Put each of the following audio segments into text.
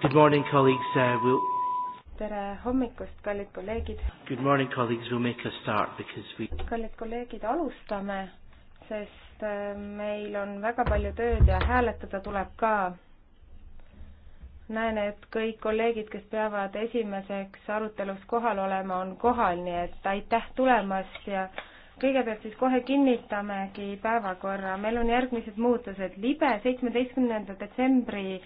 Good morning, colleagues. Uh, we'll tere hommikust, kallid kolleegid. Good morning, colleagues. We'll make a start because we. kallid kolleegid, alustame, sest äh, meil on väga palju tööd ja hääletada tuleb ka. näen, et kõik kolleegid, kes peavad esimeseks arutelus kohal olema, on kohal, nii et aitäh tulemast ja kõigepealt siis kohe kinnitamegi päevakorra. meil on järgmised muutused. libe seitsmeteistkümnenda detsembri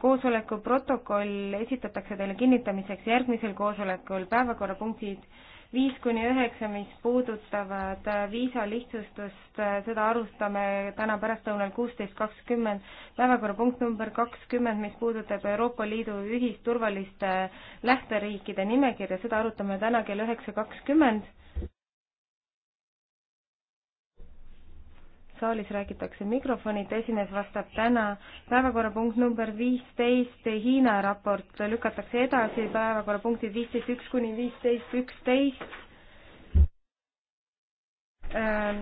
koosoleku protokoll esitatakse teile kinnitamiseks järgmisel koosolekul päevakorrapunktid viis kuni üheksa, mis puudutavad äh, viisa lihtsustust, äh, seda arutame täna pärastlõunal kuusteist kakskümmend. päevakorrapunkt number kakskümmend, mis puudutab Euroopa Liidu ühisturvaliste lähteriikide nimekirja, seda arutame täna kell üheksa kakskümmend saalis räägitakse mikrofonita, esimees vastab täna. päevakorrapunkt number viisteist, Hiina raport lükatakse edasi, päevakorrapunktid viisteist üks kuni viisteist üksteist Ehm,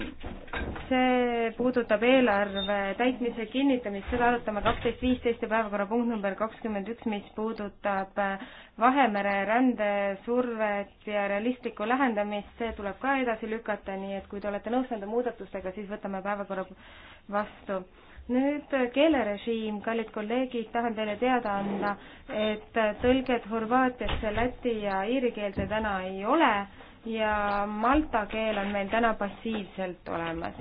see puudutab eelarve täitmise kinnitamist, seda arutame kaksteist viisteist ja päevakorrapunkt number kakskümmend üks, mis puudutab äh, Vahemere rändesurvet ja realistlikku lähendamist, see tuleb ka edasi lükata, nii et kui te olete nõus nende muudatustega, siis võtame päevakorra vastu. nüüd äh, keelerežiim, kallid kolleegid, tahan teile teada anda, et äh, tõlget horvaatiasse, läti ja iiri keelde täna ei ole ja malta keel on meil täna passiivselt olemas.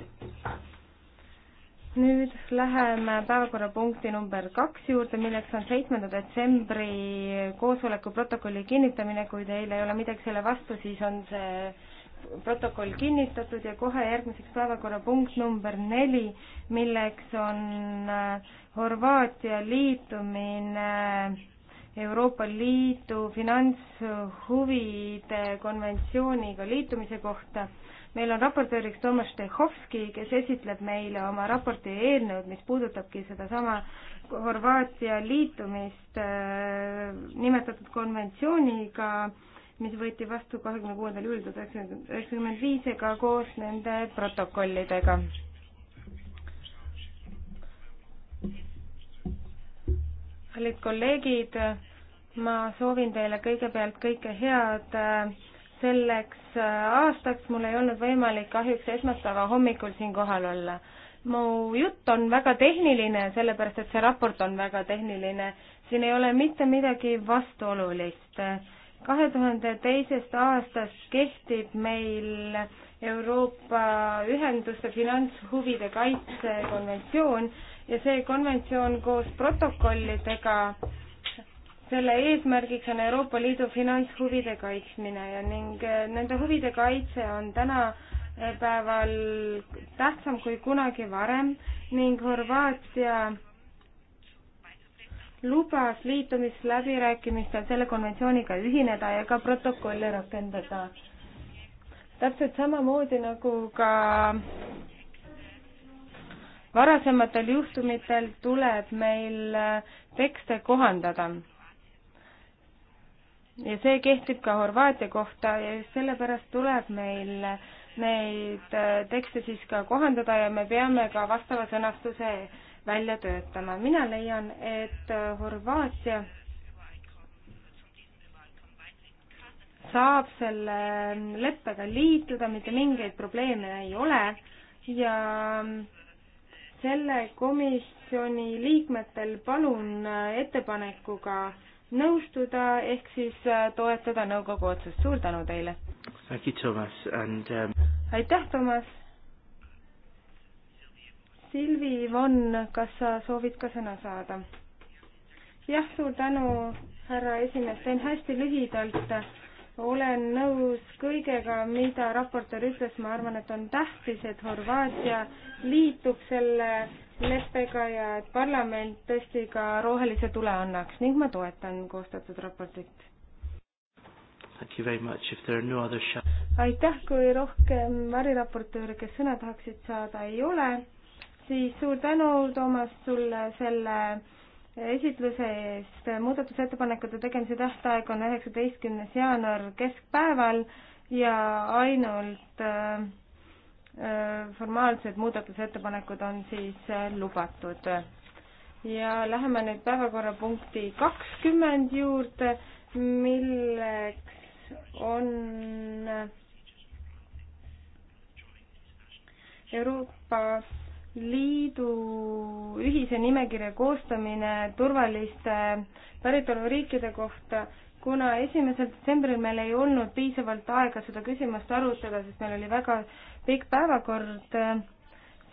nüüd läheme päevakorrapunkti number kaks juurde, milleks on seitsmenda detsembri koosoleku protokolli kinnitamine, kui teil ei ole midagi selle vastu, siis on see protokoll kinnitatud ja kohe järgmiseks päevakorrapunkt number neli, milleks on äh, Horvaatia liitumine Euroopa Liidu finantshuvide konventsiooniga liitumise kohta. meil on raportööriks Toomas Štehovski, kes esitleb meile oma raporti eelnõud, mis puudutabki sedasama Horvaatia liitumist äh, nimetatud konventsiooniga, mis võeti vastu kahekümne kuuendal juulil tuhat üheksasada üheksakümmend viis, ega koos nende protokollidega kallid kolleegid, ma soovin teile kõigepealt kõike head äh, selleks äh, aastaks, mul ei olnud võimalik kahjuks esmaspäeva hommikul siin kohal olla. mu jutt on väga tehniline, sellepärast et see raport on väga tehniline, siin ei ole mitte midagi vastuolulist. kahe tuhande teisest aastast kehtib meil Euroopa Ühenduste finantshuvide kaitse konventsioon ja see konventsioon koos protokollidega, selle eesmärgiks on Euroopa Liidu finantshuvide kaitsmine ja ning eh, nende huvide kaitse on tänapäeval eh, tähtsam kui kunagi varem ning Horvaatia lubas liitumisläbirääkimistel selle konventsiooniga ühineda ja ka protokolli rakendada. täpselt samamoodi nagu ka varasematel juhtumitel tuleb meil äh, tekste kohandada. ja see kehtib ka Horvaatia kohta ja just sellepärast tuleb meil äh, neid äh, tekste siis ka kohandada ja me peame ka vastava sõnastuse välja töötama. mina leian, et Horvaatia saab selle leppega liituda, mitte mingeid probleeme ei ole ja selle komisjoni liikmetel palun äh, ettepanekuga nõustuda ehk siis äh, toetada nõukogu otsust. suur tänu teile! Um... aitäh, Toomas! Silvi Von, kas sa soovid ka sõna saada? jah, suur tänu, härra esimees, teen hästi lühidalt olen nõus kõigega, mida raportöör ütles, ma arvan, et on tähtis, et Horvaatia liitub selle leppega ja et parlament tõesti ka rohelise tule annaks ning ma toetan koostatud raportit. No other... aitäh, kui rohkem variraportööre, kes sõna tahaksid saada, ei ole, siis suur tänu, Toomas, sulle selle esitluse eest. muudatusettepanekute tegemise tähtaeg on üheksateistkümnes jaanuar keskpäeval ja ainult äh, äh, formaalsed muudatusettepanekud on siis äh, lubatud. ja läheme nüüd päevakorrapunkti kakskümmend juurde, milleks on Euroopa liidu ühise nimekirja koostamine turvaliste päritoluriikide kohta, kuna esimesel detsembril meil ei olnud piisavalt aega seda küsimust arutada, sest meil oli väga pikk päevakord,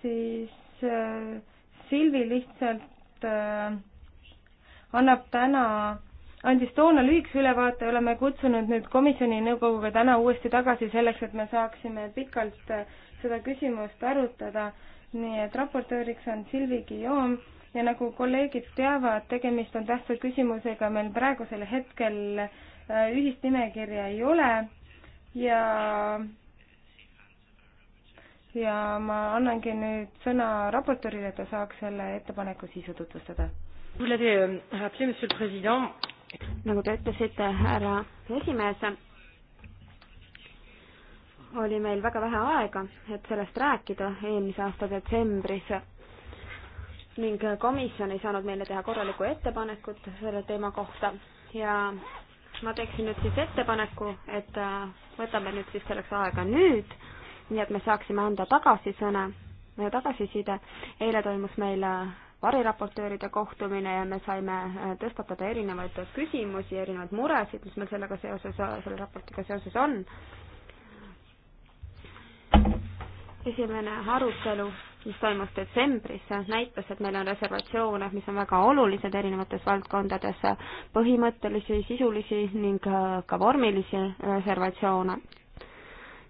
siis äh, Silvi lihtsalt äh, annab täna, andis toona lühikese ülevaate, oleme kutsunud nüüd komisjoni nõukoguga täna uuesti tagasi selleks, et me saaksime pikalt äh, seda küsimust arutada nii et raportööriks on Silvi Guillaume ja nagu kolleegid teavad, tegemist on tähtsa küsimusega, meil praegusel hetkel äh, ühist nimekirja ei ole ja ja ma annangi nüüd sõna raportöörile, et ta saaks selle ettepaneku sisu tutvustada. Euh, nagu te ütlesite, härra esimees oli meil väga vähe aega, et sellest rääkida eelmise aasta detsembris ning komisjon ei saanud meile teha korralikku ettepanekut selle teema kohta ja ma teeksin nüüd siis ettepaneku, et võtame nüüd siis selleks aega nüüd, nii et me saaksime anda tagasisõna, tagasiside. eile toimus meil variraportööride kohtumine ja me saime tõstatada erinevaid küsimusi, erinevaid muresid, mis meil sellega seoses, selle raportiga seoses on esimene arutelu, mis toimus detsembris, näitas, et meil on reservatsioone, mis on väga olulised erinevates valdkondades, põhimõttelisi, sisulisi ning äh, ka vormilisi reservatsioone.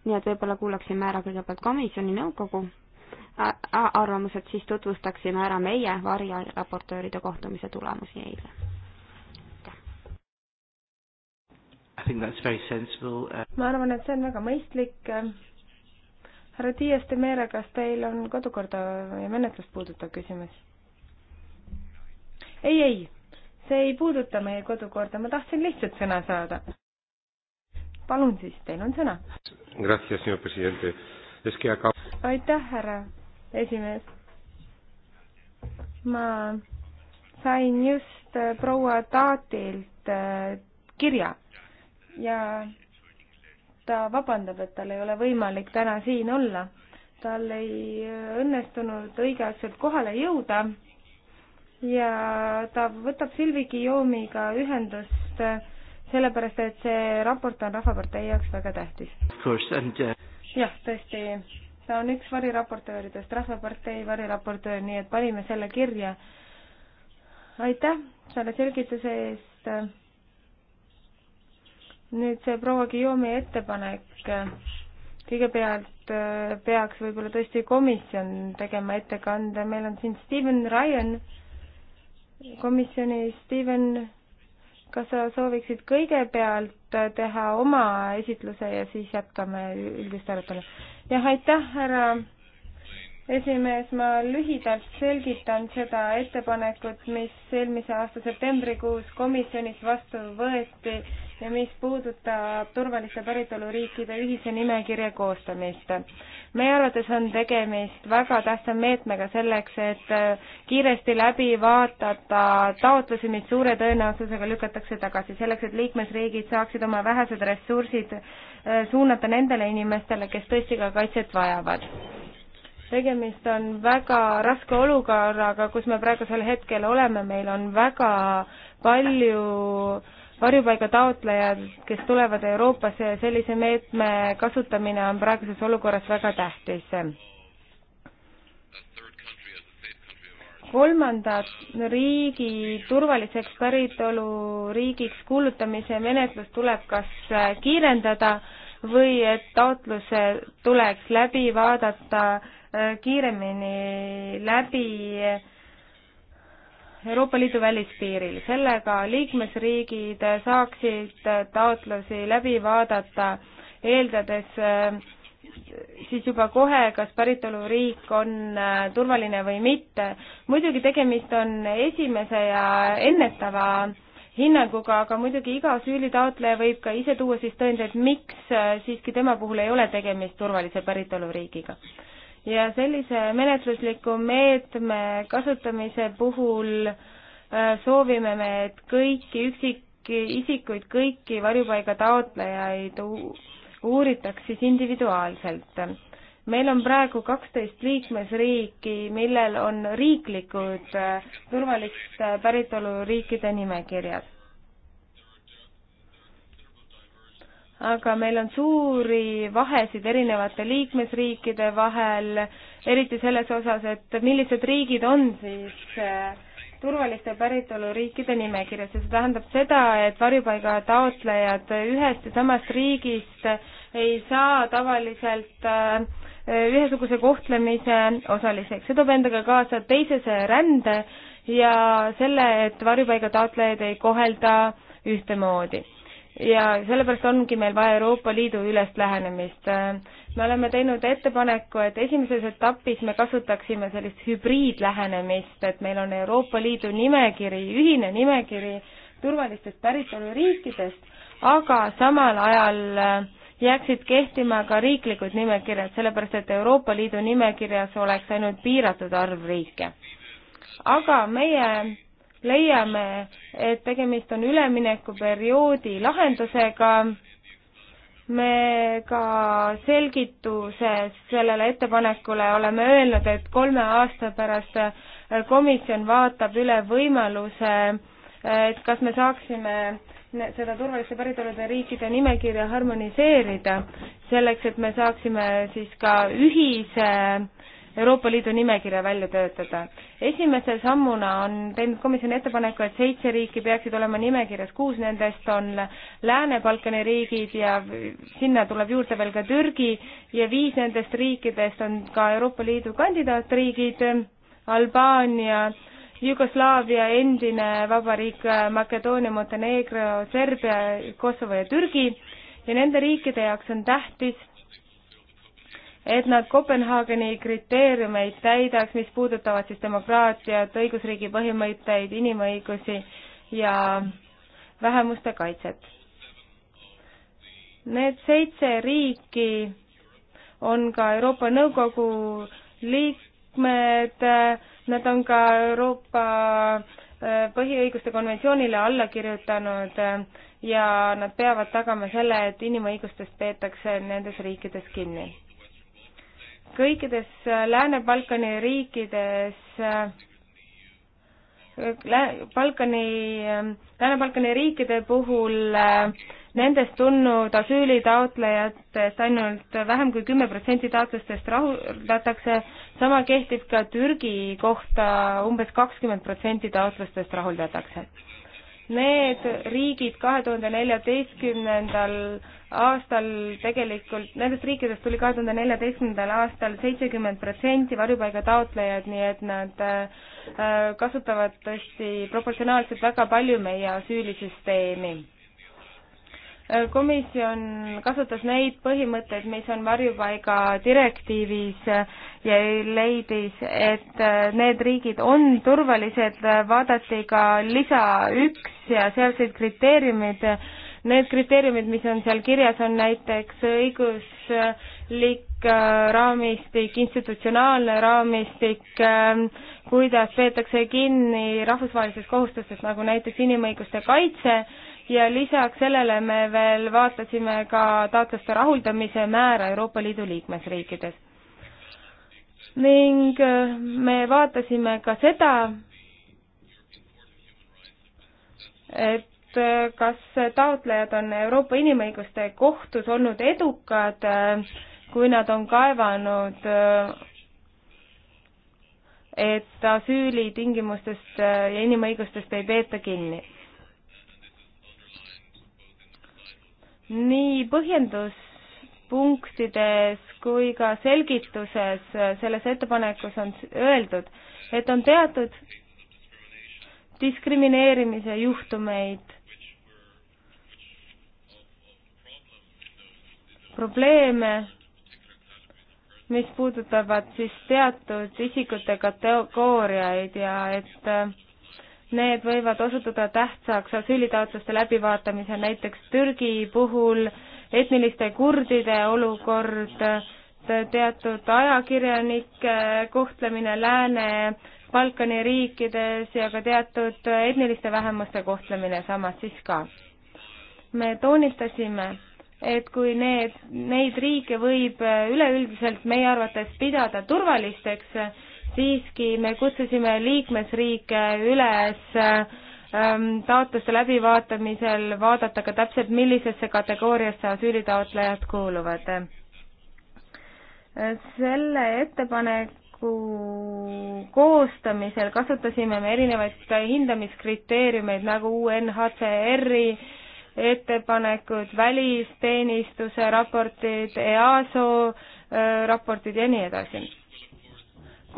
nii et võib-olla kuulaksime ära kõigepealt komisjoni nõukogu arvamused, siis tutvustaksime ära meie variraportööride kohtumise tulemusi eile. Uh, ma arvan, et see on väga mõistlik äh, härra Dias de Meere, kas teil on kodukorda ja menetlust puudutav küsimus? ei, ei, see ei puuduta meie kodukorda, ma tahtsin lihtsalt sõna saada. palun siis, teil on sõna. aitäh, härra esimees. ma sain just äh, proua Taatilt äh, kirja ja ta vabandab, et tal ei ole võimalik täna siin olla. tal ei õnnestunud õigeaegselt kohale jõuda ja ta võtab Silvi Guillaume'iga ühendust sellepärast, et see raport on Rahvapartei jaoks väga tähtis. Uh, jah, tõesti, ta on üks variraportööridest, Rahvapartei variraportöör, nii et panime selle kirja. aitäh selle selgituse eest nüüd see proua Guillaume'i ettepanek, kõigepealt äh, peaks võib-olla tõesti komisjon tegema ettekande, meil on siin Steven Ryan komisjoni, Steven, kas sa sooviksid kõigepealt äh, teha oma esitluse ja siis jätkame üldist arutelu? jah, aitäh, härra esimees, ma lühidalt selgitan seda ettepanekut, mis eelmise aasta septembrikuus komisjonis vastu võeti ja mis puudutab turvaliste päritoluriikide ühise nimekirja koostamist. meie arvates on tegemist väga tähtsa meetmega selleks, et äh, kiiresti läbi vaadata taotlusi, mis suure tõenäosusega lükatakse tagasi, selleks et liikmesriigid saaksid oma vähesed ressursid äh, suunata nendele inimestele, kes tõesti ka kaitset vajavad tegemist on väga raske olukorraga, kus me praegusel hetkel oleme, meil on väga palju äh, varjupaiga taotlejad, kes tulevad Euroopasse ja sellise meetme kasutamine on praeguses olukorras väga tähtis. kolmanda riigi turvaliseks päritolu riigiks kuulutamise menetlus tuleb kas kiirendada või et taotluse tuleks läbi vaadata äh, kiiremini läbi äh, Euroopa Liidu välispiiril. sellega liikmesriigid saaksid taotlusi läbi vaadata, eeldades äh, siis juba kohe, kas päritoluriik on äh, turvaline või mitte. muidugi tegemist on esimese ja ennetava hinnanguga, aga muidugi iga süülitaotleja võib ka ise tuua siis tõendeid, miks äh, siiski tema puhul ei ole tegemist turvalise päritoluriigiga ja sellise menetlusliku meetme kasutamise puhul äh, soovime me, et kõiki üksikisikuid, kõiki varjupaiga taotlejaid uuritaks siis individuaalselt. meil on praegu kaksteist liikmesriiki, millel on riiklikud äh, turvaliste äh, päritoluriikide nimekirjad aga meil on suuri vahesid erinevate liikmesriikide vahel, eriti selles osas, et millised riigid on siis äh, turvaliste päritoluriikide nimekirjas ja see tähendab seda, et varjupaiga taotlejad ühest ja samast riigist ei saa tavaliselt äh, ühesuguse kohtlemise osaliseks. see toob endaga kaasa teisese rände ja selle, et varjupaiga taotlejaid ei kohelda ühtemoodi ja sellepärast ongi meil vaja Euroopa Liidu ülest lähenemist. me oleme teinud ettepaneku, et esimeses etapis me kasutaksime sellist hübriidlähenemist, et meil on Euroopa Liidu nimekiri, ühine nimekiri turvalistest päritoluriikidest, aga samal ajal jääksid kehtima ka riiklikud nimekirjad, sellepärast et Euroopa Liidu nimekirjas oleks ainult piiratud arv riike. aga meie leiame, et tegemist on üleminekuperioodi lahendusega, me ka selgituses sellele ettepanekule oleme öelnud, et kolme aasta pärast komisjon vaatab üle võimaluse, et kas me saaksime seda turvaliste päritolude riikide nimekirja harmoniseerida, selleks et me saaksime siis ka ühise Euroopa Liidu nimekirja välja töötada. esimese sammuna on teinud komisjoni ettepaneku, et seitse riiki peaksid olema nimekirjas, kuus nendest on Lääne-Balkani riigid ja sinna tuleb juurde veel ka Türgi ja viis nendest riikidest on ka Euroopa Liidu kandidaatriigid, Albaania, Jugoslaavia endine vabariik Makedoonia, Montenegro, Serbia, Kosovo ja Türgi ja nende riikide jaoks on tähtis et nad Kopenhaageni kriteeriumeid täidaks, mis puudutavad siis demokraatiat, õigusriigi põhimõtteid, inimõigusi ja vähemuste kaitset. Need seitse riiki on ka Euroopa Nõukogu liikmed, nad on ka Euroopa äh, põhiõiguste konventsioonile alla kirjutanud ja nad peavad tagama selle, et inimõigustest peetakse nendes riikides kinni kõikides äh, Lääne-Balkani riikides äh, Balkani, ähm, Lääne-Balkani riikide puhul äh, nendest tulnud asüülitaotlejatest ainult vähem kui kümme protsenti taotlustest rahuldatakse, sama kehtib ka Türgi kohta umbes, umbes kakskümmend protsenti taotlustest rahuldatakse Need riigid kahe tuhande neljateistkümnendal aastal tegelikult, nendest riikidest tuli kahe tuhande neljateistkümnendal aastal seitsekümmend protsenti varjupaiga taotlejaid, nii et nad äh, kasutavad tõesti proportsionaalselt väga palju meie asüülisüsteemi komisjon kasutas neid põhimõtteid, mis on varjupaiga direktiivis äh, ja leidis, et äh, need riigid on turvalised, vaadati ka lisa üks ja sealseid kriteeriumid, need kriteeriumid, mis on seal kirjas, on näiteks õiguslik äh, raamistik, institutsionaalne raamistik, kuidas peetakse kinni rahvusvahelistest kohustustest, nagu näiteks inimõiguste kaitse, ja lisaks sellele me veel vaatasime ka taotluste rahuldamise määra Euroopa Liidu liikmesriikides. ning äh, me vaatasime ka seda, et äh, kas taotlejad on Euroopa Inimõiguste Kohtus olnud edukad, äh, kui nad on kaevanud, et asüülitingimustest ja inimõigustest ei peeta kinni nii põhjenduspunktides kui ka selgituses selles ettepanekus on öeldud, et on teatud diskrimineerimise juhtumeid, probleeme, mis puudutavad siis teatud isikute kategooriaid ja et äh, Need võivad osutuda tähtsaks asüülitaotluste läbivaatamisel, näiteks Türgi puhul etniliste kurdide olukord, teatud ajakirjanike kohtlemine Lääne-Balkani riikides ja ka teatud etniliste vähemuste kohtlemine samas siis ka. me toonitasime, et kui need, neid riike võib üleüldiselt meie arvates pidada turvalisteks, siiski me kutsusime liikmesriike üles ähm, taotluste läbivaatamisel vaadata ka täpselt, millisesse kategooriasse asüülitaotlejad kuuluvad. selle ettepaneku koostamisel kasutasime me erinevaid hindamiskriteeriumeid nagu UNHCR-i ettepanekud, välisteenistuse raportid, EASO äh, raportid ja nii edasi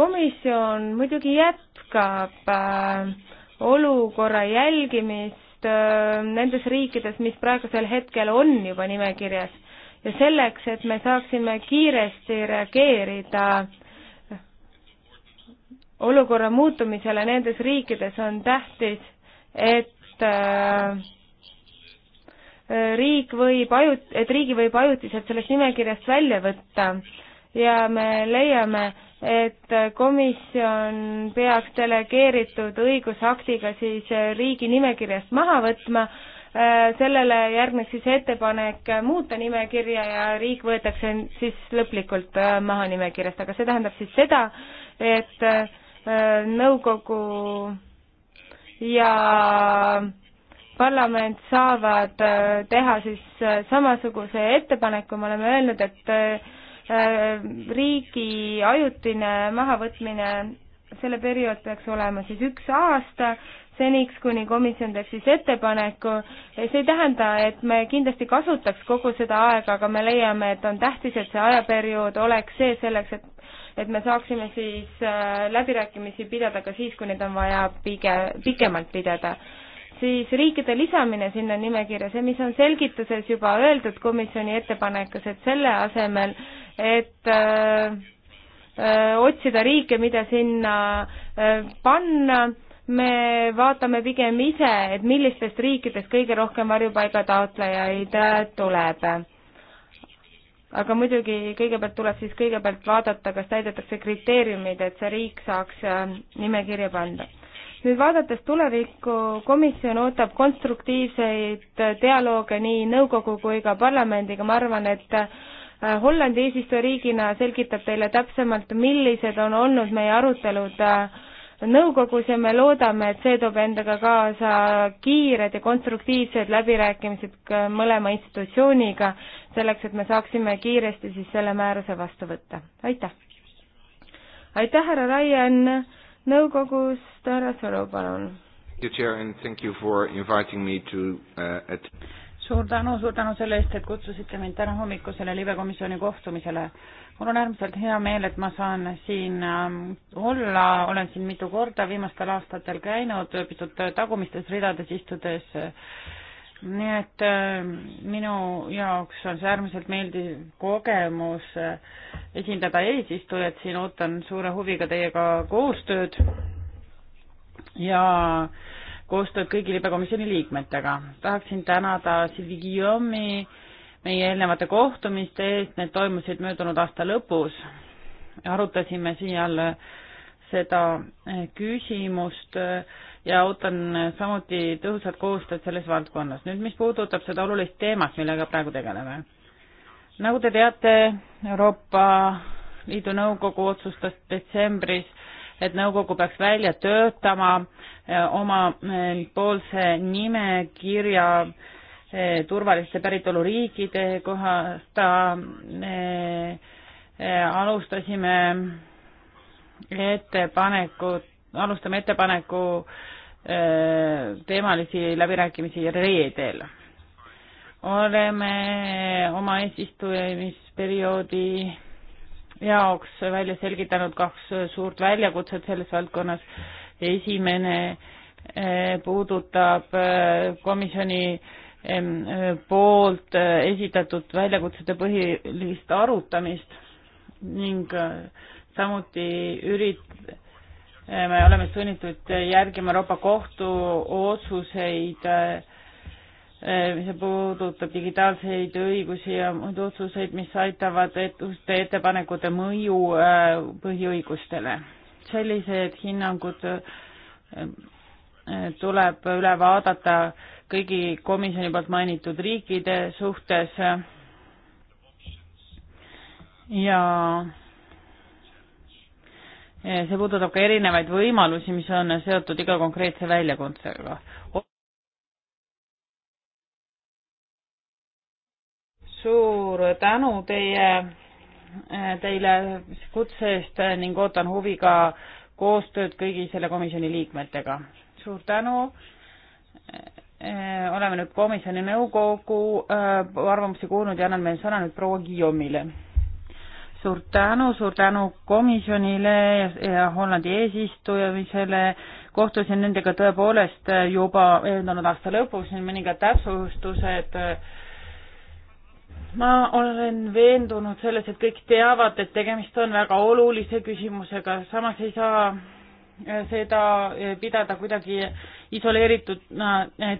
komisjon muidugi jätkab äh, olukorra jälgimist äh, nendes riikides, mis praegusel hetkel on juba nimekirjas ja selleks, et me saaksime kiiresti reageerida olukorra muutumisele nendes riikides, on tähtis, et äh, riik võib ajut-, et riigi võib ajutiselt sellest nimekirjast välja võtta ja me leiame, et komisjon peaks delegeeritud õigusaktiga siis riigi nimekirjast maha võtma, äh, sellele järgneks siis ettepanek muuta nimekirja ja riik võetakse siis lõplikult äh, maha nimekirjast, aga see tähendab siis seda, et äh, nõukogu ja parlament saavad teha siis samasuguse ettepaneku, me oleme öelnud, et Äh, riigi ajutine mahavõtmine, selle periood peaks olema siis üks aasta, seniks, kuni komisjon teeb siis ettepaneku. see ei tähenda, et me kindlasti kasutaks kogu seda aega, aga me leiame, et on tähtis, et see ajaperiood oleks see selleks, et et me saaksime siis äh, läbirääkimisi pidada ka siis, kui neid on vaja pige-, pikemalt pidada siis riikide lisamine sinna nimekirja, see, mis on selgituses juba öeldud komisjoni ettepanekus, et selle asemel, et öö, äh, öö, äh, otsida riike, mida sinna öö, äh, panna, me vaatame pigem ise, et millistest riikidest kõige rohkem varjupaigataotlejaid tuleb. aga muidugi kõigepealt tuleb siis kõigepealt vaadata, kas täidetakse kriteeriumid, et see riik saaks nimekirja panna nüüd vaadates tulevikku, komisjon ootab konstruktiivseid dialoog nii nõukogu kui ka parlamendiga, ma arvan, et äh, Hollandi eesistujariigina selgitab teile täpsemalt, millised on olnud meie arutelud äh, nõukogus ja me loodame, et see toob endaga kaasa kiired ja konstruktiivsed läbirääkimised mõlema institutsiooniga, selleks et me saaksime kiiresti siis selle määruse vastu võtta. aitäh! aitäh, härra Ryan! nõukogust, härra Sõru, palun. Uh, suur tänu, suur tänu selle eest, et kutsusite mind täna hommikusele libekomisjoni kohtumisele. mul on äärmiselt hea meel, et ma saan siin ähm, olla, olen siin mitu korda viimastel aastatel käinud, pisut tagumistes ridades istudes äh, nii et äh, minu jaoks on see äärmiselt meeldiv kogemus äh, esindada eesistujat, siin ootan suure huviga teiega koostööd ja koostööd kõigi libekomisjoni liikmetega. tahaksin tänada Silvi Guillaume'i meie eelnevate kohtumiste eest, need toimusid möödunud aasta lõpus. arutasime siin jälle seda äh, küsimust äh, ja ootan samuti tõhusat koostööd selles valdkonnas. nüüd, mis puudutab seda olulist teemat, millega praegu tegeleme. nagu te teate, Euroopa Liidu Nõukogu otsustas detsembris, et nõukogu peaks välja töötama eh, omapoolse eh, nimekirja eh, turvaliste päritoluriikide kohta alustasime ettepanekut alustame ettepaneku äh, teemalisi läbirääkimisi reedel. oleme oma eesistumisperioodi jaoks välja selgitanud kaks suurt väljakutset selles valdkonnas. esimene äh, puudutab äh, komisjoni ähm, poolt esitatud väljakutsete põhilist arutamist ning samuti ürit-, me oleme sunnitud järgima Euroopa Kohtu otsuseid, mis puudutab digitaalseid õigusi ja muid otsuseid, mis aitavad ettepanekute, ettepanekute mõju äh, põhiõigustele. sellised hinnangud äh, tuleb üle vaadata kõigi komisjoni poolt mainitud riikide suhtes ja Eh, see puudutab ka erinevaid võimalusi, mis on seotud iga konkreetse väljakutsega. suur tänu teie, eh, teile kutse eest ning ootan huviga koostööd kõigi selle komisjoni liikmetega. suur tänu. Eh, oleme nüüd komisjoni nõukogu arvamusi kuulnud ja annan meie sõna nüüd proua Guillaume'ile suur tänu, suur tänu komisjonile ja, ja Hollandi eesistumisele. kohtusin nendega tõepoolest juba eelnenud aasta lõpus, nüüd mõningad täpsustused. ma olen veendunud selles, et kõik teavad, et tegemist on väga olulise küsimusega, samas ei saa seda pidada kuidagi isoleerituna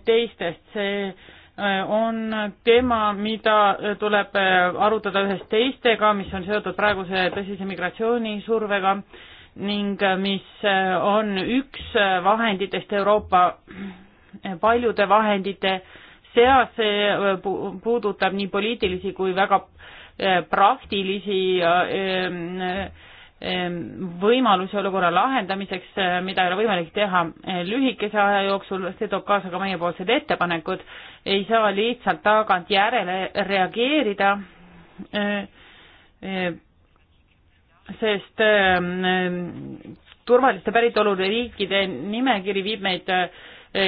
teistest, see Äh, on teema, mida äh, tuleb äh, arutada ühes teistega, mis on seotud praeguse tõsise migratsioonisurvega ning mis on üks vahenditest Euroopa paljude vahendite seas, see puudutab nii poliitilisi kui väga praktilisi Ehm, võimalusi olukorra lahendamiseks, eh, mida ei ole võimalik teha eh, lühikese aja jooksul, see toob kaasa ka meiepoolsed ettepanekud, ei saa lihtsalt tagantjärele reageerida, eh, sest ehm, turvaliste päritoluriikide nimekiri viib meid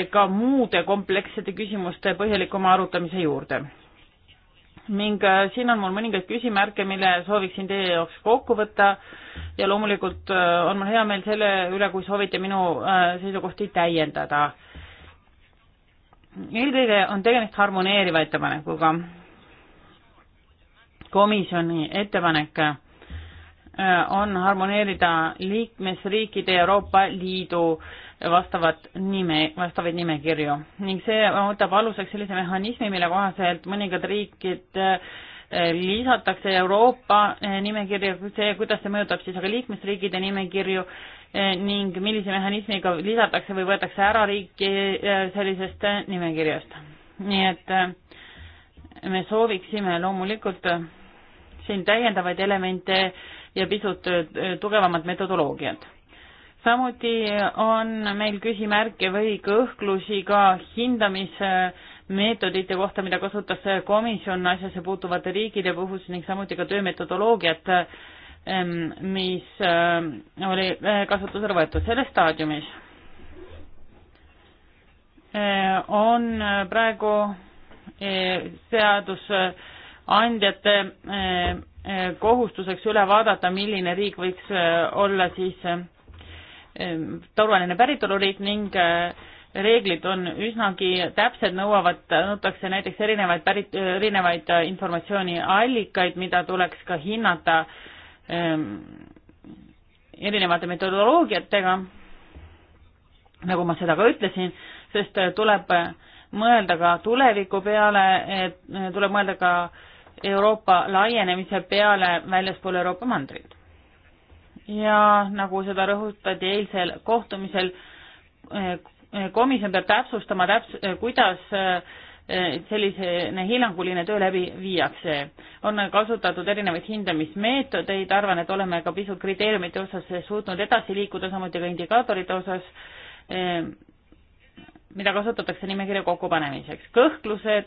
ka muude komplekssete küsimuste põhjalikuma arutamise juurde ning äh, siin on mul mõningaid küsimärke, mille sooviksin teie jaoks kokku võtta ja loomulikult äh, on mul hea meel selle üle, kui soovite minu äh, seisukohti täiendada. eelkõige on tegemist harmoneeriva ettepanekuga. komisjoni ettepanek on harmoneerida liikmesriikide Euroopa Liidu äh, vastavat nime, vastavaid nimekirju ning see võtab aluseks sellise mehhanismi, mille kohaselt mõningad riigid eh, lisatakse Euroopa eh, nimekirja, see, kuidas see mõjutab siis aga liikmesriikide nimekirju eh, ning millise mehhanismiga lisatakse või võetakse ära riiki sellisest nimekirjast. nii et me sooviksime loomulikult siin täiendavaid elemente ja pisut tugevamat metodoloogiat samuti on meil küsimärke või kõhklusi ka hindamismeetodite kohta, mida kasutas komisjon asjasse puutuvate riikide puhul ning samuti ka töömetodoloogiat, mis oli eh, kasutusele võetud selles staadiumis. Eh, on praegu eh, seadusandjate kohustuseks üle vaadata, milline riik võiks olla siis turvaline päritoluliik ning äh, reeglid on üsnagi täpsed, nõuavad, nõutakse näiteks erinevaid pärit, erinevaid äh, informatsiooniallikaid, mida tuleks ka hinnata erinevate metodoloogiatega, nagu ma seda ka ütlesin, sest äh, tuleb mõelda ka tuleviku peale, tuleb mõelda ka Euroopa laienemise peale väljaspool Euroopa mandrit ja nagu seda rõhutati eilsel kohtumisel, eh, komisjon peab täpsustama täps-, eh, kuidas eh, selline hinnanguline töö läbi viiakse. on kasutatud erinevaid hindamismeetodeid, arvan, et oleme ka pisut kriteeriumite osas suutnud edasi liikuda, samuti ka indikaatorite osas, mida kasutatakse nimekirja kokkupanemiseks. kõhklused,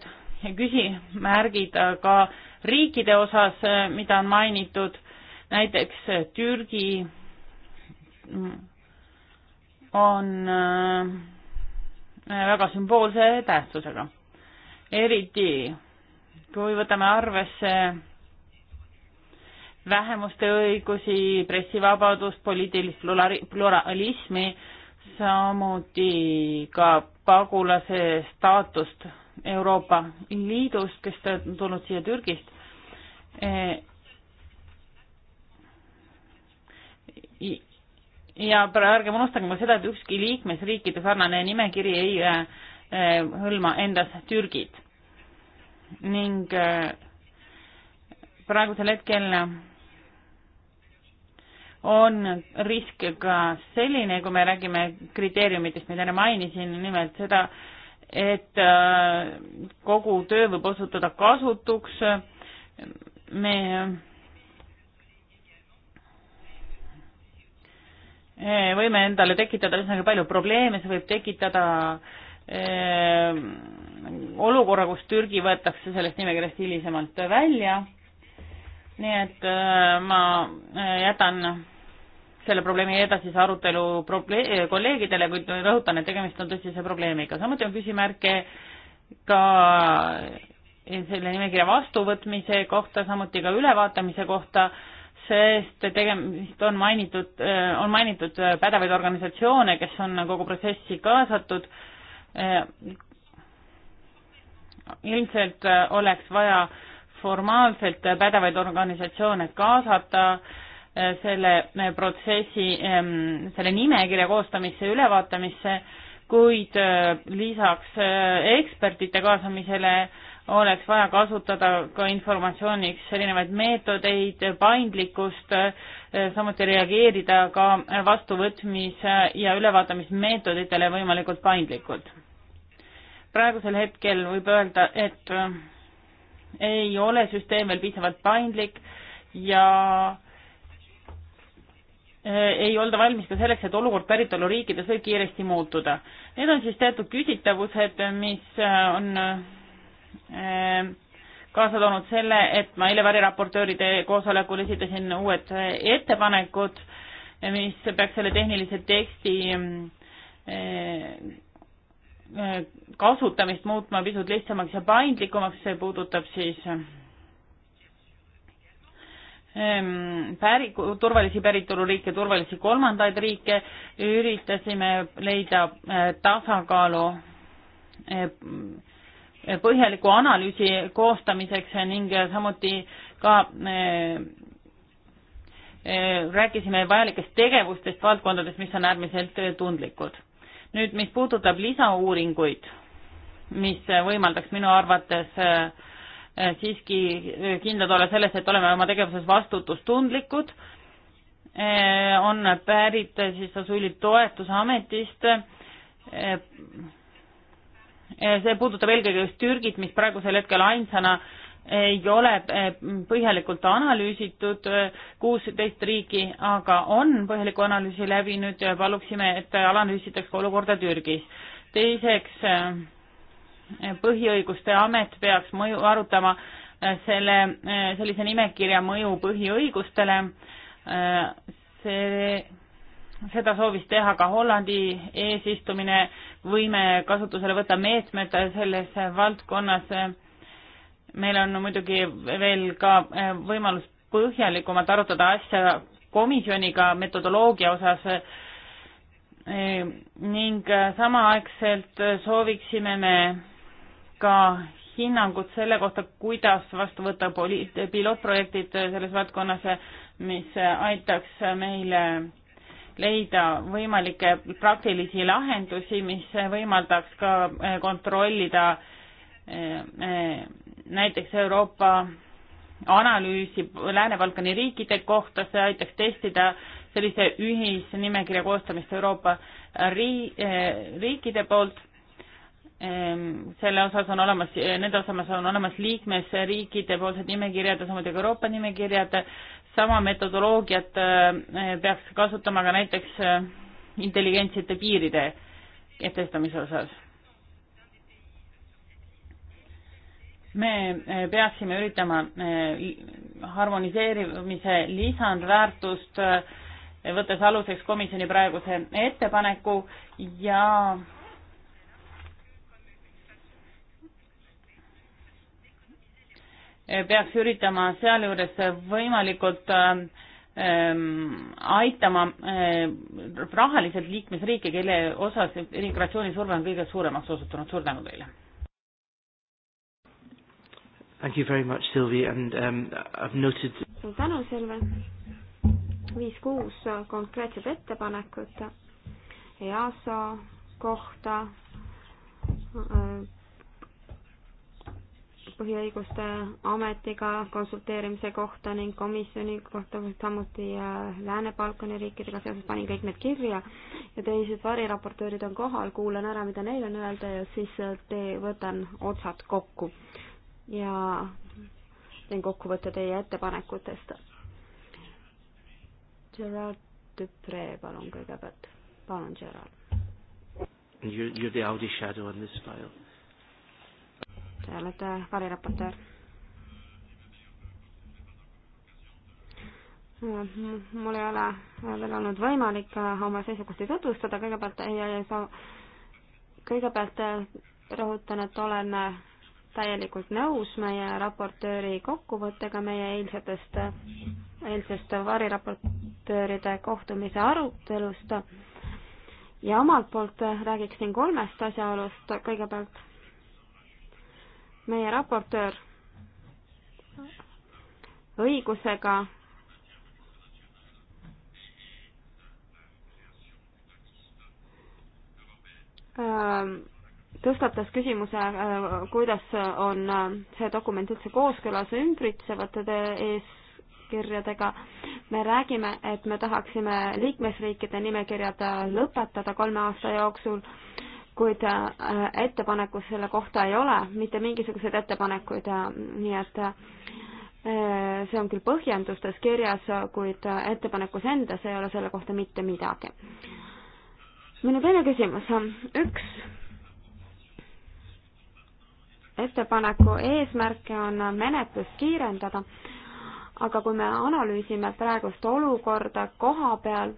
küsimärgid ka riikide osas, mida on mainitud näiteks äh, Türgi mm, on äh, väga sümboolse tähtsusega. eriti kui võtame arvesse vähemuste õigusi, pressivabadust, poliitilist pluralismi, samuti ka pagulase staatust Euroopa Liidust, kes on tulnud siia Türgist eh, ja ärgem unustagem ka seda, et ükski liikmesriikide sarnane nimekiri ei äh, hõlma endas Türgit. ning äh, praegusel hetkel on risk ka selline, kui me räägime kriteeriumitest, mida ma mainisin, nimelt seda, et äh, kogu töö võib osutuda kasutuks. me Eh, võime endale tekitada üsnagi palju probleeme, see võib tekitada eh, olukorra, kus Türgi võetakse sellest nimekirjast hilisemalt välja. nii et eh, ma jätan selle probleemi edasise arutelu proble-, kolleegidele, kuid rõhutan, et tegemist on tõsise probleemiga. samuti on küsimärke ka selle nimekirja vastuvõtmise kohta, samuti ka ülevaatamise kohta sest tegemist on mainitud, äh, on mainitud äh, pädevaid organisatsioone, kes on kogu protsessi kaasatud. Äh, ilmselt oleks vaja formaalselt pädevaid organisatsioone kaasata selle protsessi, ähm, selle nimekirja koostamisse ja ülevaatamisse, kuid lisaks ekspertide kaasamisele äh, oleks vaja kasutada ka informatsiooniks erinevaid meetodeid, paindlikkust, samuti reageerida ka vastuvõtmise ja ülevaatamismeetoditele võimalikult paindlikult. praegusel hetkel võib öelda, et ei ole süsteem veel piisavalt paindlik ja ei olda valmis ka selleks, et olukord päritoluriikides võib kiiresti muutuda. Need on siis teatud küsitavused, mis on Ehm, kaasa toonud selle, et ma eile variraportööride koosolekul esitasin uued ettepanekud, mis peaks selle tehnilise teksti ehm, kasutamist muutma pisut lihtsamaks ja paindlikumaks, see puudutab siis ehm, päri-, turvalisi päritoluriike, turvalisi kolmandaid riike, üritasime leida eh, tasakaalu eh, põhjaliku analüüsi koostamiseks ning samuti ka eh, eh, rääkisime vajalikest tegevustest valdkondades, mis on äärmiselt tundlikud. nüüd, mis puudutab lisauuringuid, mis võimaldaks minu arvates eh, siiski kindlad olla selles, et oleme oma tegevuses vastutustundlikud, on pärit siis Asüüli toetusametist Eh, see puudutab eelkõige just Türgit, mis praegusel hetkel ainsana ei ole eh, põhjalikult analüüsitud, eh, kuusteist riiki aga on põhjaliku analüüsi läbinud ja paluksime, et analüüsitaks ka olukorda Türgis. teiseks, põhiõiguste amet peaks mõju, arutama selle, sellise nimekirja mõju põhiõigustele. see seda soovis teha ka Hollandi eesistumine, võime kasutusele võtta meetmed selles valdkonnas. meil on muidugi veel ka eh, võimalus põhjalikumalt arutada asja komisjoniga metodoloogia osas eh, ning eh, samaaegselt sooviksime me ka hinnangut selle kohta, kuidas vastu võtta poli-, pilootprojektid selles valdkonnas, mis aitaks meile leida võimalikke praktilisi lahendusi, mis võimaldaks ka eh, kontrollida eh, eh, näiteks Euroopa analüüsi Lääne-Balkani riikide kohta, see aitaks testida sellise ühisnimekirja koostamist Euroopa rii-, riikide poolt. Ehm, selle osas on olemas, nende osamas on olemas liikmesriikide poolsed nimekirjad ja samuti ka Euroopa nimekirjad sama metodoloogiat äh, peaks kasutama ka näiteks äh, intelligentsete piiride kehtestamise osas. me äh, peaksime üritama harmoniseerimise lisandväärtust, võttes aluseks komisjoni praeguse ettepaneku ja Eh, peaks üritama sealjuures võimalikult ähm, ähm aitama ähm, rahaliselt liikmesriike, kelle osas immigratsioonisurve on kõige suuremaks osutunud. suur tänu teile. Thank you very much, Sylvie, and um, I've noted. suur tänu, Silve. viis-kuus konkreetset ettepanekut EASO kohta äh, põhiõiguste ametiga konsulteerimise kohta ning komisjoni kohta samuti äh, Lääne-Balkani riikidega seoses panin kõik need kirja ja teised variraportöörid on kohal, kuulan ära, mida neil on öelda ja siis äh, te võtan otsad kokku ja teen kokkuvõtte teie ettepanekutest. Gerard Dupre, palun kõigepealt. palun, Gerard. You, you are the Audi shadow on this file Te olete variraportöör. mul ei ole veel olnud võimalik äh, oma seisukohti tutvustada, kõigepealt ei, ei saa, kõigepealt äh, rõhutan, et olen äh, täielikult nõus meie raportööri kokkuvõttega meie eilsetest, eilsest variraportööride kohtumise arutelust ja omalt poolt räägiksin kolmest asjaolust, kõigepealt meie raportöör õigusega ähm, tõstatas küsimuse, äh, kuidas on äh, see dokument üldse kooskõlas ümbritsevate eeskirjadega. me räägime, et me tahaksime liikmesriikide nimekirjad äh, lõpetada kolme aasta jooksul kuid äh, ettepanekus selle kohta ei ole, mitte mingisuguseid ettepanekuid, äh, nii et äh, see on küll põhjendustes kirjas, kuid ettepanekus endas ei ole selle kohta mitte midagi. minu teine küsimus, üks ettepaneku eesmärke on menetlust kiirendada, aga kui me analüüsime praegust olukorda koha peal,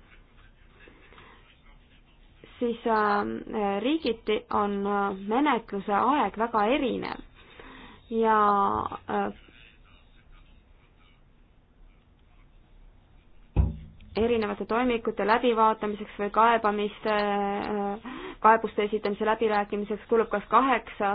siis äh, riigiti on äh, menetluse aeg väga erinev ja äh, erinevate toimikute läbivaatamiseks või kaebamiste, kaebuste esitamise läbirääkimiseks kulub kas kaheksa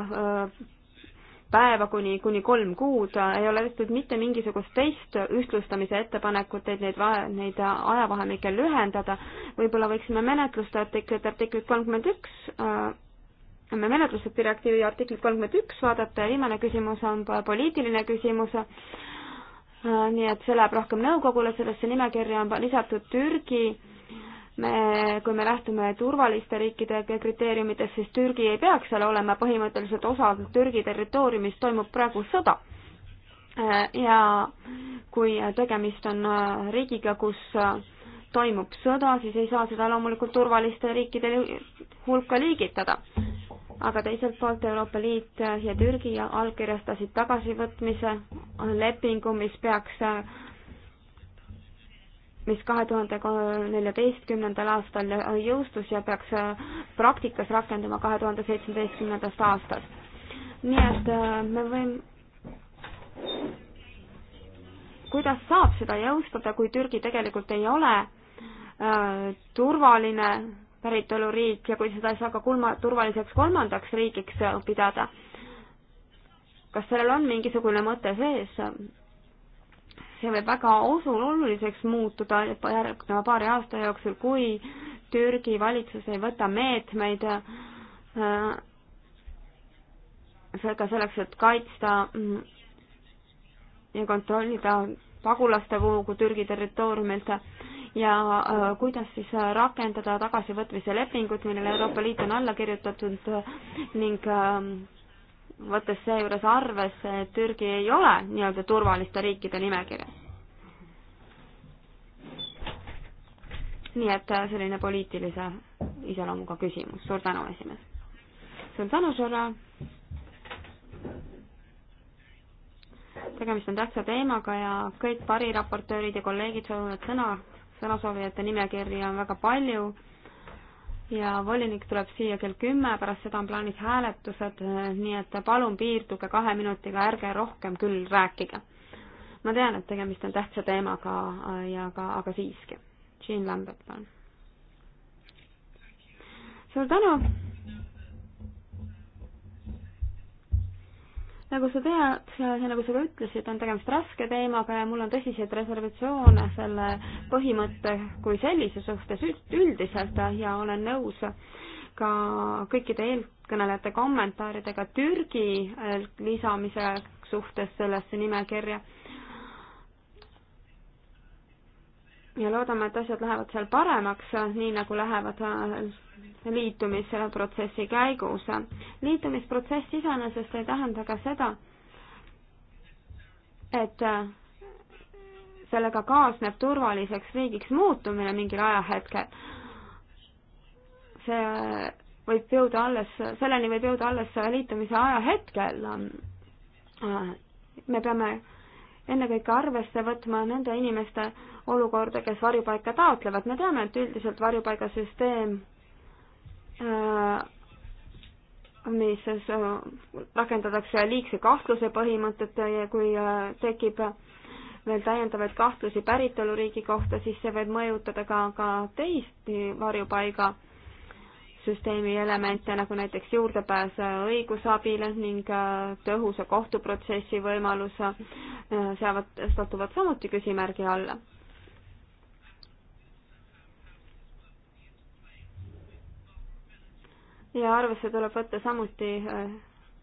päeva kuni, kuni kolm kuud, ei ole tehtud mitte mingisugust teist ühtlustamise ettepanekut, et neid, neid ajavahemikke lühendada. võib-olla võiksime menetluste artiklit, artiklit kolmkümmend üks, äh, me menetluse direktiivi artiklit kolmkümmend üks vaadata ja viimane küsimus on poliitiline küsimus. Äh, nii et see läheb rohkem nõukogule, sellesse nimekirja on lisatud Türgi me, kui me lähtume turvaliste riikide kriteeriumitest, siis Türgi ei peaks seal olema põhimõtteliselt osa Türgi territooriumist toimub praegu sõda. Äh, ja kui tegemist on äh, riigiga, kus äh, toimub sõda, siis ei saa seda loomulikult turvaliste riikide hulka liigitada. aga teiselt poolt Euroopa Liit ja Türgi allkirjastasid tagasivõtmise lepingu, mis peaks mis kahe tuhande neljateistkümnendal aastal jõustus ja peaks äh, praktikas rakenduma kahe tuhande seitsmeteistkümnendast aastast. nii et äh, me võime, kuidas saab seda jõustada, kui Türgi tegelikult ei ole äh, turvaline päritoluriik ja kui seda ei saa ka kolma, turvaliseks kolmandaks riigiks pidada. kas sellel on mingisugune mõte sees? see võib väga oluliseks muutuda järgneva paari aasta jooksul, kui Türgi valitsus ei võta meetmeid äh, ka selleks, et kaitsta ja kontrollida pagulaste voogu Türgi territooriumilt ja äh, kuidas siis rakendada tagasivõtmise lepingut, millele Euroopa Liit on alla kirjutatud ning ähm, võttes seejuures arvesse, et Türgi ei ole nii-öelda turvaliste riikide nimekirjas. nii et äh, selline poliitilise iseloomuga küsimus, suur tänu, esimees. suur tänu sulle. tegemist on tähtsa teemaga ja kõik variraportöörid ja kolleegid soovivad sõna, sõnasoovijate nimekirja on väga palju ja volinik tuleb siia kell kümme, pärast seda on plaanis hääletused, nii et palun piirduge kahe minutiga, ärge rohkem küll rääkige. ma tean, et tegemist on tähtsa teemaga äh, ja ka, aga siiski. Jean Lambert, palun. suur tänu nagu sa tead, nagu sa ka ütlesid, on tegemist raske teemaga ja mul on tõsiseid reservatsioone selle põhimõtte kui sellise suhtes üldiselt ja olen nõus ka kõikide eelkõnelejate kommentaaridega Türgi äh, lisamise suhtes sellesse nimekirja. ja loodame, et asjad lähevad seal paremaks, nii nagu lähevad äh, liitumisprotsessi käigus. liitumisprotsess iseenesest ei tähenda ka seda, et äh, sellega kaasneb turvaliseks riigiks muutumine mingil ajahetkel. see võib jõuda alles, selleni võib jõuda alles liitumise ajahetkel. Äh, me peame ennekõike arvesse võtma nende inimeste olukorda, kes varjupaika taotlevad. me teame, et üldiselt varjupaigasüsteem Äh, mis äh, rakendatakse liigse kahtluse põhimõtet ja kui äh, tekib veel täiendavaid kahtlusi päritoluriigi kohta, siis see võib mõjutada ka, ka teist varjupaiga süsteemi elemente, nagu näiteks juurdepääs õigusabile ning tõhusa kohtuprotsessi võimalus, seavad, satuvad samuti küsimärgi alla ja arvesse tuleb võtta samuti äh,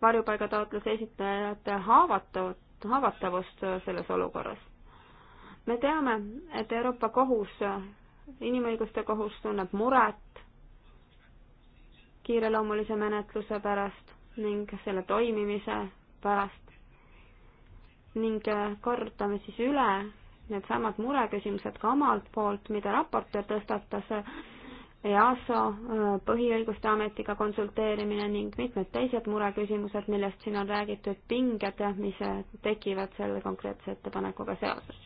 varjupaigataotluse esitajate haavatavust, haavatavust äh, selles olukorras. me teame, et Euroopa Kohus, äh, inimõiguste kohus tunneb muret kiireloomulise menetluse pärast ning selle toimimise pärast ning kordame siis üle needsamad mureküsimused ka omalt poolt, mida raportöör tõstatas EASO äh, põhiõiguste ametiga konsulteerimine ning mitmed teised mureküsimused, millest siin on räägitud, pinged, mis äh, tekivad selle konkreetse ettepanekuga seoses.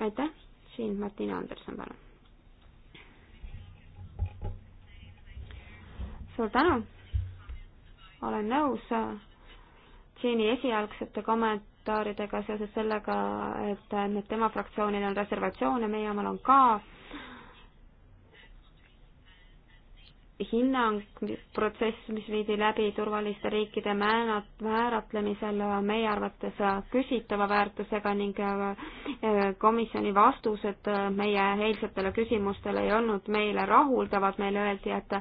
aitäh, siin Martina Anderson, palun. suur tänu, olen nõus äh, Jean'i esialgsete kommentaaridega seoses sellega, et need tema fraktsioonil on reservatsioon ja meie omal on ka hinnang, protsess, mis viidi läbi turvaliste riikide määrad, määratlemisel äh, meie arvates äh, küsitava väärtusega ning äh, komisjoni vastused meie eilsetele küsimustele ei olnud meile rahuldavad, meile öeldi, et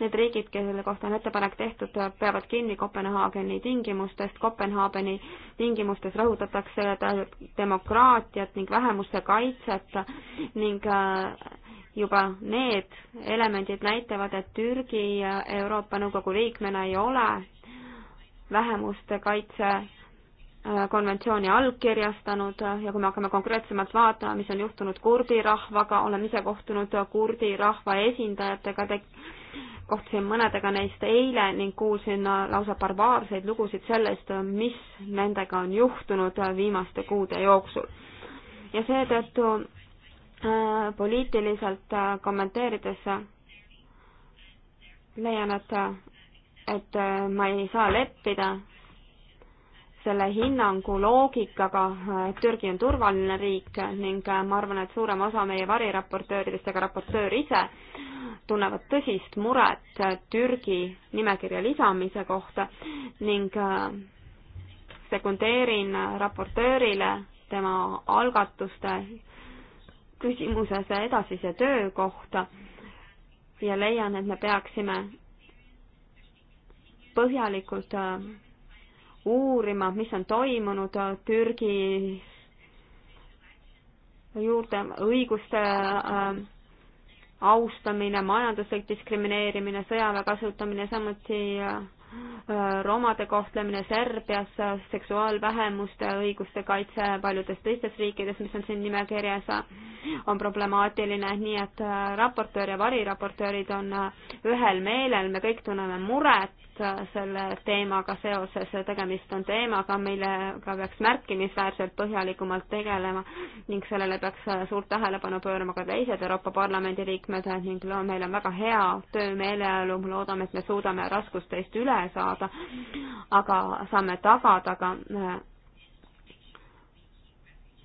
need riigid, kelle kohta on ettepanek tehtud, peavad kinni Kopenhaageni tingimustest, Kopenhaageni tingimustes rõhutatakse demokraatiat ning vähemuste kaitset ning juba need elemendid näitavad, et Türgi Euroopa Nõukogu liikmena ei ole vähemuste kaitse äh, konventsiooni allkirjastanud ja kui me hakkame konkreetsemalt vaatama, mis on juhtunud kurdi rahvaga, olen ise kohtunud kurdi rahva esindajatega, kohtusin mõnedega neist eile ning kuulsin äh, lausa barbaarseid lugusid sellest, äh, mis nendega on juhtunud viimaste kuude jooksul. ja seetõttu Äh, poliitiliselt äh, kommenteerides äh, leian, et, et ma ei saa leppida selle hinnangu loogikaga, et Türgi on turvaline riik ning ma arvan, et suurem osa meie variraportööridest ja ka raportöör ise tunnevad tõsist muret Türgi nimekirja lisamise kohta ning sekundeerin raportöörile tema algatuste küsimuses edasise töö kohta ja leian, et me peaksime põhjalikult äh, uurima, mis on toimunud äh, Türgi juurde õiguste äh, austamine, majanduslik diskrimineerimine, sõjaväe kasutamine, samuti romade kohtlemine Serbias, seksuaalvähemuste õiguste kaitse paljudes teistes riikides, mis on siin nimekirjas, on problemaatiline, nii et raportöör ja variraportöörid on ühel meelel, me kõik tunneme muret tegelenud äh, selle teemaga seoses, tegemist on teemaga, millega peaks märkimisväärselt põhjalikumalt tegelema ning sellele peaks äh, suurt tähelepanu pöörama ka teised Euroopa Parlamendi liikmed ning meil on väga hea töömeeleolu, loodame, et me suudame raskusteist üle saada, aga saame tagada ka äh,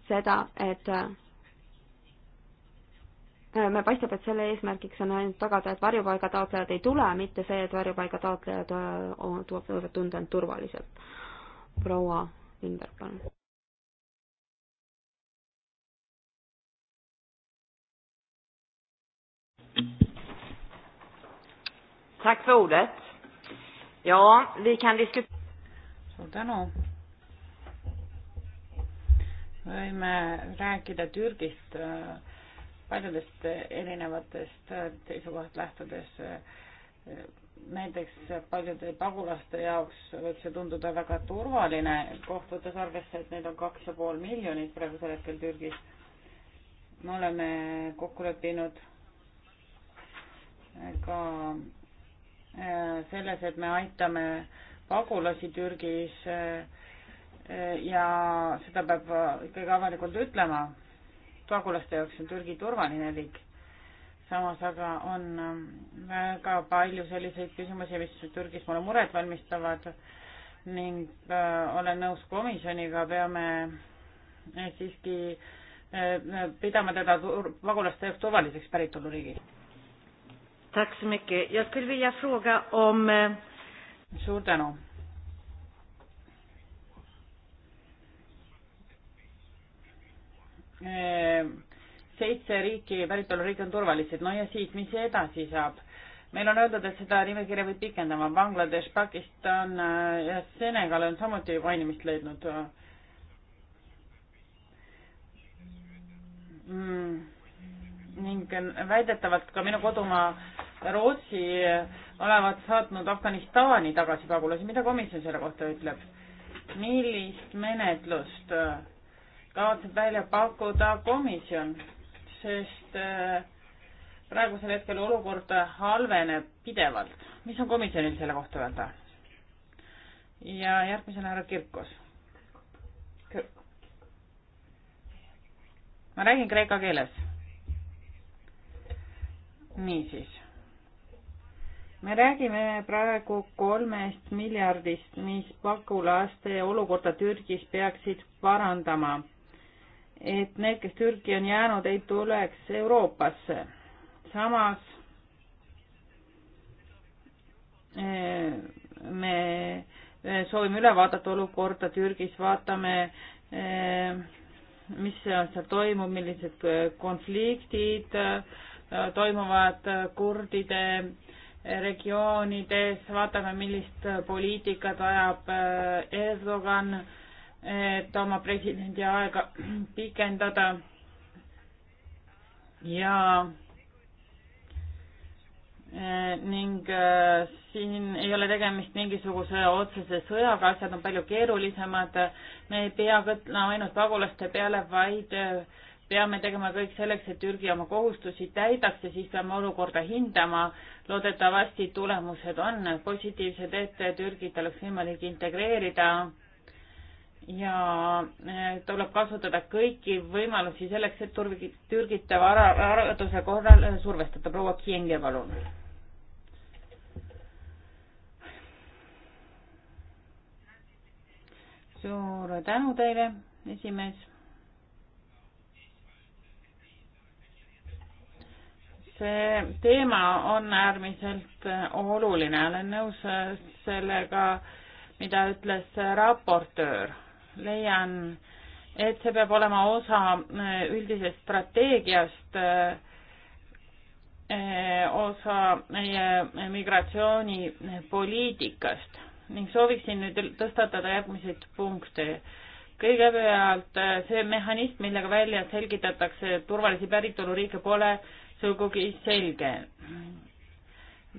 seda, et Äh, me paistab, et selle eesmärgiks on ainult tagada, et varjupaiga taotlejad ei tule, mitte see, et varjupaiga taotlejad äh, võivad tunda end turvaliselt. proua Lindberg, palun. Tack för ordet. Ja, vi kan diskutera... Suur tänu. Võime rääkida Türgist äh, paljudest eh, erinevatest eh, seisukohast lähtudes. Eh, näiteks paljude pagulaste jaoks võib see tunduda väga turvaline, koht võttes arvesse, et neid on kaks ja pool miljonit praegusel hetkel Türgis. me oleme kokku leppinud ka selles, et me aitame pagulasi Türgis ja seda peab ikkagi avalikult ütlema pagulaste jaoks on Türgi turvaline riik. samas aga on ähm, väga palju selliseid küsimusi, mis Türgis mulle muret valmistavad ning äh, olen nõus komisjoniga, peame äh, siiski äh, pidama teda pagulaste jaoks turvaliseks päritoluriigiks. Tack så mycket. Jag skulle vilja fråga om... Suur tänu Ehm, seitse riiki, päritoluriik on turvalised, no ja siis, mis edasi saab? meil on öeldud, et seda nimekirja võib pikendama, Bangladesh, Pakistan äh, ja Senegal on samuti mainimist leidnud mm.. ning väidetavalt ka minu kodumaa Rootsi olevat saatnud Afganistani tagasi pagulasi, mida komisjon selle kohta ütleb? millist menetlust kavatseb välja pakkuda komisjon, sest äh, praegusel hetkel olukord halveneb pidevalt. mis on komisjonil selle kohta öelda? ja järgmisena härra Kirkos. ma räägin kreeka keeles. niisiis me räägime praegu kolmest miljardist, mis pagulaste olukorda Türgis peaksid parandama et need, kes Türki on jäänud, ei tuleks Euroopasse. samas eh, me soovime üle vaadata olukorda Türgis, vaatame, eh, mis seal toimub, millised eh, konfliktid toimuvad kurdide regioonides, vaatame, millist poliitikat ajab Erdogan et oma presidendi aega pikendada ja eh, ning eh, siin ei ole tegemist mingisuguse otsese sõjaga, asjad on palju keerulisemad. me ei pea kõtlema ainult pagulaste peale, vaid eh, peame tegema kõik selleks, et Türgi oma kohustusi täidaks ja siis peame olukorda hindama. loodetavasti tulemused on positiivsed, et Türgit oleks võimalik integreerida ja eh, tuleb kasutada kõiki võimalusi selleks, et Türgit, Türgit varanduse korral eh, survestada. proua Kienge, palun. suur tänu teile, esimees. see teema on äärmiselt eh, oluline, olen nõus sellega, mida ütles raportöör leian, et see peab olema osa äh, üldisest strateegiast, äh, osa meie migratsioonipoliitikast ning sooviksin nüüd tõstatada järgmiseid punkte. kõigepealt äh, see mehhanism, millega välja selgitatakse turvalisi päritoluriike, pole sugugi selge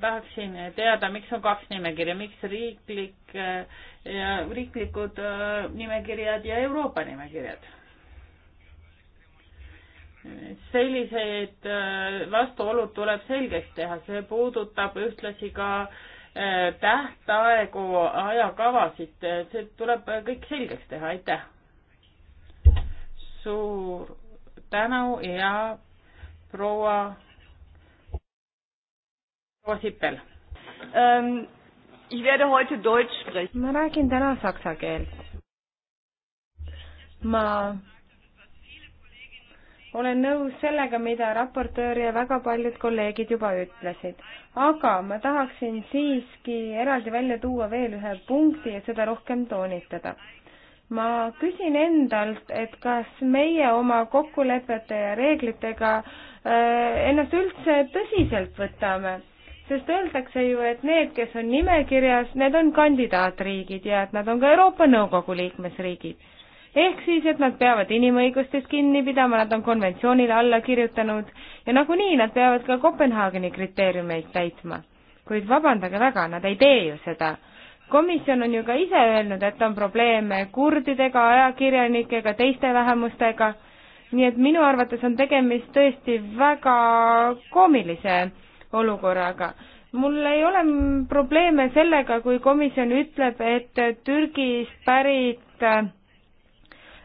tahaksin teada, miks on kaks nimekirja, miks riiklik eh, ja riiklikud eh, nimekirjad ja Euroopa nimekirjad? sellised eh, vastuolud tuleb selgeks teha, see puudutab ühtlasi ka tähtaegu, ajakavasid, see tuleb kõik selgeks teha, aitäh. suur tänu ja proua proua Sippel ähm,. Ich werde heute Deutsch sprechen. ma räägin täna saksa keelt. ma olen nõus sellega, mida raportöör ja väga paljud kolleegid juba ütlesid. aga ma tahaksin siiski eraldi välja tuua veel ühe punkti ja seda rohkem toonitada. ma küsin endalt, et kas meie oma kokkulepete ja reeglitega äh, ennast üldse tõsiselt võtame sest öeldakse ju, et need, kes on nimekirjas, need on kandidaatriigid ja et nad on ka Euroopa Nõukogu liikmesriigid. ehk siis, et nad peavad inimõigustest kinni pidama, nad on konventsioonile alla kirjutanud ja nagunii nad peavad ka Kopenhaageni kriteeriumeid täitma. kuid vabandage väga, nad ei tee ju seda komisjon on ju ka ise öelnud, et on probleeme kurdidega, ajakirjanikega, teiste vähemustega, nii et minu arvates on tegemist tõesti väga koomilise olukorraga. mul ei ole probleeme sellega, kui komisjon ütleb, et Türgist pärit äh,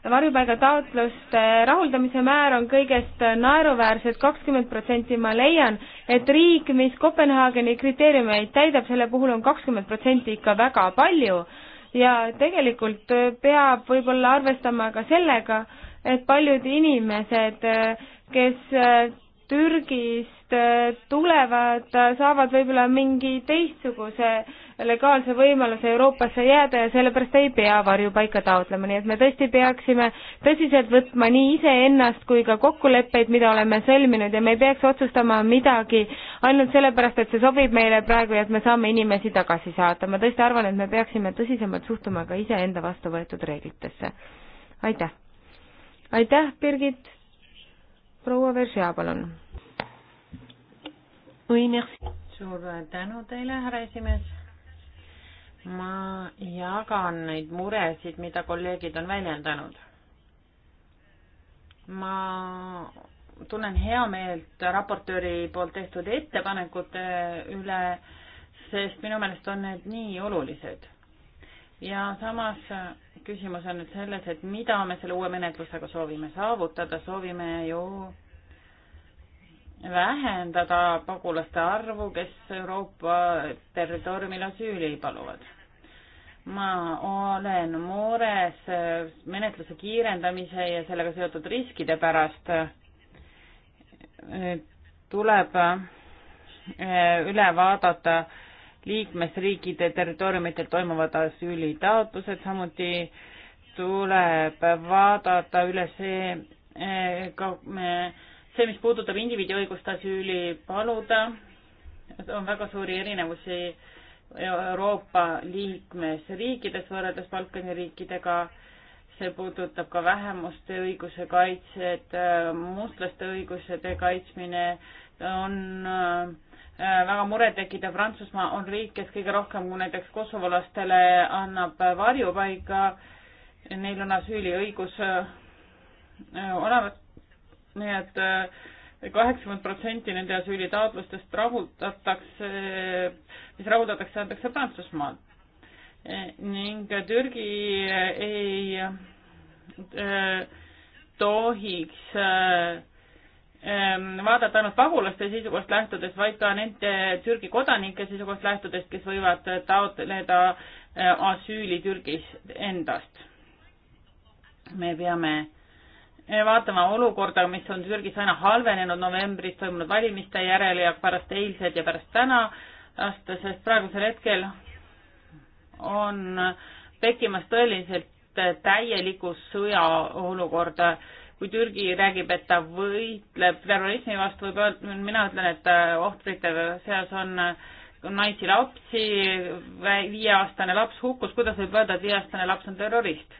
varjupaigataotluste rahuldamise määr on kõigest naeruväärsed kakskümmend protsenti, ma leian, et riik, mis Kopenhaageni kriteeriumeid täidab, selle puhul on kakskümmend protsenti ikka väga palju ja tegelikult peab võib-olla arvestama ka sellega, et paljud inimesed, äh, kes äh, Türgis Liidust äh, tulevad, äh, saavad võib-olla mingi teistsuguse legaalse võimaluse Euroopasse jääda ja sellepärast ei pea varjupaika taotlema, nii et me tõesti peaksime tõsiselt võtma nii iseennast kui ka kokkuleppeid, mida oleme sõlminud ja me ei peaks otsustama midagi ainult sellepärast, et see sobib meile praegu ja et me saame inimesi tagasi saata. ma tõesti arvan, et me peaksime tõsisemalt suhtuma ka iseenda vastu võetud reeglitesse. aitäh! aitäh, Birgit! proua Veržea, palun! suur tänu teile, härra esimees. ma jagan neid muresid, mida kolleegid on väljendanud. ma tunnen heameelt raportööri poolt tehtud ettepanekute üle, sest minu meelest on need nii olulised. ja samas küsimus on nüüd selles, et mida me selle uue menetlusega soovime saavutada, soovime ju vähendada pagulaste arvu, kes Euroopa territooriumil asüüli paluvad. ma olen mures menetluse kiirendamise ja sellega seotud riskide pärast. tuleb eh, üle vaadata liikmesriikide territooriumitel toimuvad asüülitaotlused, samuti tuleb vaadata üle see, eh, ka me äh, see, mis puudutab indiviidi õigust asüüli paluda, on väga suuri erinevusi Euroopa liikmesriikides võrreldes Balkani riikidega. see puudutab ka vähemuste õiguse kaitset, mustlaste õigusede kaitsmine on äh, väga murettekitav. Prantsusmaa on riik, kes kõige rohkem kui näiteks kosovolastele annab varjupaika. Neil on asüüliõigus äh, olemas nii et äh, kaheksakümmend protsenti nende asüülitaotlustest rahuldatakse, mis rahuldatakse, antakse Prantsusmaal. E, ning Türgi ei äh, tohiks äh, ähm, vaadata ainult pagulaste seisukohast lähtudes, vaid ka nende Türgi kodanike seisukohast lähtudes, kes võivad taotleda asüüli Türgis endast. me peame äh, vaatama olukorda, mis on Türgis aina halvenenud novembris toimunud valimiste järel ja pärast eilsed ja pärast täna, sest praegusel hetkel on tekkimas tõeliselt täielikus sõjaolukord. kui Türgi räägib, et ta võitleb terrorismi vastu, võib öelda, mina ütlen, et ohvrite seas on naisi, lapsi, viieaastane laps hukkus, kuidas võib öelda, et viieaastane laps on terrorist?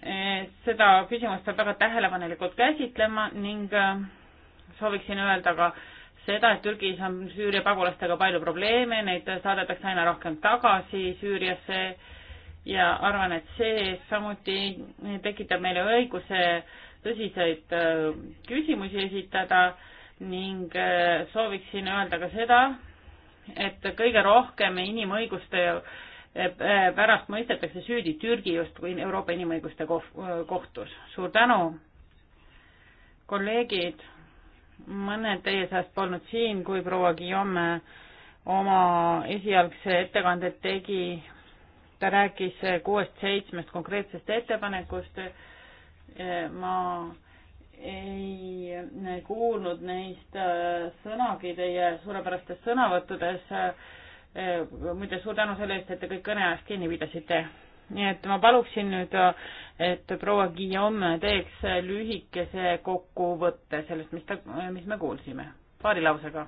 Eh, seda küsimust peab väga tähelepanelikult käsitlema ning äh, sooviksin öelda ka seda, et Türgis on Süüria pagulastega palju probleeme, neid saadetakse aina rohkem tagasi Süüriasse ja arvan, et see samuti tekitab meile õiguse tõsiseid äh, küsimusi esitada ning äh, sooviksin öelda ka seda, et kõige rohkem inimõiguste Eh, pärast mõistetakse süüdi Türgi justkui Euroopa Inimõiguste Kohtus. suur tänu, kolleegid, mõned teie seast polnud siin, kui proua Guillaume oma esialgse ettekande tegi, ta rääkis kuuest-seitsmest konkreetsest ettepanekust, eh, ma ei kuulnud neist eh, sõnagi teie suurepärastes sõnavõttudes äh, Äh, muide, suur tänu selle eest, et te kõik kõne ajast kinni pidasite. nii et ma paluksin nüüd, et proua Guillaume teeks lühikese kokkuvõtte sellest, mis ta, mis me kuulsime, paari lausega.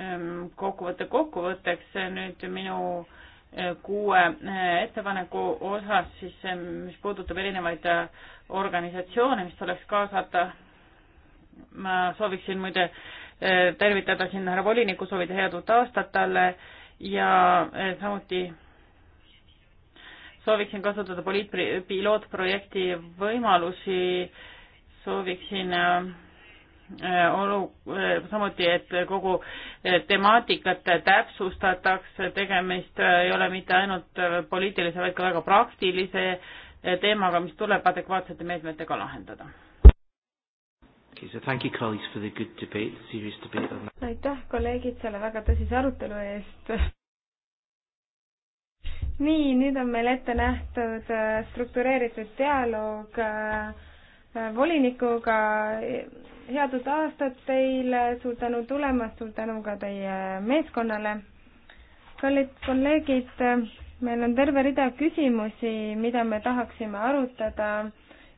Ehm, kokkuvõte kokkuvõtteks nüüd minu äh, kuue äh, ettepaneku osas siis, mis puudutab erinevaid organisatsioone, mis tuleks kaasata. ma sooviksin muide äh, tervitada siin härra volinikku, soovida head uut aastat talle ja eh, samuti sooviksin kasutada poliit-, pilootprojekti võimalusi, sooviksin eh, olu-, eh, samuti, et kogu temaatikat täpsustatakse, tegemist ei ole mitte ainult poliitilise, vaid ka väga praktilise teemaga, mis tuleb adekvaatsete meetmetega lahendada Okay, so thank you colleagues for the good debate, serious debate on that. aitäh, kolleegid, selle väga tõsise arutelu eest nii, nüüd on meil ette nähtud äh, struktureeritud dialoog äh, volinikuga. head uut aastat teile, suur tänu tulemast, suur tänu ka teie meeskonnale. kallid kolleegid, äh, meil on terve rida küsimusi, mida me tahaksime arutada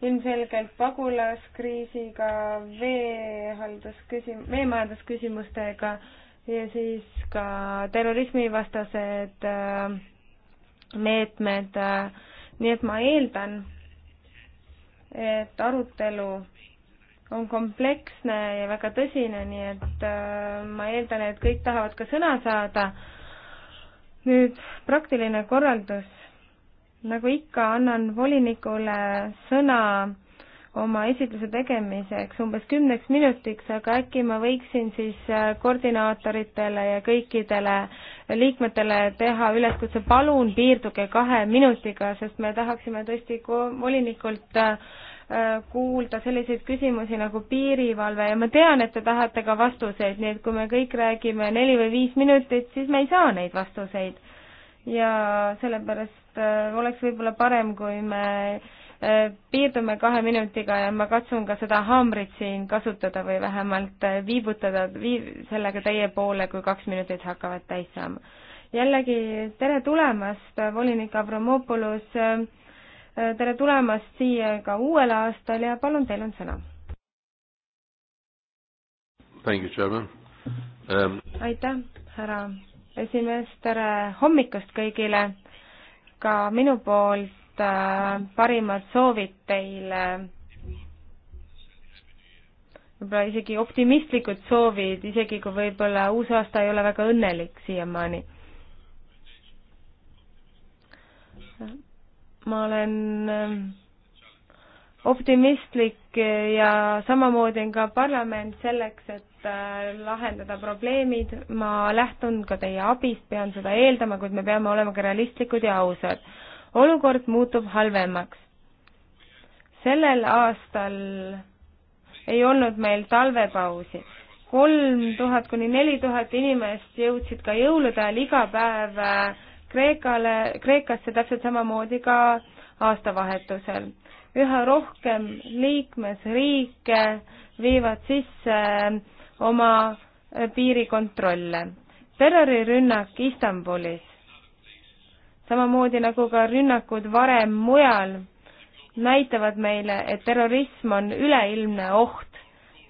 ilmselgelt pagulaskriisiga, veehaldusküsim-, veemajandusküsimustega ja siis ka terrorismivastased äh, meetmed. Äh, nii et ma eeldan, et arutelu on kompleksne ja väga tõsine, nii et äh, ma eeldan, et kõik tahavad ka sõna saada. nüüd praktiline korraldus nagu ikka, annan volinikule sõna oma esitluse tegemiseks umbes kümneks minutiks, aga äkki ma võiksin siis äh, koordinaatoritele ja kõikidele liikmetele teha üleskutse, palun piirduge kahe minutiga, sest me tahaksime tõesti volinikult äh, äh, kuulda selliseid küsimusi nagu piirivalve ja ma tean, et te tahate ka vastuseid, nii et kui me kõik räägime neli või viis minutit, siis me ei saa neid vastuseid ja sellepärast äh, oleks võib-olla parem, kui me äh, piirdume kahe minutiga ja ma katsun ka seda haamrit siin kasutada või vähemalt äh, viibutada vii-, sellega teie poole, kui kaks minutit hakkavad täis saama. jällegi tere tulemast, volinik Avramopoulos, tere tulemast siia ka uuel aastal ja palun, teil on sõna. Um... aitäh, härra esimees, tere hommikust kõigile! ka minu poolt äh, parimad soovid teile, võib-olla isegi optimistlikud soovid, isegi kui võib-olla uus aasta ei ole väga õnnelik siiamaani ma olen äh, optimistlik ja samamoodi on ka parlament selleks, et äh, lahendada probleemid. ma lähtun ka teie abist, pean seda eeldama, kuid me peame olema ka realistlikud ja ausad. olukord muutub halvemaks. sellel aastal ei olnud meil talvepausi. kolm tuhat kuni neli tuhat inimest jõudsid ka jõulude ajal iga päev äh, Kreekale, Kreekasse täpselt samamoodi ka aastavahetusel üha rohkem liikmesriike viivad sisse oma piirikontrolle. terrorirünnak Istanbulis, samamoodi nagu ka rünnakud varem mujal, näitavad meile, et terrorism on üleilmne oht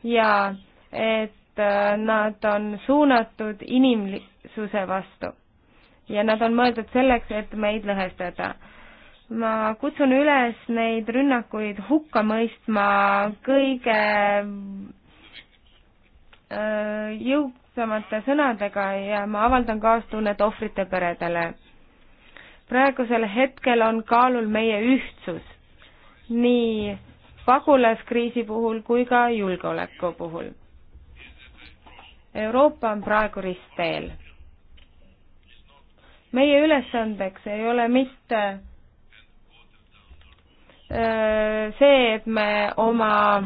ja et äh, nad on suunatud inimsuse vastu. ja nad on mõeldud selleks, et meid lõhestada ma kutsun üles neid rünnakuid hukka mõistma kõige äh, jõudsamate sõnadega ja ma avaldan kaastunnet ohvrite peredele. praegusel hetkel on kaalul meie ühtsus nii pagulaskriisi puhul kui ka julgeoleku puhul. Euroopa on praegu ristteel. meie ülesandeks ei ole mitte Äh, see, et me oma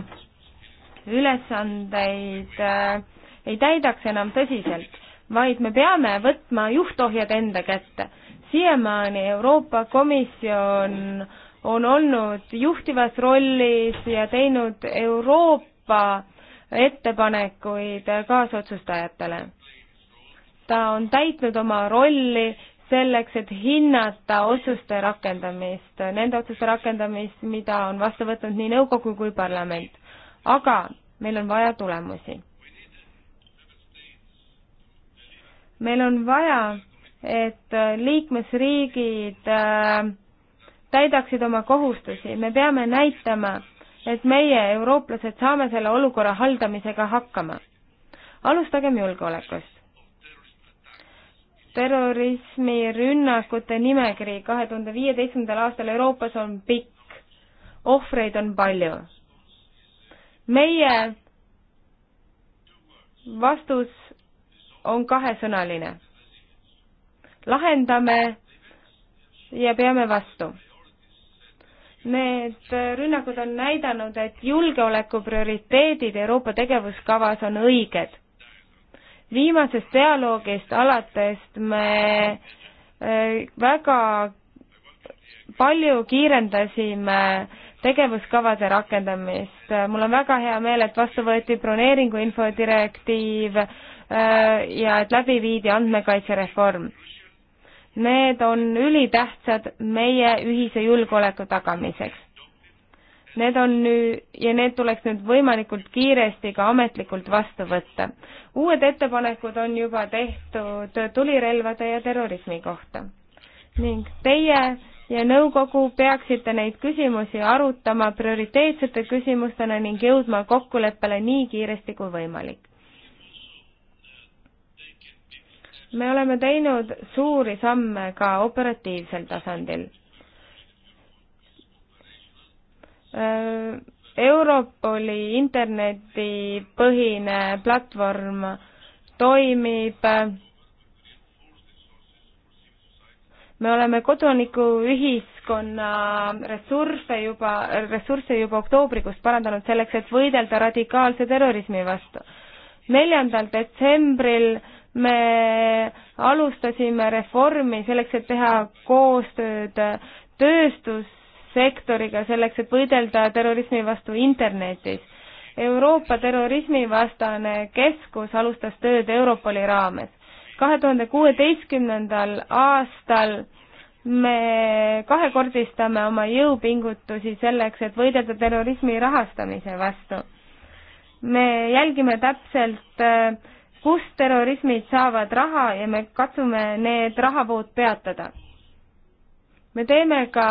ülesandeid äh, ei täidaks enam tõsiselt, vaid me peame võtma juhtohjad enda kätte. siiamaani Euroopa Komisjon on olnud juhtivas rollis ja teinud Euroopa ettepanekuid kaasotsustajatele. ta on täitnud oma rolli selleks, et hinnata otsuste rakendamist, nende otsuste rakendamist, mida on vastu võtnud nii nõukogu kui parlament. aga meil on vaja tulemusi. meil on vaja, et liikmesriigid äh, täidaksid oma kohustusi, me peame näitama, et meie, eurooplased, saame selle olukorra haldamisega hakkama. alustagem julgeolekust terrorismirünnakute nimekiri kahe tuhande viieteistkümnendal aastal Euroopas on pikk, ohvreid on palju. meie vastus on kahesõnaline. lahendame ja peame vastu. Need rünnakud on näidanud, et julgeoleku prioriteedid Euroopa tegevuskavas on õiged viimasest dialoogist alates me äh, väga palju kiirendasime tegevuskavade rakendamist. mul on väga hea meel, et vastu võeti broneeringu infodirektiiv äh, ja et läbi viidi andmekaitsereform. Need on ülitähtsad meie ühise julgeoleku tagamiseks. Need on nüüd ja need tuleks nüüd võimalikult kiiresti ka ametlikult vastu võtta. uued ettepanekud on juba tehtud tulirelvade ja terrorismi kohta ning teie ja nõukogu peaksite neid küsimusi arutama prioriteetsete küsimustena ning jõudma kokkuleppele nii kiiresti kui võimalik. me oleme teinud suuri samme ka operatiivsel tasandil Äh, Europoli internetipõhine platvorm toimib. me oleme kodanikuühiskonna ressursse juba, ressursse juba oktoobrikuust parandanud selleks, et võidelda radikaalse terrorismi vastu. neljandal detsembril me alustasime reformi selleks, et teha koostööd tööstus sektoriga selleks, et võidelda terrorismi vastu internetis. Euroopa terrorismivastane keskus alustas tööd Europoli raames. kahe tuhande kuueteistkümnendal aastal me kahekordistame oma jõupingutusi selleks, et võidelda terrorismi rahastamise vastu. me jälgime täpselt, kust terrorismid saavad raha ja me katsume need rahavood peatada. me teeme ka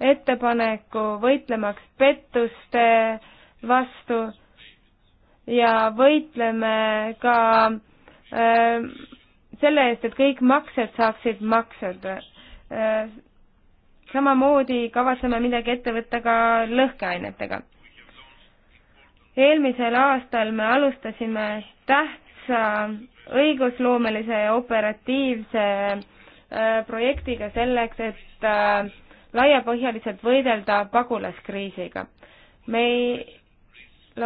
ettepaneku võitlemaks pettuste vastu ja võitleme ka äh, selle eest, et kõik maksed saaksid maksed äh,. samamoodi kavatseme midagi ette võtta ka lõhkeainetega. eelmisel aastal me alustasime tähtsa õigusloomelise ja operatiivse äh, projektiga selleks, et äh, laiapõhjaliselt võidelda pagulaskriisiga. meil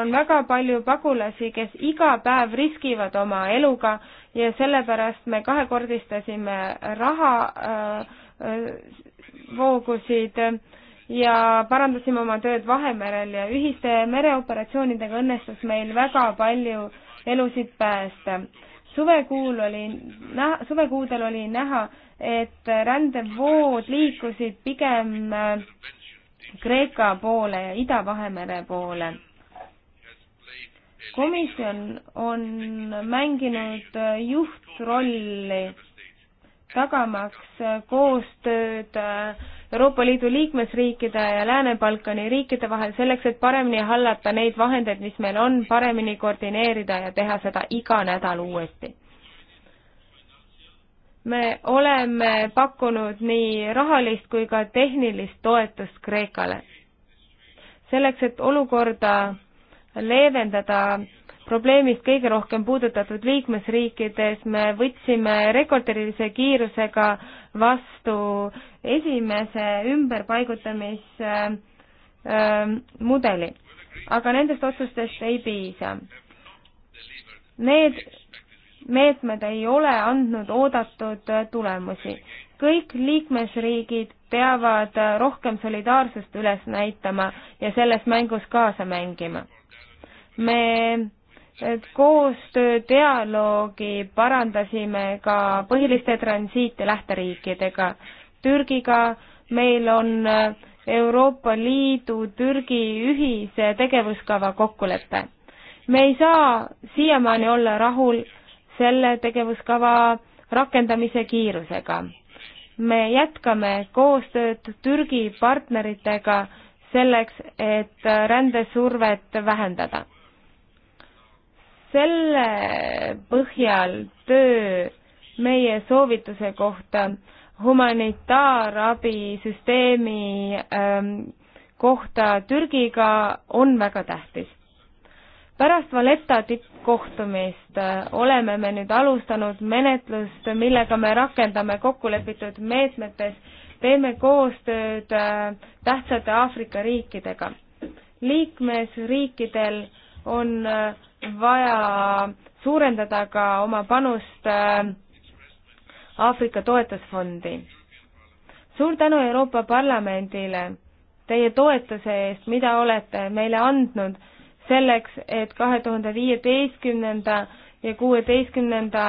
on väga palju pagulasi, kes iga päev riskivad oma eluga ja sellepärast me kahekordistasime raha äh, äh, voogusid ja parandasime oma tööd Vahemerel ja ühiste mereoperatsioonidega õnnestus meil väga palju elusid päästa suvekuul oli näha, suvekuudel oli näha, et rändevood liikusid pigem äh, Kreeka poole ja Ida-Vahemere poole. komisjon on mänginud äh, juhtrolli, tagamaks äh, koostööd Euroopa Liidu liikmesriikide ja Lääne-Balkani riikide vahel selleks, et paremini hallata neid vahendeid, mis meil on, paremini koordineerida ja teha seda iga nädal uuesti me oleme pakkunud nii rahalist kui ka tehnilist toetust Kreekale. selleks, et olukorda leevendada probleemist kõige rohkem puudutatud liikmesriikides, me võtsime rekordilise kiirusega vastu esimese ümberpaigutamismudeli, ähm, aga nendest otsustest ei piisa. Need meetmed ei ole andnud oodatud tulemusi. kõik liikmesriigid peavad rohkem solidaarsust üles näitama ja selles mängus kaasa mängima. me koostöö dialoogi parandasime ka põhiliste transiit- ja lähteriikidega. Türgiga meil on Euroopa Liidu Türgi ühise tegevuskava kokkulepe. me ei saa siiamaani olla rahul selle tegevuskava rakendamise kiirusega. me jätkame koostööd Türgi partneritega selleks, et rändesurvet vähendada. selle põhjal töö meie soovituse kohta humanitaarabisüsteemi ähm, kohta Türgiga on väga tähtis pärast Valetta tippkohtumist äh, oleme me nüüd alustanud menetlust, millega me rakendame kokkulepitud meetmetes, teeme koostööd äh, tähtsate Aafrika riikidega. liikmesriikidel on äh, vaja suurendada ka oma panust Aafrika toetusfondi. suur tänu Euroopa Parlamendile teie toetuse eest, mida olete meile andnud selleks, et kahe tuhande viieteistkümnenda ja kuueteistkümnenda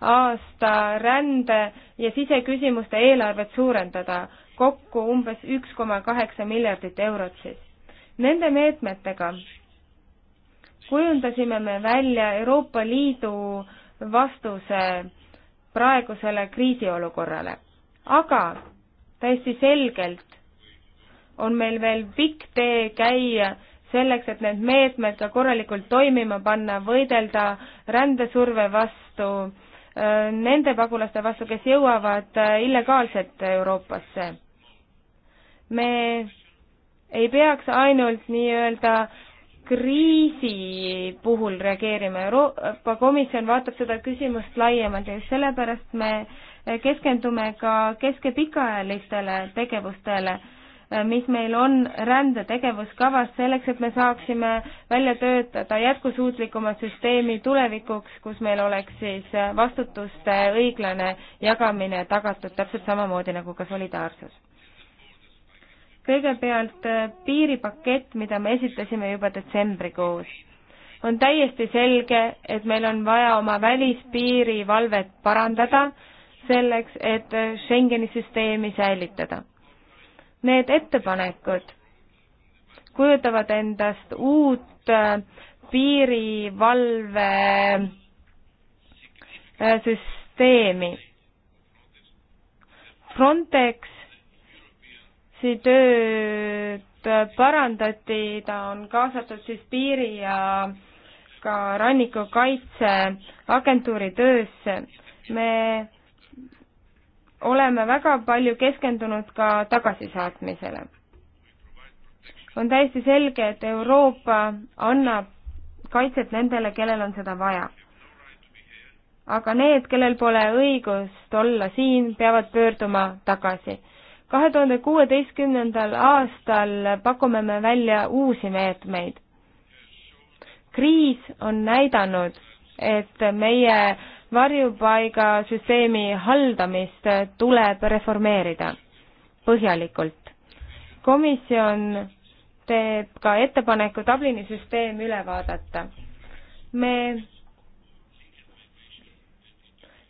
aasta rände ja siseküsimuste eelarvet suurendada, kokku umbes üks koma kaheksa miljardit eurot siis. Nende meetmetega kujundasime me välja Euroopa Liidu vastuse praegusele kriisiolukorrale, aga täiesti selgelt on meil veel pikk tee käia selleks, et need meetmed ka korralikult toimima panna, võidelda rändesurve vastu, äh, nende pagulaste vastu, kes jõuavad äh, illegaalselt Euroopasse. me ei peaks ainult nii-öelda kriisi puhul reageerima, Euroopa Komisjon vaatab seda küsimust laiemalt ja just sellepärast me keskendume ka keske pikaajalistele tegevustele Äh, mis meil on rändetegevuskavas selleks, et me saaksime välja töötada jätkusuutlikuma süsteemi tulevikuks, kus meil oleks siis äh, vastutuste õiglane jagamine tagatud täpselt samamoodi nagu ka solidaarsus. kõigepealt äh, piiripakett, mida me esitasime juba detsembrikuus on täiesti selge, et meil on vaja oma välispiiri valvet parandada selleks, et Schengeni süsteemi säilitada. Need ettepanekud kujutavad endast uut äh, piirivalve äh, süsteemi. Frontexi tööd äh, parandati, ta on kaasatud siis piiri ja ka rannikukaitseagentuuri töösse. me oleme väga palju keskendunud ka tagasisaatmisele. on täiesti selge, et Euroopa annab kaitset nendele, kellel on seda vaja. aga need, kellel pole õigust olla siin, peavad pöörduma tagasi. kahe tuhande kuueteistkümnendal aastal pakume me välja uusi meetmeid. kriis on näidanud, et meie varjupaigasüsteemi haldamist tuleb reformeerida põhjalikult. komisjon teeb ka ettepaneku Dublini süsteem üle vaadata. me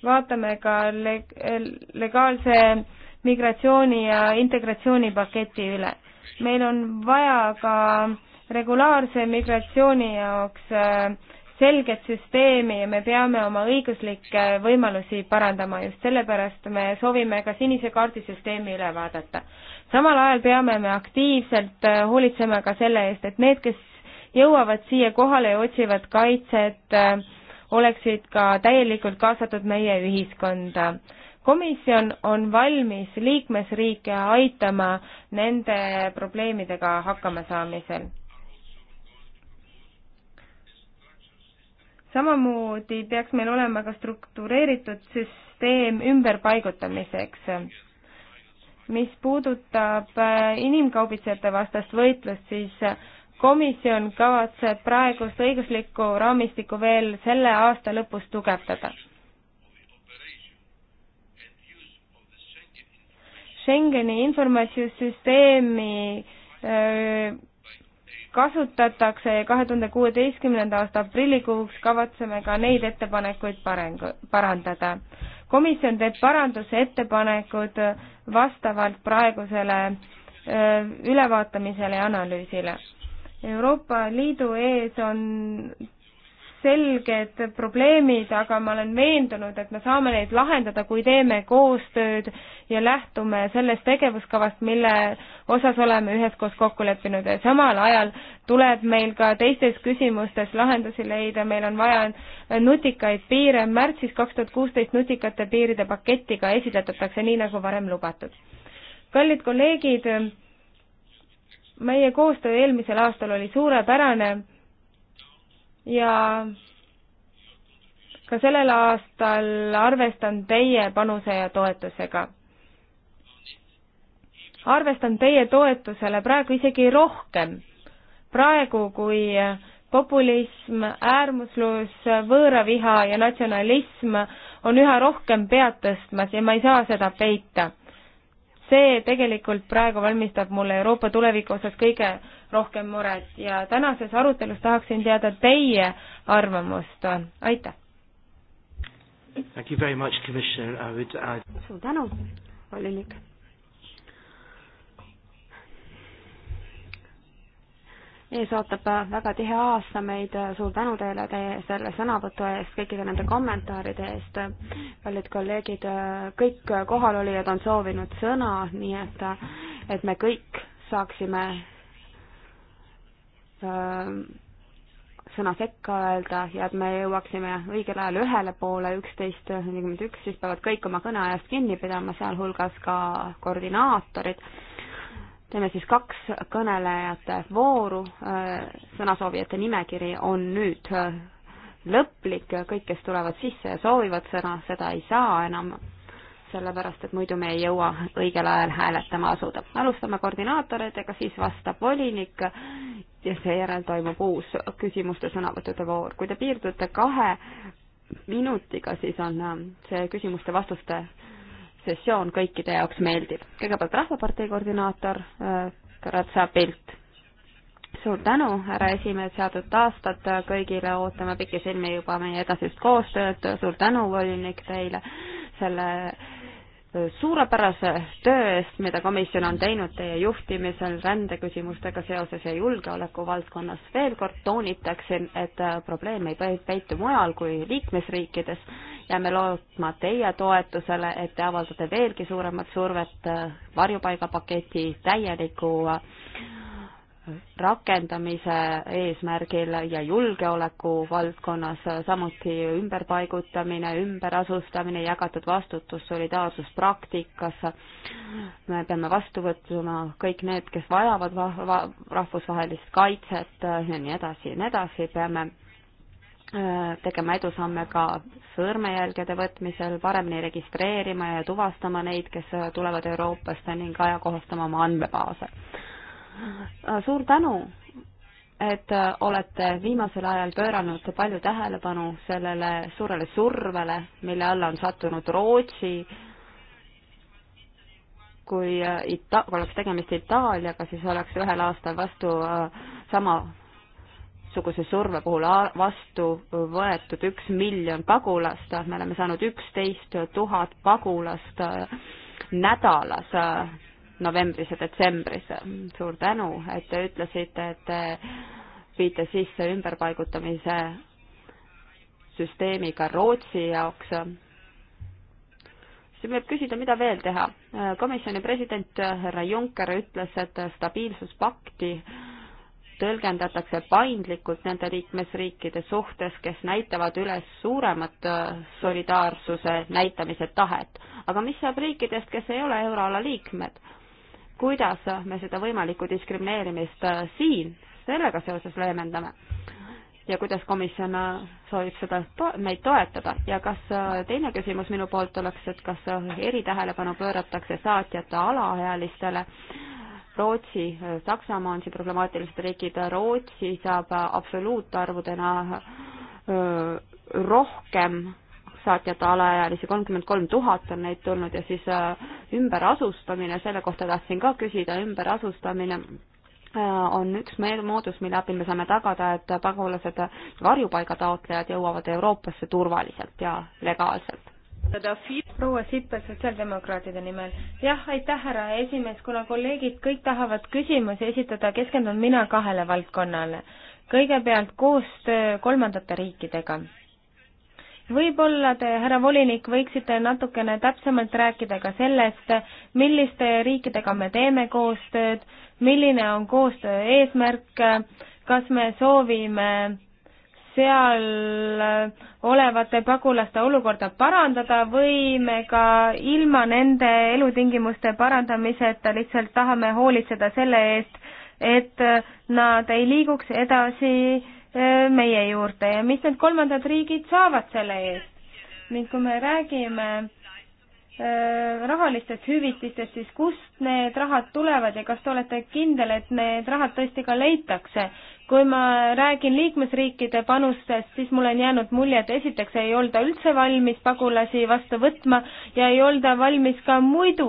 vaatame ka leg-, legaalse migratsiooni ja integratsioonipaketi üle. meil on vaja ka regulaarse migratsiooni jaoks äh, selget süsteemi ja me peame oma õiguslikke võimalusi parandama, just sellepärast me soovime ka sinise kaardi süsteemi üle vaadata. samal ajal peame me aktiivselt äh, hoolitsema ka selle eest, et need, kes jõuavad siia kohale ja otsivad kaitset, äh, oleksid ka täielikult kaasatud meie ühiskonda. komisjon on valmis liikmesriike aitama nende probleemidega hakkama saamisel samamoodi peaks meil olema ka struktureeritud süsteem ümberpaigutamiseks. mis puudutab äh, inimkaubitsejate vastast võitlust, siis äh, komisjon kavatseb praegust õiguslikku raamistikku veel selle aasta lõpus tugevdada. Schengeni informatsioonisüsteemi äh, kasutatakse ja kahe tuhande kuueteistkümnenda aasta aprillikuuks kavatseme ka neid ettepanekuid parengu, parandada. komisjon teeb parandusettepanekud vastavalt praegusele ülevaatamisele ja analüüsile. Euroopa Liidu ees on selged probleemid, aga ma olen veendunud, et me saame neid lahendada, kui teeme koostööd ja lähtume sellest tegevuskavast, mille osas oleme üheskoos kokku leppinud ja samal ajal tuleb meil ka teistes küsimustes lahendusi leida, meil on vaja nutikaid piire, märtsis kaks tuhat kuusteist nutikate piiride paketti ka esitletakse, nii nagu varem lubatud. kallid kolleegid, meie koostöö eelmisel aastal oli suurepärane ja ka sellel aastal arvestan teie panuse ja toetusega. arvestan teie toetusele praegu isegi rohkem, praegu kui populism, äärmuslus, võõraviha ja natsionalism on üha rohkem pead tõstmas ja ma ei saa seda peita. see tegelikult praegu valmistab mulle Euroopa tuleviku osas kõige rohkem muret ja tänases arutelus tahaksin teada teie arvamust, aitäh! Uh, suur tänu, volinik! ees ootab äh, väga tihe aasta meid, suur tänu teile teie selle sõnavõtu eest, kõikide nende kommentaaride eest. paljud kolleegid, äh, kõik kohalolijad on soovinud sõna, nii et, äh, et me kõik saaksime Äh, sõna sekka öelda ja et me jõuaksime õigel ajal ühele poole, üksteist nelikümmend üks, siis peavad kõik oma kõneajast kinni pidama, sealhulgas ka koordinaatorid. teeme siis kaks kõnelejate vooru, äh, sõnasoovijate nimekiri on nüüd äh, lõplik, kõik, kes tulevad sisse ja soovivad sõna, seda ei saa enam, sellepärast et muidu me ei jõua õigel ajal hääletama asuda. alustame koordinaatoritega, siis vastab volinik ja seejärel toimub uus küsimuste sõnavõttude voor. kui te piirdute kahe minutiga, siis on äh, see küsimuste-vastuste sessioon kõikide jaoks meeldib. kõigepealt Rahvapartei koordinaator Karatsa äh, Pilt. suur tänu, härra esimees, head uut aastat kõigile, ootame pikisilmi juba meie edasist koostööd, suur tänu, volinik, teile selle suurepärase töö eest, mida komisjon on teinud teie juhtimisel rändeküsimustega seoses ja julgeoleku valdkonnas. veel kord toonitaksin, et äh, probleem ei peitu mujal kui liikmesriikides. jääme lootma teie toetusele, et te avaldate veelgi suuremat survet äh, varjupaigapaketi täieliku äh, rakendamise eesmärgil ja julgeoleku valdkonnas, samuti ümberpaigutamine, ümberasustamine, jagatud vastutus, solidaarsus praktikas. me peame vastu võtma kõik need, kes vajavad va va rahvusvahelist kaitset ja nii edasi ja nii edasi, peame äh, tegema edusamme ka sõrmejälgede võtmisel, paremini registreerima ja tuvastama neid, kes tulevad Euroopast ning ajakohastama oma andmebaase Äh, suur tänu, et äh, olete viimasel ajal pööranud palju tähelepanu sellele suurele survele, mille alla on sattunud Rootsi. kui äh, Ita-, kui oleks tegemist Itaaliaga, siis oleks ühel aastal vastu sama suguse surve puhul vastu võetud üks miljon pagulast, me oleme saanud üksteist tuhat pagulast nädalas novembris ja detsembris. suur tänu, et te ütlesite, et te viite sisse ümberpaigutamise süsteemi ka Rootsi jaoks. siis võib küsida, mida veel teha. komisjoni president härra Juncker ütles, et stabiilsuspakti tõlgendatakse paindlikult nende liikmesriikide suhtes, kes näitavad üles suuremat solidaarsuse näitamise tahet. aga mis saab riikidest, kes ei ole euroala liikmed? kuidas me seda võimalikku diskrimineerimist äh, siin sellega seoses leevendame ja kuidas komisjon äh, soovib seda to meid toetada ja kas äh, teine küsimus minu poolt oleks, et kas eritähelepanu pööratakse saatjate alaealistele. Rootsi, Saksamaa on siin problemaatilised riigid, Rootsi saab absoluutarvudena rohkem saatjata alaealisi, kolmkümmend kolm tuhat on neid tulnud ja siis äh, ümberasustamine, selle kohta tahtsin ka küsida, ümberasustamine äh, on üks meil moodus, mille abil me saame tagada, et pagulased, varjupaiga taotlejad jõuavad Euroopasse turvaliselt ja legaalselt. proua Sippe sotsiaaldemokraatide nimel. jah, aitäh, härra esimees, kuna kolleegid kõik tahavad küsimusi esitada, keskendun mina kahele valdkonnale. kõigepealt koostöö kolmandate riikidega võib-olla te, härra volinik, võiksite natukene täpsemalt rääkida ka sellest, milliste riikidega me teeme koostööd, milline on koostöö eesmärk, kas me soovime seal olevate pagulaste olukorda parandada või me ka ilma nende elutingimuste parandamiseta lihtsalt tahame hoolitseda selle eest, et nad ei liiguks edasi äh, meie juurde ja mis need kolmandad riigid saavad selle eest. ning kui me räägime rahalistest hüvitistest, siis kust need rahad tulevad ja kas te olete kindel, et need rahad tõesti ka leitakse? kui ma räägin liikmesriikide panustest, siis mul on jäänud mulje, et esiteks ei olda üldse valmis pagulasi vastu võtma ja ei olda valmis ka muidu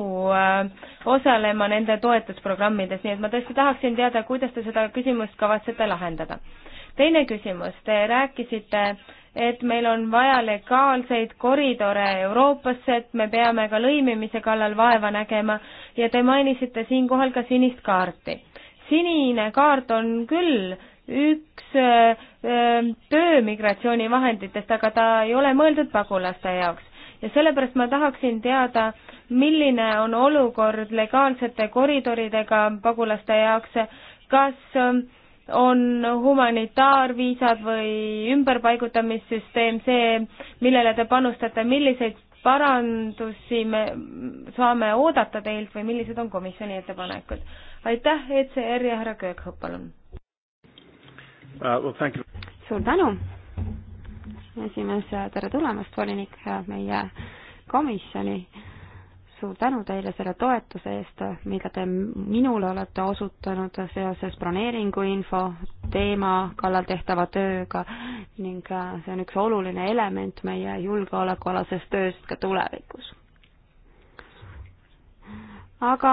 osalema nende toetusprogrammides, nii et ma tõesti tahaksin teada, kuidas te seda küsimust kavatsete lahendada teine küsimus, te rääkisite, et meil on vaja legaalseid koridore Euroopasse, et me peame ka lõimimise kallal vaeva nägema ja te mainisite siinkohal ka sinist kaarti. sinine kaart on küll üks töömigratsiooni vahenditest, aga ta ei ole mõeldud pagulaste jaoks. ja sellepärast ma tahaksin teada, milline on olukord legaalsete koridoridega pagulaste jaoks, kas äh, on humanitaarviisad või ümberpaigutamissüsteem see, millele te panustate, milliseid parandusi me saame oodata teilt või millised on komisjoni ettepanekud? aitäh, ECR ja härra Kööghoop, palun uh,! Well, suur tänu, esimees, tere tulemast, volinik, meie komisjoni uh, suur tänu teile selle toetuse eest, mida te minule olete osutanud seoses broneeringuinfo teema kallal tehtava tööga ning äh, see on üks oluline element meie julgeolekualasest tööst ka tulevikus. aga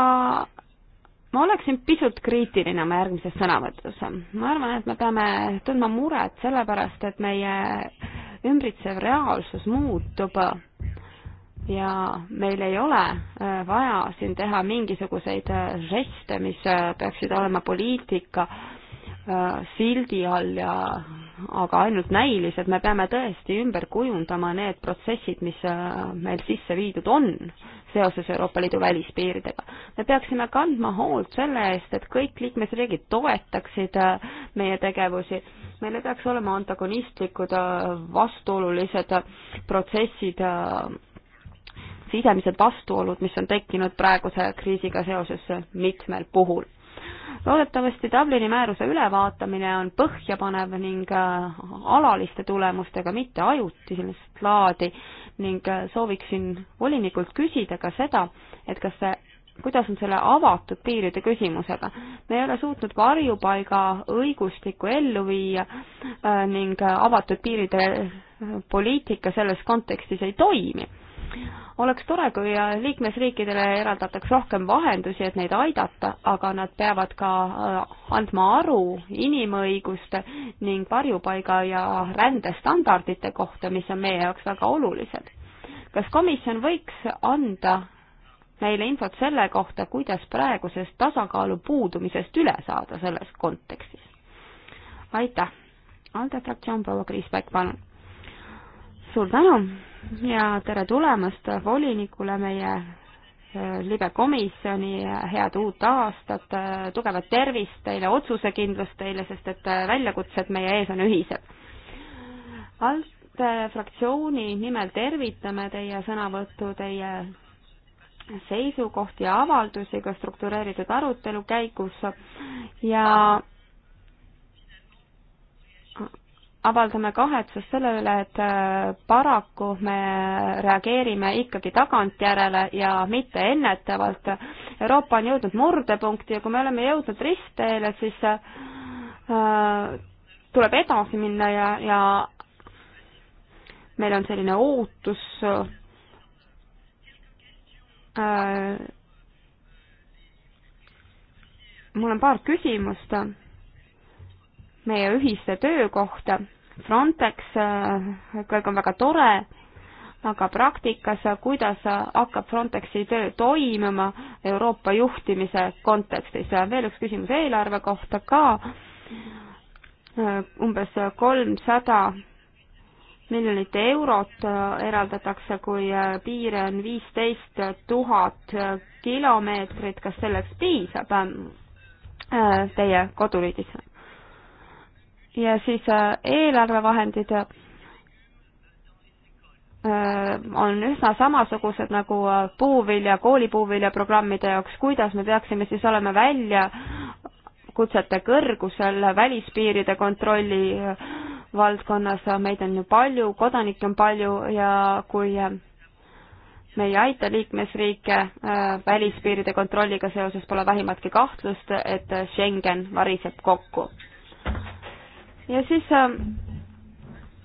ma oleksin pisut kriitiline oma järgmises sõnavõtus. ma arvan, et me peame tundma muret sellepärast, et meie ümbritsev reaalsus muutub ja meil ei ole äh, vaja siin teha mingisuguseid äh, žeste, mis äh, peaksid olema poliitika sildi all ja aga ainult näilised, me peame tõesti ümber kujundama need protsessid, mis meil sisse viidud on seoses Euroopa Liidu välispiiridega. me peaksime kandma hoolt selle eest, et kõik liikmesriigid toetaksid meie tegevusi, meil ei peaks olema antagonistlikud, vastuolulised protsessid sisemised vastuolud, mis on tekkinud praeguse kriisiga seoses mitmel puhul. loodetavasti Dublini määruse ülevaatamine on põhjapanev ning äh, alaliste tulemustega, mitte ajutist laadi ning äh, sooviksin volinikult küsida ka seda, et kas see kuidas on selle avatud piiride küsimusega. me ei ole suutnud varjupaiga õigustikku ellu viia äh, ning avatud piiride poliitika selles kontekstis ei toimi oleks tore, kui liikmesriikidele eraldataks rohkem vahendusi, et neid aidata, aga nad peavad ka äh, andma aru inimõiguste ning varjupaiga ja rändestandardite kohta, mis on meie jaoks väga olulised. kas komisjon võiks anda meile infot selle kohta, kuidas praegusest tasakaalu puudumisest üle saada selles kontekstis? aitäh! Alde fraktsioon, proua Kriis Päkk, palun! suur tänu! ja tere tulemast volinikule meie äh, libekomisjoni, head uut aastat, äh, tugevat tervist teile, otsusekindlust teile, sest et äh, väljakutsed meie ees on ühised. ALDE fraktsiooni nimel tervitame teie sõnavõttu, teie seisukohti ja avaldusi ka struktureeritud arutelu käigus ja avaldame kahetsust selle üle, et äh, paraku me reageerime ikkagi tagantjärele ja mitte ennetavalt. Euroopa on jõudnud murdepunkti ja kui me oleme jõudnud ristteele, siis äh, tuleb edasi minna ja, ja meil on selline ootus äh, mul on paar küsimust meie ühiste töökohta. Frontex äh, kõik on väga tore, aga praktikas, äh, kuidas äh, hakkab Frontexi töö toimuma Euroopa juhtimise kontekstis? veel üks küsimus eelarve kohta ka. umbes kolmsada miljonit eurot eraldatakse, kui piire on viisteist tuhat kilomeetrit, kas selleks piisab teie koduriigis? ja siis äh, eelarvevahendid äh, on üsna samasugused nagu äh, puuvilja, koolipuuvilja programmide jaoks, kuidas me peaksime siis olema väljakutsete kõrgusel välispiiride kontrolli valdkonnas, meid on ju palju, kodanikke on palju ja kui me ei aita liikmesriike välispiiride kontrolliga seoses, pole vähimatki kahtlust, et Schengen variseb kokku ja siis ähm,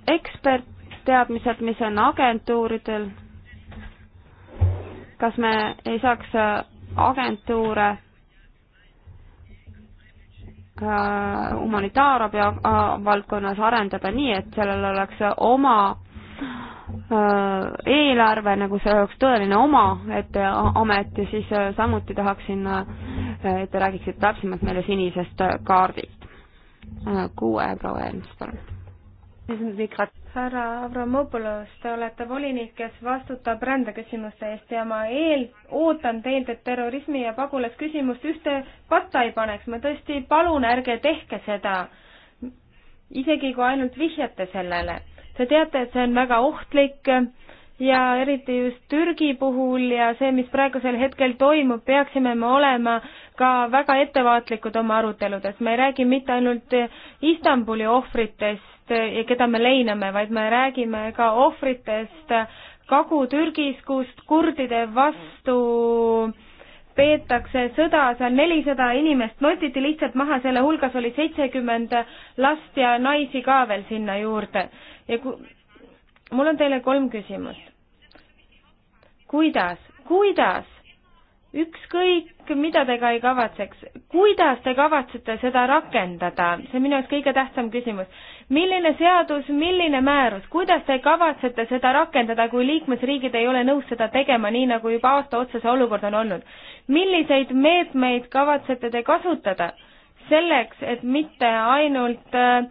ekspertteadmised, mis on agentuuridel. kas me ei saaks äh, agentuure äh, humanitaarabi äh, valdkonnas arendada nii, et sellel oleks oma eelarve, nagu see oleks tõeline oma, et amet ja siis samuti tahaksin, et te räägiksite täpsemalt meile sinisest kaardist kuue proua Ernst, palun. härra Avramopoulos, te olete volinik, kes vastutab rändeküsimuste eest ja ma eel-, ootan teilt, et terrorismi ja pagulasküsimust ühte patta ei paneks, ma tõesti palun, ärge tehke seda. isegi kui ainult vihjate sellele. Te teate, et see on väga ohtlik ja eriti just Türgi puhul ja see, mis praegusel hetkel toimub, peaksime me olema ka väga ettevaatlikud oma aruteludes, me ei räägi mitte ainult Istanbuli ohvritest ja keda me leiname, vaid me räägime ka ohvritest Kagu-Türgis, kust kurdide vastu peetakse sõda, seal nelisada inimest notiti lihtsalt maha, selle hulgas oli seitsekümmend last ja naisi ka veel sinna juurde. ja ku-, mul on teile kolm küsimust. kuidas, kuidas ükskõik, mida te ka ei kavatseks, kuidas te kavatsete seda rakendada, see on minu jaoks kõige tähtsam küsimus. milline seadus, milline määrus, kuidas te kavatsete seda rakendada, kui liikmesriigid ei ole nõus seda tegema, nii nagu juba aasta otsa see olukord on olnud? milliseid meetmeid kavatsete te kasutada selleks, et mitte ainult äh,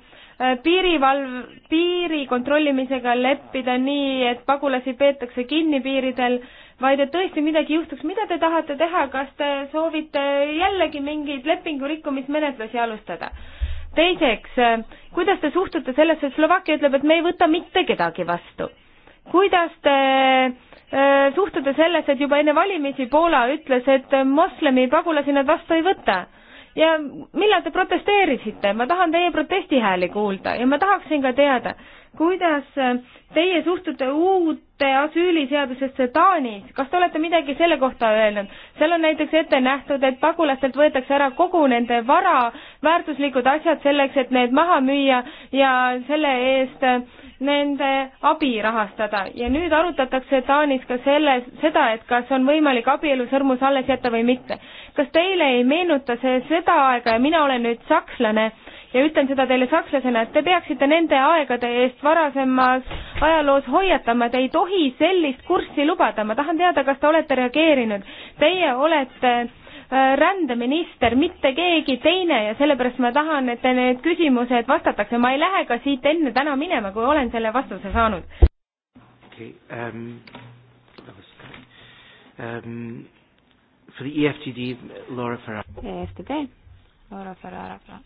piirivalv, piiri kontrollimisega leppida nii, et pagulasi peetakse kinni piiridel äh,, vaid et tõesti midagi juhtuks. mida te tahate teha, kas te soovite jällegi mingeid lepingu rikkumismenetlusi alustada? teiseks, äh, kuidas te suhtute sellesse, et Slovakkia ütleb, et me ei võta mitte kedagi vastu? kuidas te äh, suhtute sellesse, et juba enne valimisi Poola ütles, et moslemi pagulasi nad vastu ei võta? ja millal te protesteerisite, ma tahan teie protestihääli kuulda ja ma tahaksin ka teada, kuidas teie suhtute uute asüüliseadusesse Taanis, kas te olete midagi selle kohta öelnud? seal on näiteks ette nähtud, et pagulastelt võetakse ära kogu nende vara, väärtuslikud asjad selleks, et need maha müüa ja selle eest nende abi rahastada. ja nüüd arutatakse Taanis ka selle, seda, et kas on võimalik abielusõrmus alles jätta või mitte. kas teile ei meenuta see seda aega ja mina olen nüüd sakslane, ja ütlen seda teile sakslasena, et te peaksite nende aegade eest varasemas ajaloos hoiatama, et ei tohi sellist kurssi lubada. ma tahan teada, kas te olete reageerinud. Teie olete äh, rändeminister, mitte keegi teine ja sellepärast ma tahan, et te need küsimused vastatakse. ma ei lähe ka siit enne täna minema, kui olen selle vastuse saanud. okei okay, um,, um, for the EFTD, Laura Ferrara. EFTD, Laura Ferrara, palun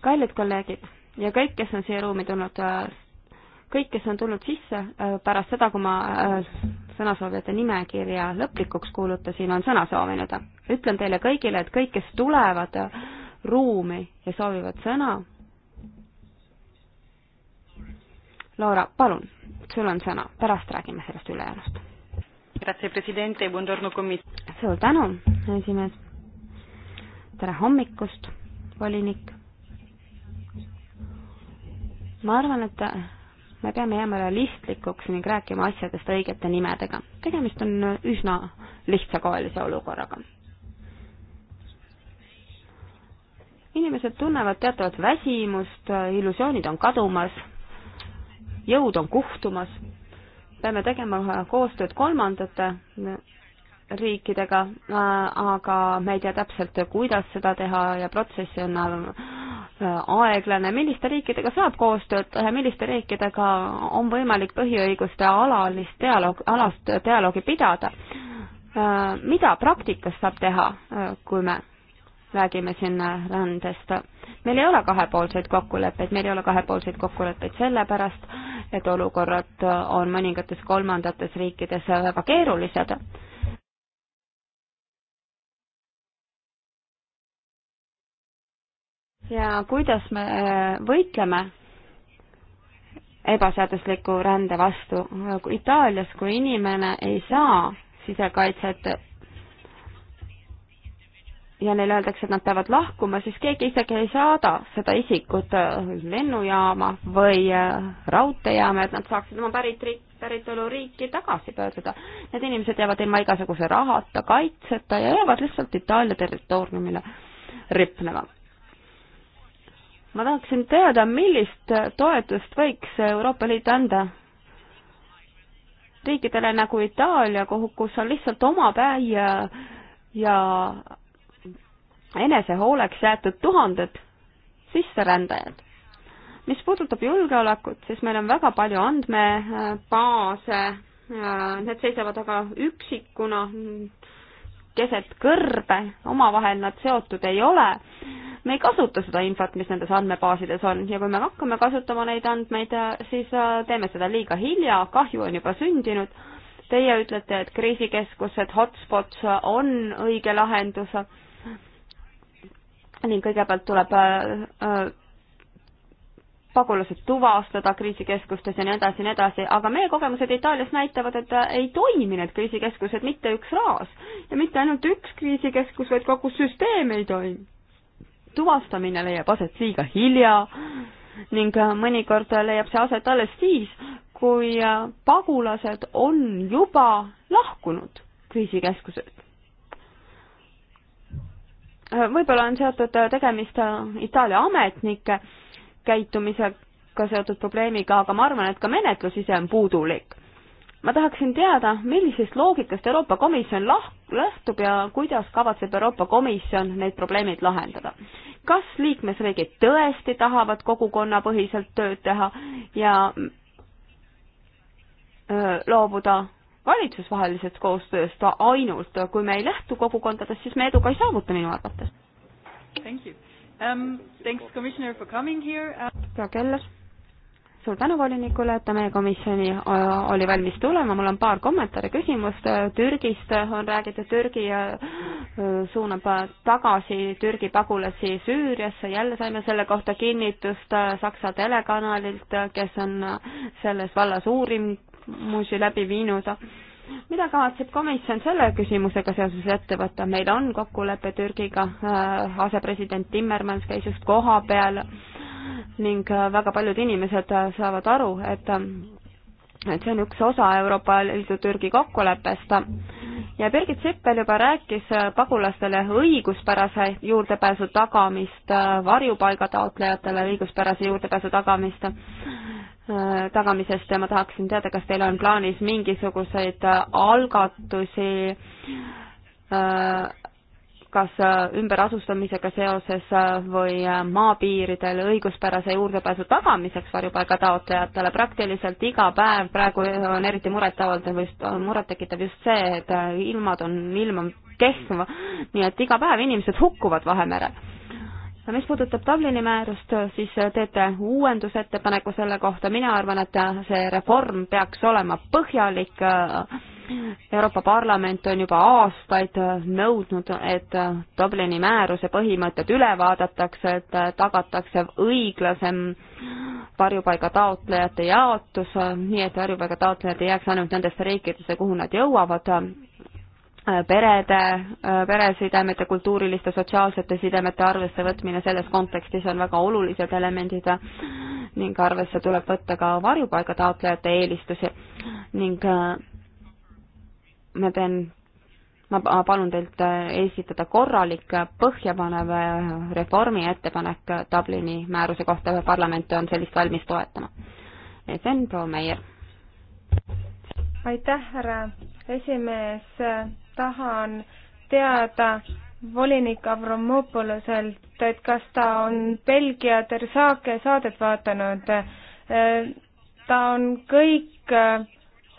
kallid kolleegid ja kõik, kes on siia ruumi tulnud, äh, kõik, kes on tulnud sisse äh, pärast seda, kui ma äh, sõnasoovijate nimekirja lõplikuks kuulutasin, on sõna soovinud. ütlen teile kõigile, et kõik, kes tulevad ruumi ja soovivad sõna, Laura, palun, sul on sõna, pärast räägime sellest ülejäänust. suur tänu, esimees. tere hommikust, volinik ma arvan, et me peame jääma realistlikuks ning rääkima asjadest õigete nimedega. tegemist on üsna lihtsakoelise olukorraga. inimesed tunnevad teatavat väsimust, illusioonid on kadumas, jõud on kuhtumas, peame tegema koostööd kolmandate riikidega, aga me ei tea täpselt, kuidas seda teha ja protsessi on aeglane, milliste riikidega saab koostööd teha, milliste riikidega on võimalik põhiõiguste alalist dialoog, alast dialoogi pidada. mida praktikas saab teha, kui me räägime siin rändest? meil ei ole kahepoolseid kokkuleppeid, meil ei ole kahepoolseid kokkuleppeid sellepärast, et olukorrad on mõningates kolmandates riikides väga keerulised ja kuidas me äh, võitleme ebaseadusliku rände vastu. Äh, Itaalias, kui inimene ei saa sisekaitset ja neile öeldakse, et nad peavad lahkuma, siis keegi isegi ei saada seda isikut äh, lennujaama või raudteejaama, et nad saaksid oma päritri-, päritoluriiki tagasi pöörduda. Need inimesed jäävad ilma igasuguse rahata, kaitseta ja jäävad lihtsalt Itaalia territooriumile ripnema ma tahaksin teada, millist toetust võiks Euroopa Liit anda riikidele nagu Itaalia, kuhu, kus on lihtsalt omapäi ja, ja enesehooleks jäetud tuhanded sisserändajad. mis puudutab julgeolekut, siis meil on väga palju andmebaase, need seisavad aga üksikuna keset kõrbe, omavahel nad seotud ei ole me ei kasuta seda infot, mis nendes andmebaasides on ja kui me hakkame kasutama neid andmeid, siis äh, teeme seda liiga hilja, kahju on juba sündinud. Teie ütlete, et kriisikeskused, hotspots on õige lahendus. ning kõigepealt tuleb äh, äh, pagulased tuvastada kriisikeskustes ja nii edasi ja nii edasi, aga meie kogemused Itaalias näitavad, et ei toimi need kriisikeskused mitte üks raas ja mitte ainult üks kriisikeskus, vaid kogu süsteem ei toimi tuvastamine leiab aset liiga hilja ning äh, mõnikord leiab see aset alles siis, kui äh, pagulased on juba lahkunud kriisikeskusest. Äh, võib-olla on seotud tegemist Itaalia ametnike käitumisega seotud probleemiga, aga ma arvan, et ka menetlus ise on puudulik. ma tahaksin teada, millisest loogikast Euroopa Komisjon lah-, lähtub ja kuidas kavatseb Euroopa Komisjon need probleemid lahendada kas liikmesriigid tõesti tahavad kogukonnapõhiselt tööd teha ja loobuda valitsusvahelisest koostööst ainult, kui me ei lähtu kogukondadest, siis me edu ka ei saavuta minu arvates. Thank you um,. Thanks, commissioner, for coming here uh.... hea Keller suur tänu volinikule, et ta meie komisjoni äh, oli valmis tulema, mul on paar kommentaari, küsimust äh, Türgist on räägitud, Türgi äh, suunab tagasi Türgi pagulasi Süüriasse, jälle saime selle kohta kinnitust Saksa telekanalilt, kes on selles vallas uurimusi läbi viinud. mida kavatseb komisjon selle küsimusega seoses ette võtta, meil on kokkulepe Türgiga, asepresident Timmermans käis just koha peal ning äh, väga paljud inimesed äh, saavad aru, et äh, et see on üks osa Euroopa Liidu Türgi kokkuleppest ja Birgit Sippel juba rääkis pagulastele õiguspärase juurdepääsu tagamist, varjupaiga taotlejatele õiguspärase juurdepääsu tagamist, tagamisest ja ma tahaksin teada, kas teil on plaanis mingisuguseid algatusi äh, kas äh, ümberasustamisega seoses äh, või äh, maapiiridel õiguspärase juurdepääsu tagamiseks varjupaiga taotlejatele. praktiliselt iga päev praegu on eriti muretavaldav, murettekitav just see, et ilmad on, ilm on kehv, nii et iga päev inimesed hukkuvad Vahemerel mis puudutab Dublini määrust, siis teete uuendusettepaneku selle kohta, mina arvan, et see reform peaks olema põhjalik äh, Euroopa Parlament on juba aastaid nõudnud, et Dublini määruse põhimõtted üle vaadatakse, et tagatakse õiglasem varjupaiga taotlejate jaotus, nii et varjupaiga taotlejad ei jääks ainult nendesse riikidesse, kuhu nad jõuavad, perede, peresidemete, kultuuriliste, sotsiaalsete sidemete arvesse võtmine selles kontekstis on väga olulised elemendid ning arvesse tuleb võtta ka varjupaiga taotlejate eelistusi ning ma teen, ma palun teilt äh, esitada korralik äh, põhjapanev äh, reformi ettepanek Dublini määruse kohta, parlament on sellist valmis toetama. Sven Proomeier. aitäh, härra esimees, tahan teada volinik Avramopoloselt, et kas ta on Belgia Tersaake saadet vaadanud. ta on kõik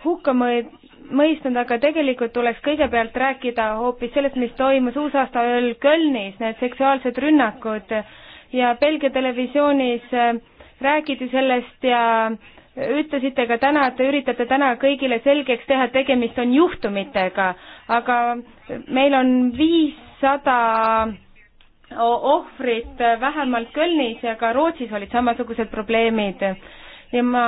hukkamõõt-, mõistnud, aga tegelikult tuleks kõigepealt rääkida hoopis sellest, mis toimus uusaastaööl Kölnis, need seksuaalsed rünnakud ja Belgia televisioonis äh, räägiti sellest ja ütlesite ka täna, et te üritate täna kõigile selgeks teha, et tegemist on juhtumitega, aga meil on viissada ohvrit vähemalt Kölnis ja ka Rootsis olid samasugused probleemid ja ma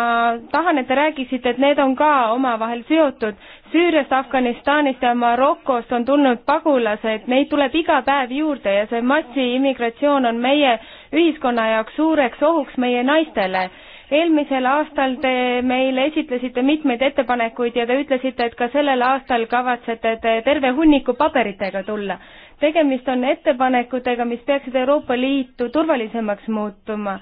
tahan, et te räägiksite, et need on ka omavahel seotud. Süüriast, Afganistanist ja Marokost on tulnud pagulased, neid tuleb iga päev juurde ja see massiimmigratsioon on meie ühiskonna jaoks suureks ohuks meie naistele eelmisel aastal te meile esitlesite mitmeid ettepanekuid ja te ütlesite, et ka sellel aastal kavatsete te terve hunniku paberitega tulla. tegemist on ettepanekutega, mis peaksid Euroopa Liitu turvalisemaks muutuma,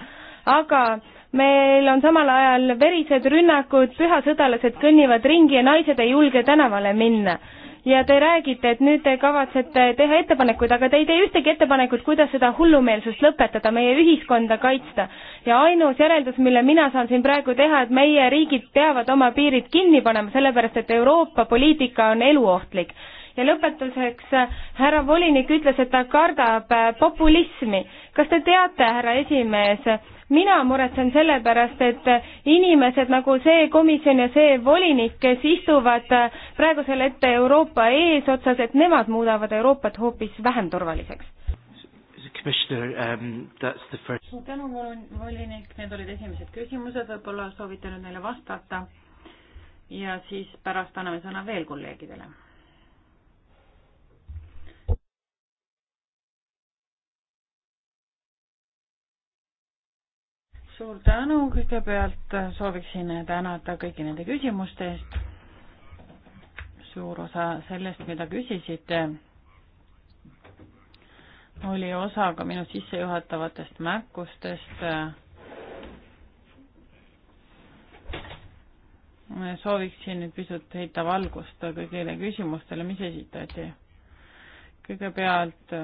aga meil on samal ajal verised rünnakud, pühasõdalased kõnnivad ringi ja naised ei julge tänavale minna. ja te räägite, et nüüd te kavatsete teha ettepanekuid, aga te ei tee ühtegi ettepanekut, kuidas seda hullumeelsust lõpetada, meie ühiskonda kaitsta. ja ainus järeldus, mille mina saan siin praegu teha, et meie riigid peavad oma piirid kinni panema, sellepärast et Euroopa poliitika on eluohtlik ja lõpetuseks härra volinik ütles, et ta kardab populismi. kas te teate, härra esimees, mina muretsen selle pärast, et inimesed nagu see komisjon ja see volinik, kes istuvad praegusel ette Euroopa eesotsas, et nemad muudavad Euroopat hoopis vähem turvaliseks. Um, suur tänu, volinik, need olid esimesed küsimused, võib-olla soovite nüüd neile vastata ja siis pärast anname sõna veel kolleegidele suur tänu, kõigepealt sooviksin tänada kõigi nende küsimuste eest. suur osa sellest, mida küsisite, oli osa ka minu sissejuhatavatest märkustest. sooviksin nüüd pisut heita valgust kõigile küsimustele, mis esitati. kõigepealt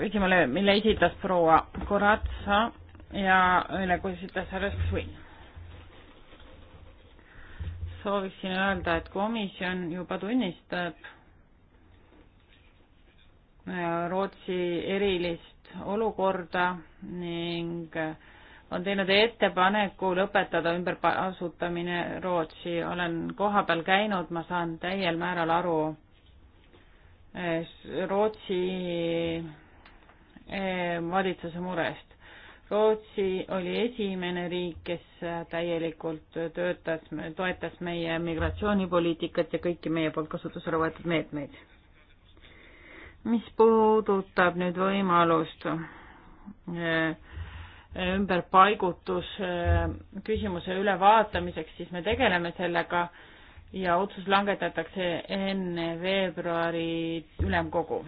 küsimule, eh, mille esitas proua Koratsa ja mille esitas härra Swin. sooviksin öelda, et komisjon juba tunnistab Rootsi erilist olukorda ning on teinud ettepaneku lõpetada ümberasutamine Rootsi. olen kohapeal käinud, ma saan täiel määral aru Rootsi eh, valitsuse murest. Rootsi oli esimene riik, kes eh, täielikult töötas, toetas meie migratsioonipoliitikat ja kõiki meie poolt kasutusele võetud meetmeid. mis puudutab nüüd võimalust eh, ümberpaigutus küsimuse ülevaatamiseks, siis me tegeleme sellega ja otsus langetatakse enne veebruari ülemkogu.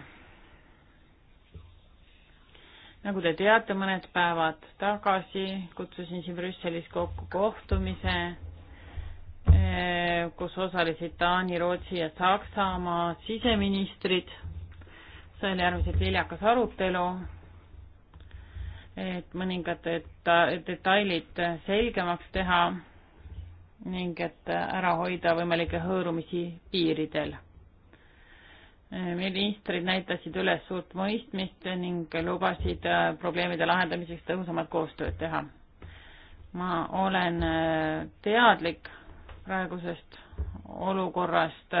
nagu te teate, mõned päevad tagasi kutsusin siin Brüsselis kokku kohtumise, eh, kus osalesid Taani, Rootsi ja Saksamaa siseministrid. see oli äärmiselt viljakas arutelu, et mõningad detailid selgemaks teha ning et ära hoida võimalikke hõõrumisi piiridel. ministrid näitasid üles suurt mõistmist ning lubasid probleemide lahendamiseks tõhusamat koostööd teha. ma olen teadlik praegusest olukorrast,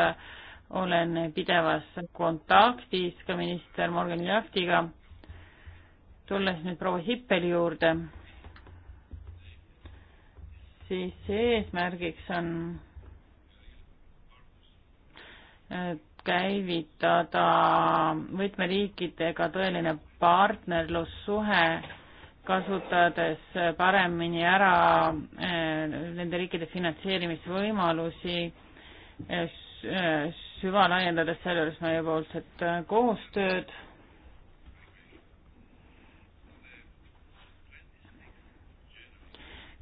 olen pidevas kontaktis ka minister Morgan Jahtiga. tulles nüüd proua Sippeli juurde siis eesmärgiks on käivitada võtmeriikidega tõeline partnerlussuhe, kasutades paremini ära eh, nende riikide finantseerimisvõimalusi, eh, eh, süvalaiendades selle juures meiepoolset koostööd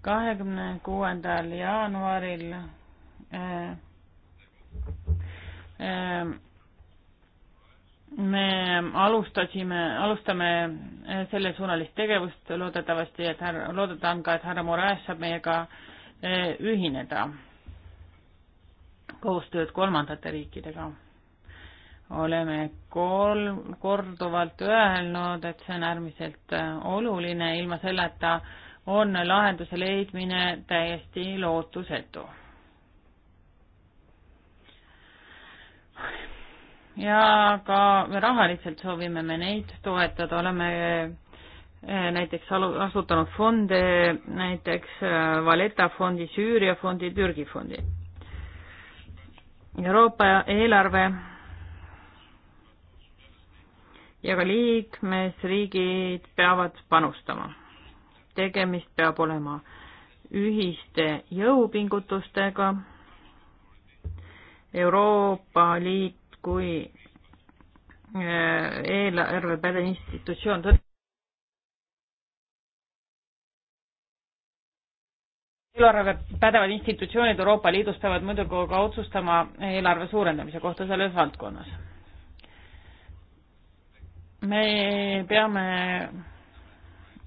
kahekümne kuuendal jaanuaril äh, äh, me alustasime, alustame äh, sellesuunalist tegevust, loodetavasti, et härra, loodeta on ka, et härra Moraes saab meiega äh, ühineda. koostööd kolmandate riikidega oleme kolm, korduvalt öelnud, et see on äärmiselt äh, oluline, ilma selleta äh, on lahenduse leidmine täiesti lootusetu. ja ka rahaliselt soovime me neid toetada, oleme eh, näiteks asutanud fonde, näiteks eh, Valeta fondi, Süüria fondi, Türgi fondi. Euroopa eelarve ja ka liikmesriigid peavad panustama tegemist peab olema ühiste jõupingutustega. Euroopa Liit kui äh, eelarvepädev institutsioon eelarve pädevad institutsioonid Euroopa Liidus peavad muidugi ka otsustama eelarve suurendamise kohta selles valdkonnas. me peame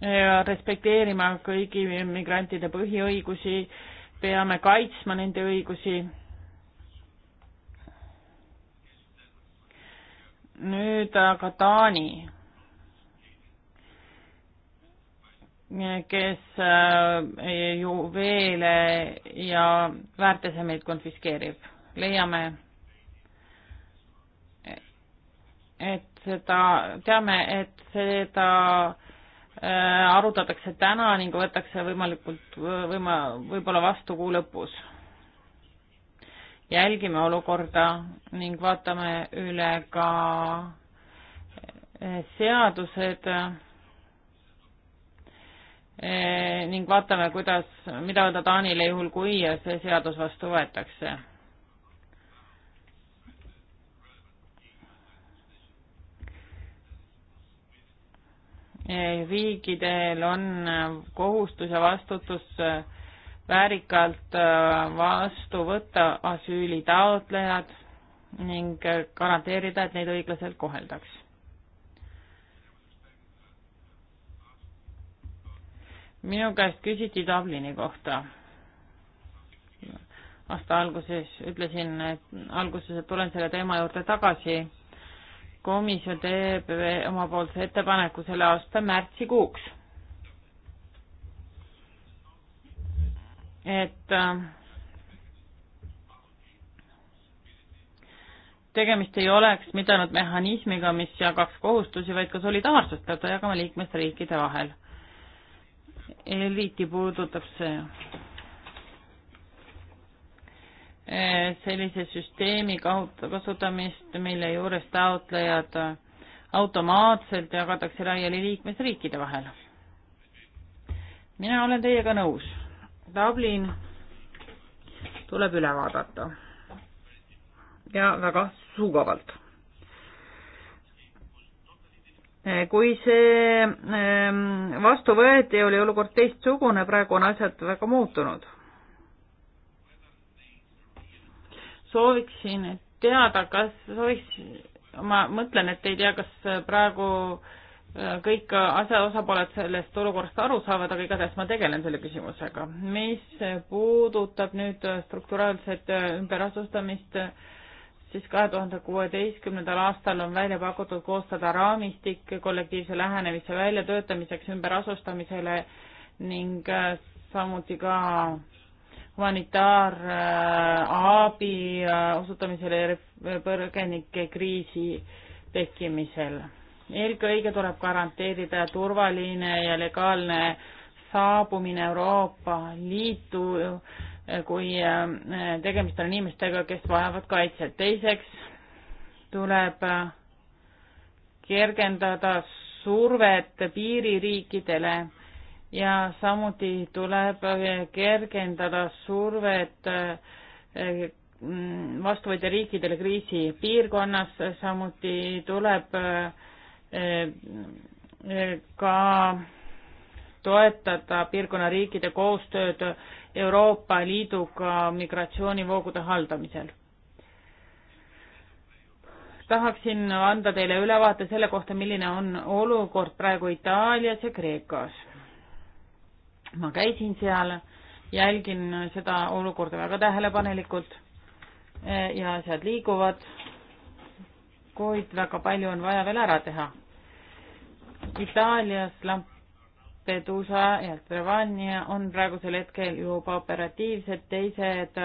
ja respekteerima kõigi migrantide põhiõigusi, peame kaitsma nende õigusi. nüüd aga Taani, kes äh, ju veele ja väärtesemeid konfiskeerib. leiame, et seda, teame, et seda Äh, arutatakse täna ning võetakse võimalikult äh, võima-, võib-olla vastu kuu lõpus. jälgime olukorda ning vaatame üle ka äh, seadused ning vaatame, kuidas, mida öelda Taanile juhul, kui see seadus vastu võetakse riikidel on äh, kohustus ja vastutus äh, väärikalt äh, vastu võtta asüülitaotlejad ning garanteerida, et neid õiglaselt koheldaks. minu käest küsiti Dublini kohta. aasta alguses ütlesin, et alguses, et tulen selle teema juurde tagasi komisjon teeb omapoolse ettepaneku selle aasta märtsikuuks. et äh, tegemist ei oleks mitte ainult mehhanismiga, mis jagaks kohustusi, vaid ka solidaarsust peab ta jagama liikmesriikide vahel. eriti puudutab see Eh, sellise süsteemi kasutamist, mille juures taotlejad automaatselt jagatakse laiali liikmesriikide vahel. mina olen teiega nõus. Dublin tuleb üle vaadata ja väga sugavalt. Eh, kui see eh, vastu võeti, oli olukord teistsugune, praegu on asjad väga muutunud sooviksin teada, kas sooviks, ma mõtlen, et ei tea, kas praegu äh, kõik asja osapooled sellest olukorrast aru saavad, aga igatahes ma tegelen selle küsimusega. mis puudutab nüüd strukturaalset äh, ümberasustamist, siis kahe tuhande kuueteistkümnendal aastal on välja pakutud koostada raamistik kollektiivse lähenemise väljatöötamiseks ümberasustamisele ning äh, samuti ka humanitaarabi äh, osutamisele ja põgenike kriisi tekkimisel. eelkõige tuleb garanteerida turvaline ja legaalne saabumine Euroopa Liitu, äh, kui äh, tegemist on inimestega, kes vajavad kaitset. teiseks tuleb kergendada survet piiririikidele ja samuti tuleb äh, kergendada survet äh, mm, vastuvõtja riikidele kriisipiirkonnas, samuti tuleb äh, ka toetada piirkonna riikide koostööd Euroopa Liiduga migratsioonivoogude haldamisel. tahaksin anda teile ülevaate selle kohta, milline on olukord praegu Itaalias ja Kreekas ma käisin seal, jälgin seda olukorda väga tähelepanelikult e, ja asjad liiguvad, kuid väga palju on vaja veel ära teha. Itaalias Lampedusa ja Trevania on praegusel hetkel juba operatiivsed, teised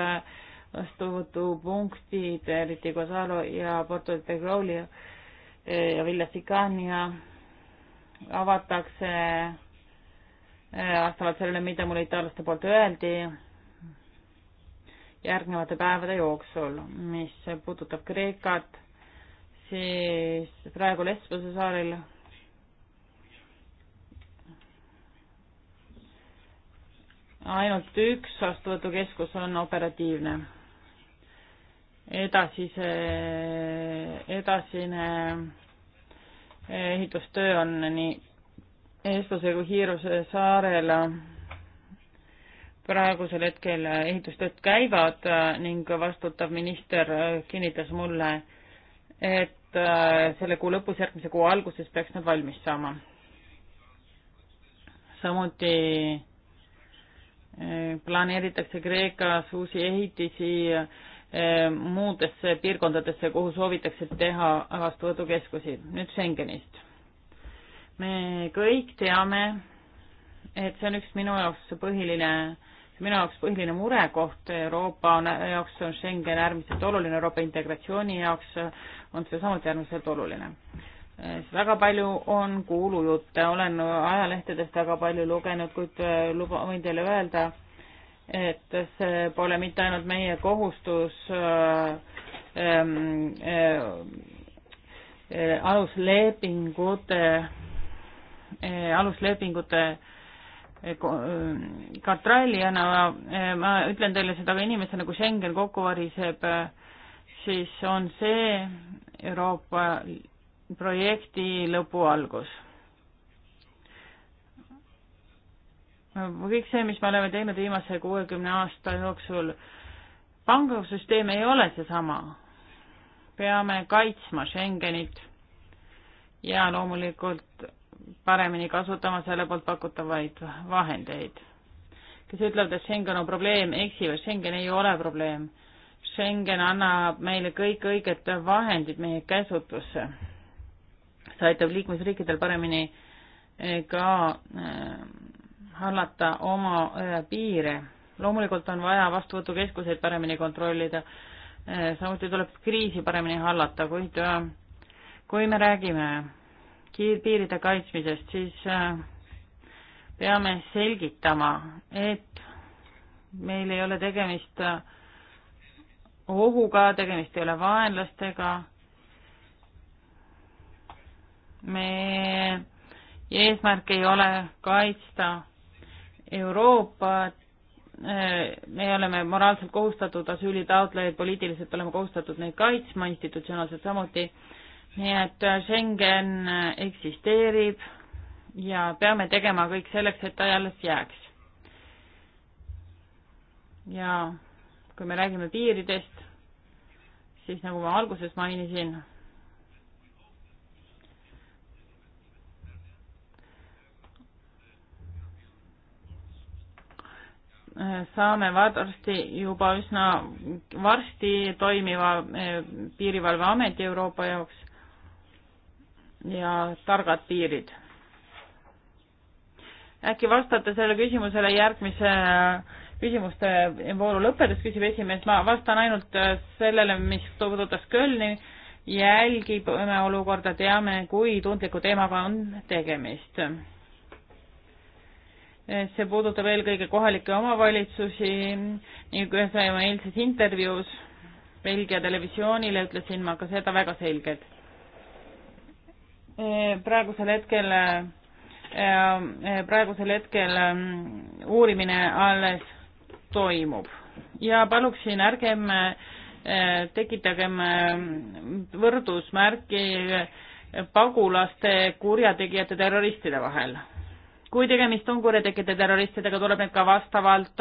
vastuvõtupunktid, e, eriti Gonzalo ja Porto de Groli e, ja Villa Sicania avatakse Äh, vastavalt sellele, mida mulle itaallaste poolt öeldi järgnevate päevade jooksul. mis puudutab Kreekat, siis praegu Lesbose saarel ainult üks vastuvõtukeskus on operatiivne. edasise, edasine eh, ehitustöö on nii eestlasega Hiiruse saarel praegusel hetkel ehitustööd käivad ning vastutav minister kinnitas mulle, et äh, selle kuu lõpus, järgmise kuu alguses peaks nad valmis saama. samuti äh, planeeritakse Kreekas uusi ehitisi äh, muudesse piirkondadesse, kuhu soovitakse teha vastuvõtukeskusi. nüüd Schengenist me kõik teame, et see on üks minu jaoks põhiline, minu jaoks põhiline murekoht Euroopa on, jaoks on Schengen äärmiselt oluline, Euroopa integratsiooni jaoks on see samuti äärmiselt oluline. väga palju on kuulujutte, olen ajalehtedest väga palju lugenud, kuid äh, luba, võin teile öelda, et see pole mitte ainult meie kohustus äh, ähm, äh, äh aluslepingute äh, Eh, aluslepingute eh, katrallijana, eh, ma ütlen teile seda ka inimesena, kui Schengen kokku variseb, siis on see Euroopa projekti lõpu algus. kõik see, mis me oleme teinud viimase kuuekümne aasta jooksul, pangasüsteem ei ole seesama. peame kaitsma Schengenit ja loomulikult paremini kasutama selle poolt pakutavaid vahendeid. kes ütlevad, et Schengen on probleem, eksivad, Schengen ei ole probleem. Schengen annab meile kõik õiged vahendid meie käsutusse. see aitab liikmesriikidel paremini eh, ka eh, hallata oma eh, piire. loomulikult on vaja vastuvõtukeskuseid paremini kontrollida, samuti tuleb kriisi paremini hallata, kuid kui me räägime kiirpiiride kaitsmisest, siis äh, peame selgitama, et meil ei ole tegemist äh, ohuga, tegemist ei ole vaenlastega. me eesmärk ei ole kaitsta Euroopat, äh, me oleme moraalselt kohustatud asüülitaotlejaid, poliitiliselt oleme kohustatud neid kaitsma, institutsionaalselt samuti nii et äh, Schengen äh, eksisteerib ja peame tegema kõik selleks, et ta alles jääks. ja kui me räägime piiridest, siis nagu ma alguses mainisin, äh, saame varsti, juba üsna varsti toimiva piirivalveameti Euroopa jaoks ja targad piirid. äkki vastate sellele küsimusele järgmise äh, küsimuste vooru lõppedes, küsib esimees, ma vastan ainult äh, sellele, mis puudutas Kölni, jälgime olukorda, teame, kui tundliku teemaga on tegemist. see puudutab eelkõige kohalikke omavalitsusi, nii kui ühes oma eilses intervjuus Belgia televisioonile ütlesin ma ka seda väga selgelt praegusel hetkel, eh, eh, praegusel hetkel mm, uurimine alles toimub ja paluksin, ärgem eh, tekitagem mm, võrdusmärki pagulaste, kurjategijate, terroristide vahel. kui tegemist on kurjategijate terroristidega, tuleb need ka vastavalt,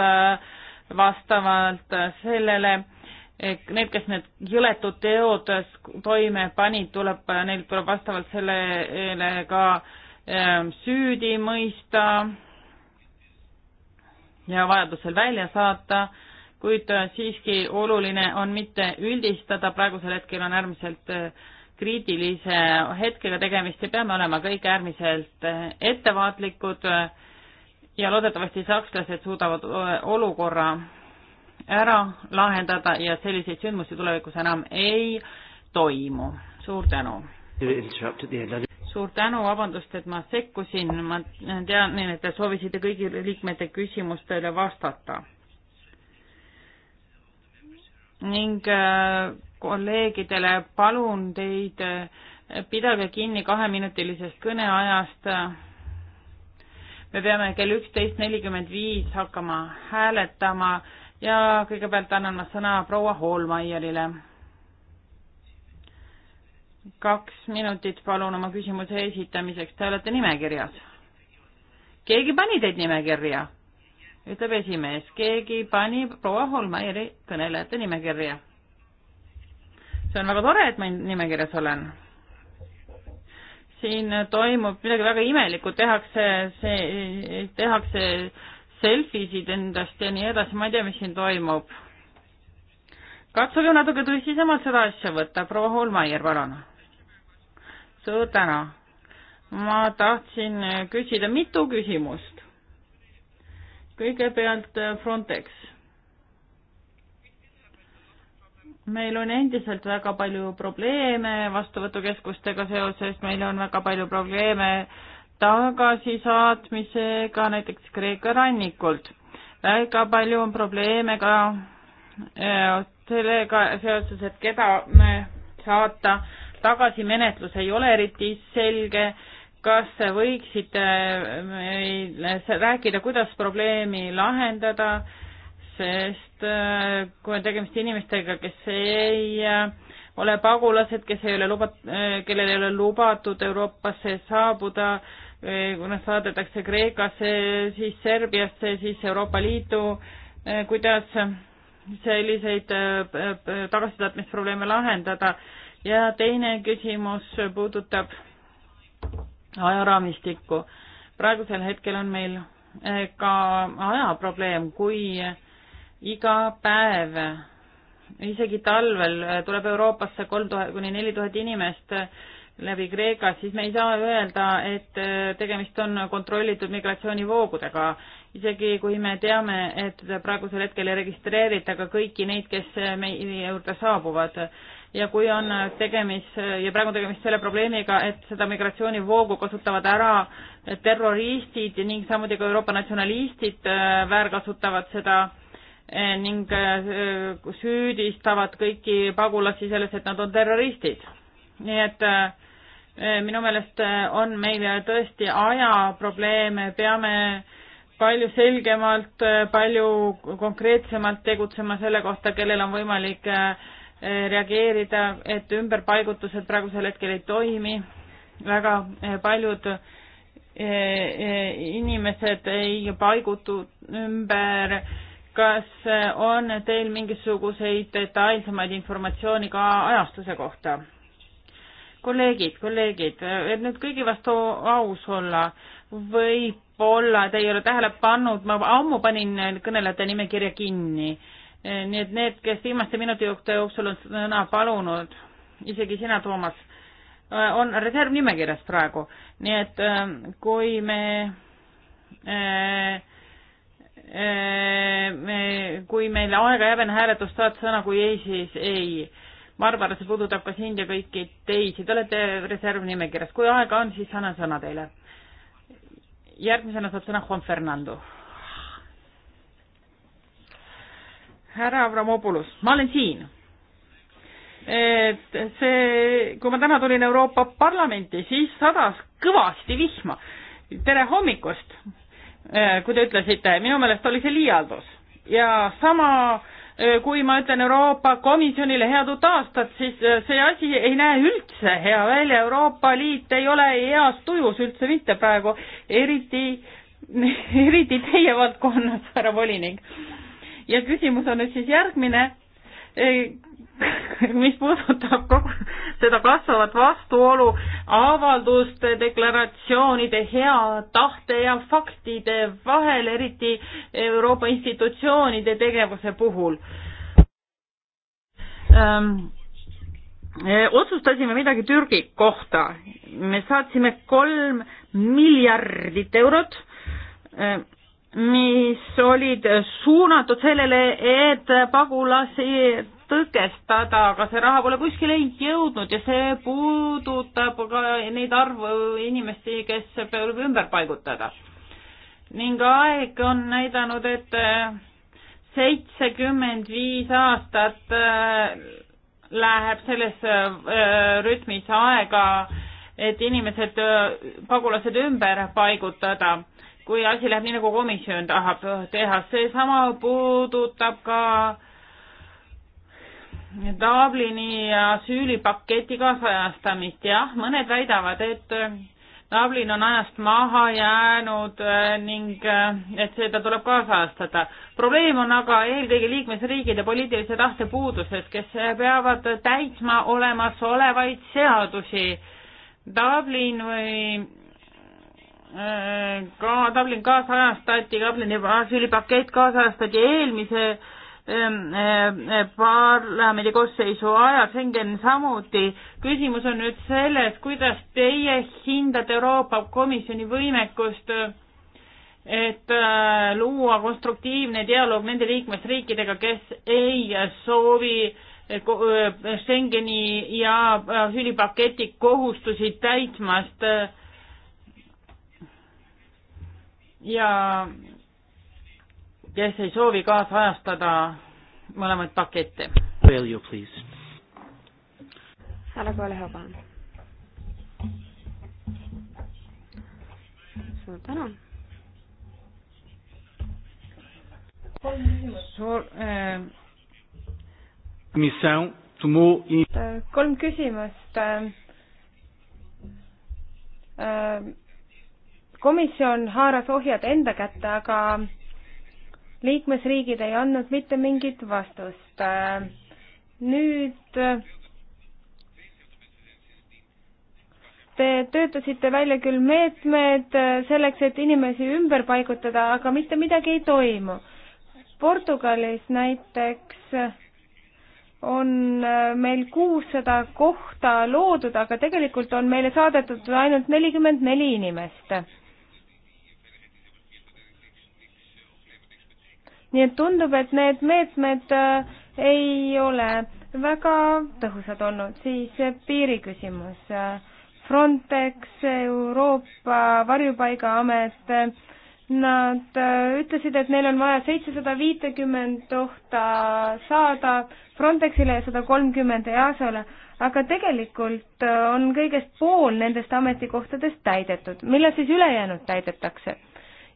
vastavalt sellele äh, need, kes need jõletud teod toime panid, tuleb, neil tuleb vastavalt sellele ka ähm, süüdi mõista ja vajadusel välja saata, kuid äh, siiski oluline on mitte üldistada, praegusel hetkel on äärmiselt äh, kriitilise hetkega tegemist ja peame olema kõik äärmiselt äh, ettevaatlikud ja loodetavasti sakslased suudavad olukorra ära lahendada ja selliseid sündmusi tulevikus enam ei toimu. suur tänu! suur tänu, vabandust, et ma sekkusin, ma tean, et te soovisite kõigile liikmete küsimustele vastata. ning äh, kolleegidele palun teid, äh, pidage kinni kaheminutilisest kõneajast. me peame kell üksteist nelikümmend viis hakkama hääletama ja kõigepealt annan ma sõna proua Hoolmeierile. kaks minutit palun oma küsimuse esitamiseks, te olete nimekirjas. keegi pani teid nimekirja? ütleb esimees, keegi pani proua Holmeieri kõnelejate nimekirja. see on väga tore, et ma nimekirjas olen. siin toimub midagi väga imelikku, tehakse, see, tehakse selfisid endast ja nii edasi, ma ei tea, mis siin toimub. katsuge natuke tõsisemalt seda asja võtta, proua Holmaier, palun. suur tänu. ma tahtsin küsida mitu küsimust. kõigepealt Frontex. meil on endiselt väga palju probleeme vastuvõtukeskustega seoses, meil on väga palju probleeme äh, tagasisaatmisega näiteks Kreeka rannikult. väga palju on probleeme ka eh, sellega seoses, et keda me saata tagasi, menetlus ei ole eriti selge. kas võiksite meile rääkida, kuidas probleemi lahendada, sest eh, kui on tegemist inimestega, kes ei eh, ole pagulased, kes ei ole lubat-, kellel ei ole lubatud Euroopasse saabuda, kui nad saadetakse Kreekasse, siis Serbiasse, siis Euroopa Liitu, kuidas selliseid e, e, tagasitahtmisprobleeme lahendada. ja teine küsimus puudutab ajaraamistikku. praegusel hetkel on meil e, ka ajaprobleem, kui iga päev, isegi talvel tuleb Euroopasse kolm tuhat kuni neli tuhat inimest läbi Kreeka, siis me ei saa öelda, et äh, tegemist on kontrollitud migratsioonivoogudega. isegi kui me teame, et praegusel hetkel ei registreerita ka kõiki neid, kes äh, meie juurde saabuvad ja kui on äh, tegemist ja praegu on tegemist selle probleemiga, et seda migratsioonivoogu kasutavad ära terroristid ning samuti ka Euroopa natsionalistid väärkasutavad seda ning süüdistavad kõiki pagulasi selles, et nad on terroristid. nii et äh, Eh, minu meelest eh, on meil tõesti ajaprobleeme, peame palju selgemalt, eh, palju konkreetsemalt tegutsema selle kohta, kellel on võimalik reageerida, et ümberpaigutused praegusel hetkel ei toimi. väga paljud inimesed ei paigutu ümber. kas on teil mingisuguseid detailsemaid informatsiooni ka ajastuse kohta? kolleegid, kolleegid, et nüüd kõigi vastu aus olla, võib-olla te ei ole tähele pannud, ma ammu panin kõnelejate nimekirja kinni. nii et need, kes viimaste minuti jooksul on sõna palunud, isegi sina, Toomas, on reservnimekirjas praegu, nii et ähm, kui me äh, äh, me, kui meil aega jääb enne hääletust, saad sõna, kui ei, siis ei ma arvan, et see puudutab ka sind ja kõiki teisi, te olete reservnimekirjas, kui aega on, siis annan sõna teile. järgmisena saab sõna Juan Fernando. härra Avramopoulos, ma olen siin. et see, kui ma täna tulin Euroopa Parlamenti, siis sadas kõvasti vihma. tere hommikust, kui te ütlesite, minu meelest oli see liialdus ja sama äh, kui ma ütlen Euroopa Komisjonile head uut aastat, siis see asi ei näe üldse hea välja, Euroopa Liit ei ole heas tujus üldse mitte praegu, eriti, eriti teie valdkonnas, härra volinik. ja küsimus on nüüd siis järgmine mis puudutab kogu seda kasvavat vastuolu avalduste, deklaratsioonide, hea tahte ja faktide vahel, eriti Euroopa institutsioonide tegevuse puhul. Ähm, eh, otsustasime midagi Türgi kohta, me saatsime kolm miljardit eurot eh, mis olid suunatud sellele, et pagulasi tõkestada, aga see raha pole kuskile jõudnud ja see puudutab ka neid arvu inimesi, kes tuleb ümber paigutada. ning aeg on näidanud, et seitsekümmend viis aastat äh, läheb selles äh, rütmis aega, et inimesed, äh, pagulased ümber paigutada, kui asi läheb nii, nagu komisjon tahab teha. seesama puudutab ka äh, Dublini asüülipaketi kaasajastamist, jah, mõned väidavad, et äh, Dublin on ajast maha jäänud äh, ning äh, et seda tuleb kaasajastada. probleem on aga eelkõige liikmesriigide poliitilise tahte puuduses, kes peavad täitma olemasolevaid seadusi. Dublin või ka Dublin kaasajastati, Dublini asüülipakett kaasajastati eelmise parlamendi koosseisu ajal, Schengen samuti. küsimus on nüüd selles, kuidas teie hindate Euroopa Komisjoni võimekust et luua konstruktiivne dialoog nende liikmesriikidega, kes ei soovi Schengeni ja asüülipaketi kohustusi täitmast ja kes ei soovi kaasajastada mõlemaid pakette. härra Koleho, palun. suur tänu. kolm küsimust. suur ähm, äh.... Missão tomou. kolm küsimust äh,. Äh, komisjon haaras ohjad enda kätte, aga liikmesriigid ei andnud mitte mingit vastust. nüüd te töötasite välja küll meetmed selleks, et inimesi ümber paigutada, aga mitte midagi ei toimu. Portugalis näiteks on meil kuussada kohta loodud, aga tegelikult on meile saadetud ainult nelikümmend neli inimest nii et tundub, et need meetmed äh, ei ole väga tõhusad olnud, siis äh, piiriküsimus. Frontex, Euroopa Varjupaigaamet, nad äh, ütlesid, et neil on vaja seitsesada viitekümmend kohta saada Frontexile ja sada kolmkümmend EASO-le, aga tegelikult on kõigest pool nendest ametikohtadest täidetud, millal siis ülejäänud täidetakse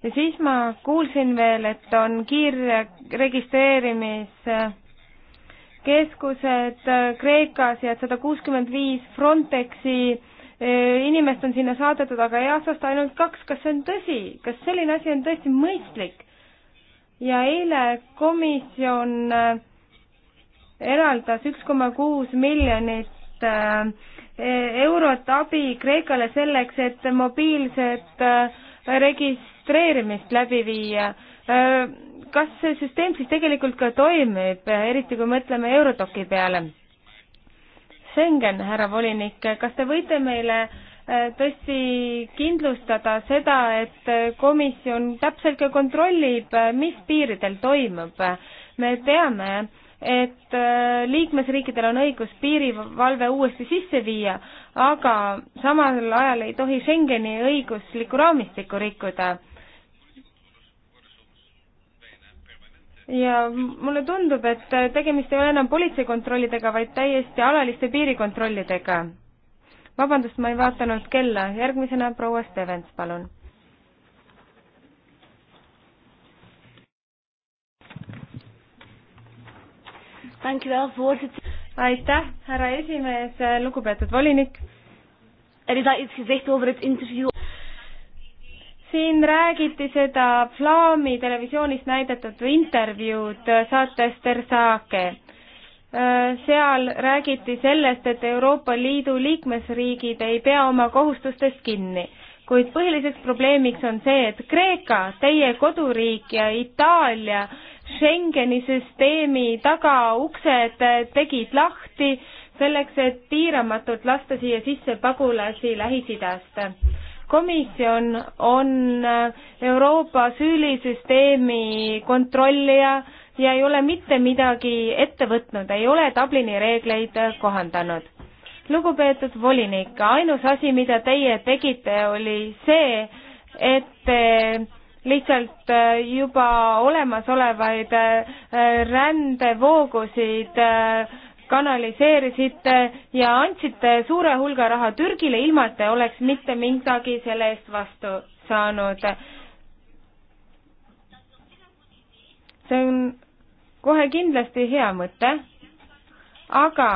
ja siis ma kuulsin veel, et on kiirregistreerimiskeskused Kreekas ja et sada kuuskümmend viis Frontexi e, inimest on sinna saadetud, aga EASA-st ainult kaks, kas see on tõsi, kas selline asi on tõesti mõistlik? ja eile komisjon e, eraldas üks koma kuus miljonit e, eurot abi Kreekale selleks, et mobiilsed regis-, registreerimist läbi viia. Äh, kas see süsteem siis tegelikult ka toimib, eriti kui mõtleme Eurodoki peale? Schengen, härra volinik, kas te võite meile äh, tõesti kindlustada seda, et komisjon täpselt ka kontrollib, mis piiridel toimub. me teame, et äh, liikmesriikidel on õigus piirivalve uuesti sisse viia, aga samal ajal ei tohi Schengeni õiguslikku raamistikku rikkuda. ja mulle tundub, et äh, tegemist ei ole enam politseikontrollidega, vaid täiesti alaliste piirikontrollidega. vabandust, ma ei vaadanud kella, järgmisena proua Stevens, palun. aitäh, härra esimees, lugupeetud volinik. Er siin räägiti seda Flaami televisioonis näidatud intervjuud saates Tersake. Äh, seal räägiti sellest, et Euroopa Liidu liikmesriigid ei pea oma kohustustest kinni, kuid põhiliseks probleemiks on see, et Kreeka, teie koduriik ja Itaalia Schengeni süsteemi tagauksed tegid lahti selleks, et piiramatult lasta siia sisse pagulasi Lähis-Idast komisjon on Euroopa süülisüsteemi kontrollija ja ei ole mitte midagi ette võtnud, ei ole Dublini reegleid kohandanud. lugupeetud volinik, ainus asi, mida teie tegite, oli see, et te lihtsalt äh, juba olemasolevaid äh, rändevoogusid äh, kanaliseerisite ja andsite suure hulga raha Türgile, ilma et te oleks mitte midagi selle eest vastu saanud. see on kohe kindlasti hea mõte, aga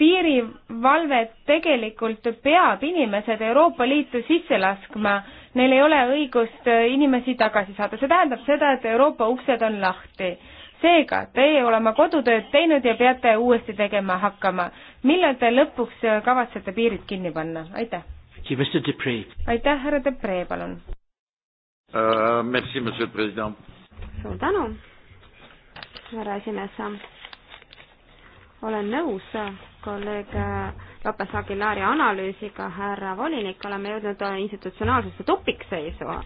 piirivalvet tegelikult peab inimesed Euroopa Liitu sisse laskma, neil ei ole õigust inimesi tagasi saada, see tähendab seda, et Euroopa uksed on lahti seega, teie olema kodutööd teinud ja peate uuesti tegema hakkama. millal te lõpuks äh, kavatsete piirid kinni panna, aitäh! aitäh, härra Depree, palun uh,! Merci, monsieur president! suur tänu, härra esimees! olen nõus äh, kolleeg Lopes Aguilari analüüsiga, härra volinik, oleme jõudnud institutsionaalsesse tupikseisu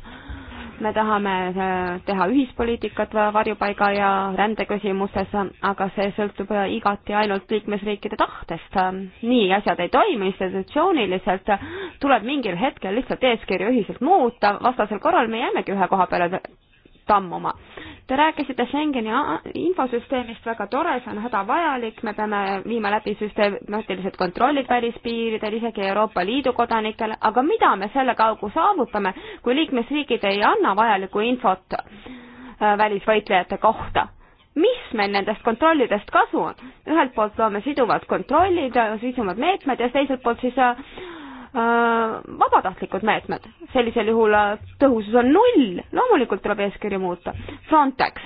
me tahame äh, teha ühispoliitikat varjupaiga ja rändeküsimuses, aga see sõltub äh, igati ainult liikmesriikide tahtest. nii asjad ei toimi institutsiooniliselt, tuleb mingil hetkel lihtsalt eeskirju ühiselt muuta, vastasel korral me jäämegi ühe koha peale tammuma. Te rääkisite Schengeni infosüsteemist, väga tore, see on hädavajalik, me peame viima läbi süstemaatilised kontrollid välispiiridel, isegi Euroopa Liidu kodanikele, aga mida me selle kaugu saavutame, kui liikmesriigid ei anna vajalikku infot äh, välisvõitlejate kohta? mis meil nendest kontrollidest kasu on? ühelt poolt loome siduvad kontrollid, siduvad meetmed ja teiselt poolt siis äh, Äh, vabatahtlikud meetmed, sellisel juhul äh, tõhusus on null, loomulikult tuleb eeskirju muuta. Frontex,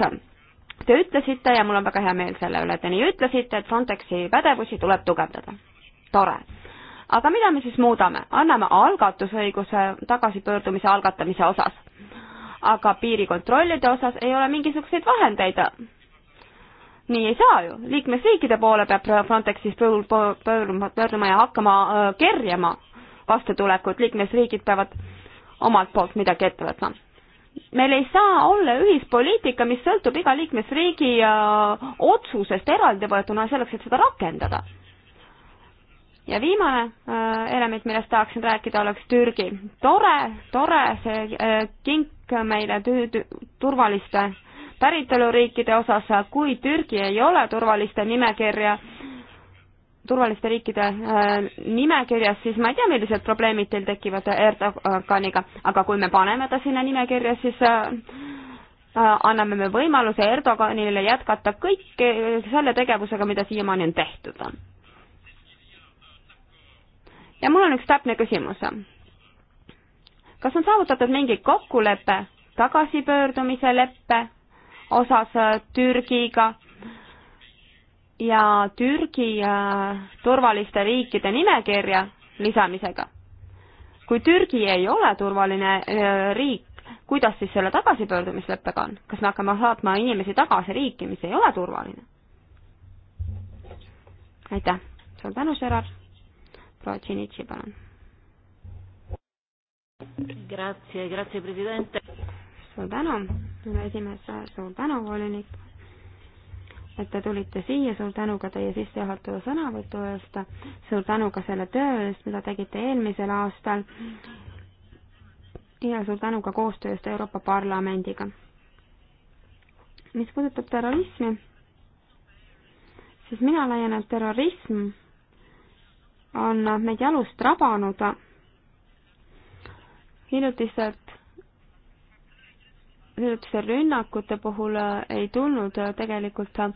te ütlesite ja mul on väga hea meel selle üle, et te nii ütlesite, et Frontexi pädevusi tuleb tugevdada. tore. aga mida me siis muudame, anname algatusõiguse tagasipöördumise algatamise osas. aga piirikontrollide osas ei ole mingisuguseid vahendeid nii ei saa ju, liikmesriikide poole peab Frontexis pöörduma, pöörduma ja hakkama äh, kerjama vastutulekut, liikmesriigid peavad omalt poolt midagi ette võtma. meil ei saa olla ühispoliitika, mis sõltub iga liikmesriigi äh, otsusest eraldivõetuna selleks, et seda rakendada. ja viimane äh, element, millest tahaksin rääkida, oleks Türgi. tore, tore see äh, kink meile tü-, turvaliste päritoluriikide osas, kui Türgi ei ole turvaliste nimekirja turvaliste riikide äh, nimekirjas, siis ma ei tea, millised probleemid teil tekivad Erdoganiga, aga kui me paneme ta sinna nimekirja, siis äh, äh, anname me võimaluse Erdoganile jätkata kõike selle tegevusega, mida siiamaani on tehtud. ja mul on üks täpne küsimus. kas on saavutatud mingi kokkulepe tagasipöördumise leppe osas Türgiga ja Türgi äh, turvaliste riikide nimekirja lisamisega. kui Türgi ei ole turvaline äh, riik, kuidas siis selle tagasipöördumisleppega on? kas me hakkame saatma inimesi tagasi riiki, mis ei ole turvaline? aitäh, suur tänu, Gerard. proua Tšinitši, palun. Grazie, grazie, president. suur tänu, härra esimees, suur tänu, volinik et te tulite siia, suur tänu ka teie sissejuhatava sõnavõtu eest, suur tänu ka selle töö eest, mida tegite eelmisel aastal ja suur tänu ka koostöö eest Euroopa Parlamendiga. mis puudutab terrorismi, siis mina leian, et terrorism on meid jalust rabanud hiljutised niisuguste rünnakute puhul äh, ei tulnud äh, tegelikult äh,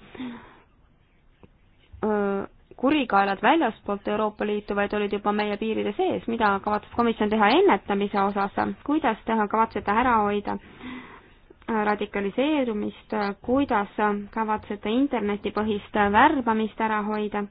kurikaelad väljaspoolt Euroopa Liitu, vaid olid juba meie piiride sees, mida kavatseb komisjon teha ennetamise osas, kuidas teha, kavatsete ära hoida radikaliseerumist, kuidas kavatsete internetipõhist värbamist ära hoida?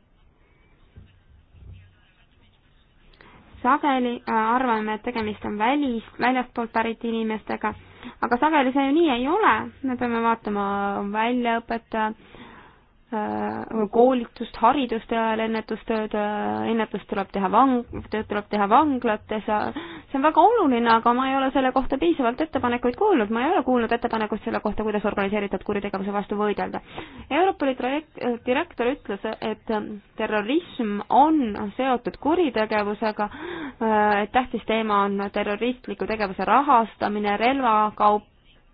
sageli arvame, et tegemist on välis, väljastpoolt pärit inimestega aga sageli see ju nii ei ole, me peame vaatama väljaõpet, äh, koolitust, haridustööl, ennetustööd, äh, ennetust tuleb teha vang-, tööd tuleb teha vanglates, äh, see on väga oluline, aga ma ei ole selle kohta piisavalt ettepanekuid kuulnud, ma ei ole kuulnud ettepanekuid selle kohta, kuidas organiseeritud kuritegevuse vastu võidelda. Europoli projekt, direktor ütles, et terrorism on seotud kuritegevusega, äh, et tähtis teema on terroristliku tegevuse rahastamine, relvakaup,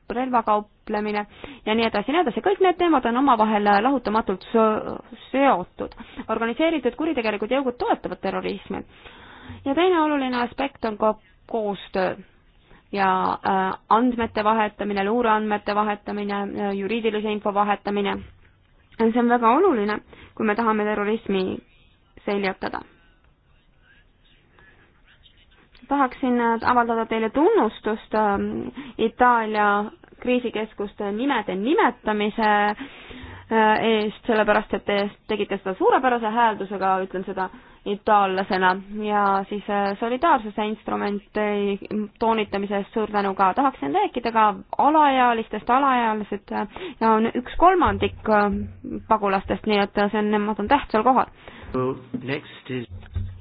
relvakauplemine ja nii edasi, nii edasi, kõik need teemad on omavahel lahutamatult seotud. organiseeritud kuritegelikud jõugud toetavad terrorismi ja teine oluline aspekt on ka koostöö ja äh, andmete vahetamine, luureandmete vahetamine, äh, juriidilise info vahetamine. see on väga oluline, kui me tahame terrorismi seljatada. tahaksin äh, avaldada teile tunnustust ähm, Itaalia kriisikeskuste nimede nimetamise Äh, eest, sellepärast et te tegite seda suurepärase hääldusega, ütlen seda itaallasena, ja siis äh, solidaarsuse instrumenti äh, toonitamise eest suur tänu ka. tahaksin rääkida ka alaealistest, alaealised ja on üks kolmandik pagulastest, nii et see on, nemad on tähtsal kohal. Is...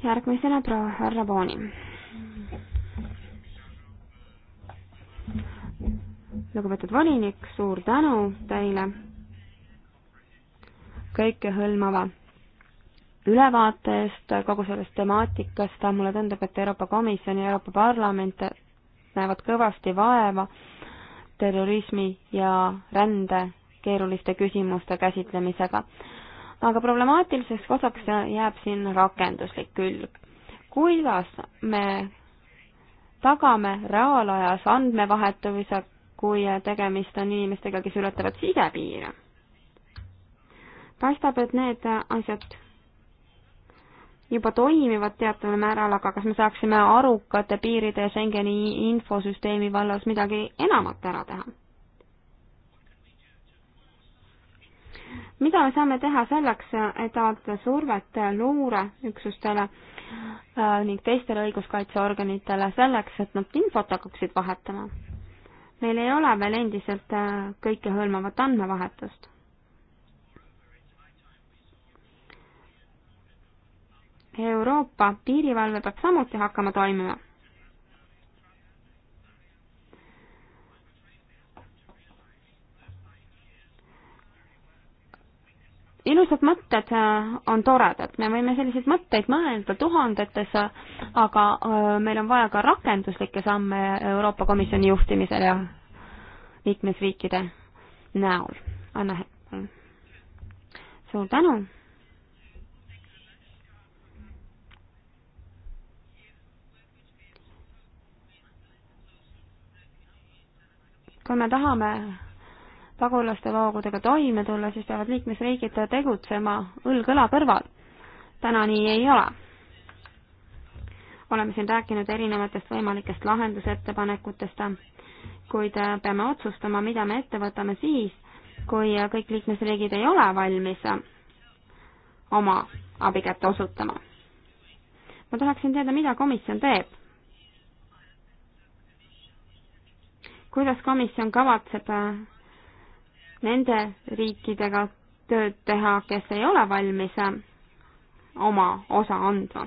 järgmisena proua härra Booni. lugupeetud volinik, suur tänu teile kõikehõlmava ülevaate eest kogu sellest temaatikast, mulle tundub, et Euroopa Komisjon ja Euroopa Parlament näevad kõvasti vaeva terrorismi ja rände keeruliste küsimuste käsitlemisega. aga problemaatiliseks osaks jääb siin rakenduslik külg. kuidas me tagame reaalajas andmevahetuse, kui tegemist on inimestega, kes ületavad sisepiire? paistab, et need asjad juba toimivad teataval määral, aga kas me saaksime arukate piiride ja Schengeni infosüsteemi vallas midagi enamat ära teha? mida me saame teha selleks, et avaldada survet luureüksustele äh, ning teistele õiguskaitseorganitele selleks, et nad infot hakkaksid vahetama? meil ei ole veel endiselt äh, kõikehõlmavat andmevahetust Euroopa piirivalve peab samuti hakkama toimima. ilusad mõtted äh, on toredad, me võime selliseid mõtteid mõelda tuhandetes, aga äh, meil on vaja ka rakenduslikke samme Euroopa Komisjoni juhtimisel ja liikmesriikide näol. Anne Hepp, palun. suur tänu kui me tahame pagulaste voogudega toime tulla, siis peavad liikmesriigid tegutsema õlg õla kõrval. täna nii ei ole. oleme siin rääkinud erinevatest võimalikest lahendusettepanekutest, kuid peame otsustama, mida me ette võtame siis, kui kõik liikmesriigid ei ole valmis oma abikätt osutama. ma tahaksin teada, mida komisjon teeb kuidas komisjon kavatseb äh, nende riikidega tööd teha, kes ei ole valmis äh, oma osa andma?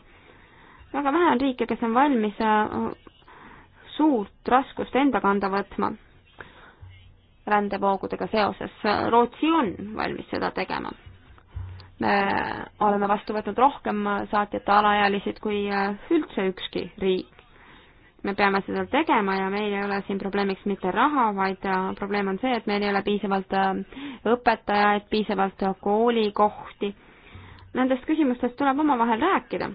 väga vähe on riike, kes on valmis äh, suurt raskust enda kanda võtma rändevoogudega seoses. Rootsi on valmis seda tegema. me oleme vastu võtnud rohkem saatjate alaealisid kui üldse ükski riik me peame seda tegema ja meil ei ole siin probleemiks mitte raha, vaid äh, probleem on see, et meil ei ole piisavalt äh, õpetajaid, piisavalt äh, koolikohti. Nendest küsimustest tuleb omavahel rääkida.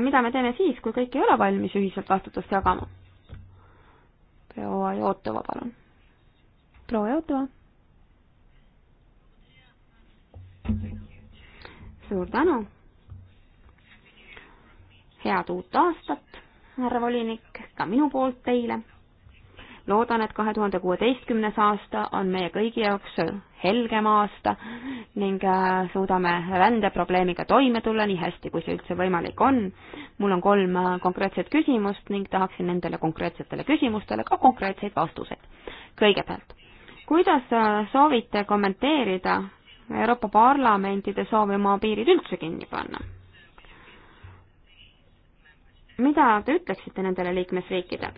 mida me teeme siis, kui kõik ei ole valmis ühiselt vastutust jagama? proua Jootova, palun. proua Jootova. suur tänu. head uut aastat härra volinik, ka minu poolt teile. loodan, et kahe tuhande kuueteistkümnes aasta on meie kõigi jaoks helgem aasta ning äh, suudame rändeprobleemiga toime tulla nii hästi, kui see üldse võimalik on. mul on kolm äh, konkreetset küsimust ning tahaksin nendele konkreetsetele küsimustele ka konkreetseid vastuseid. kõigepealt, kuidas äh, soovite kommenteerida Euroopa Parlamentide soovi oma piirid üldse kinni panna? mida te ütleksite nendele liikmesriikidele?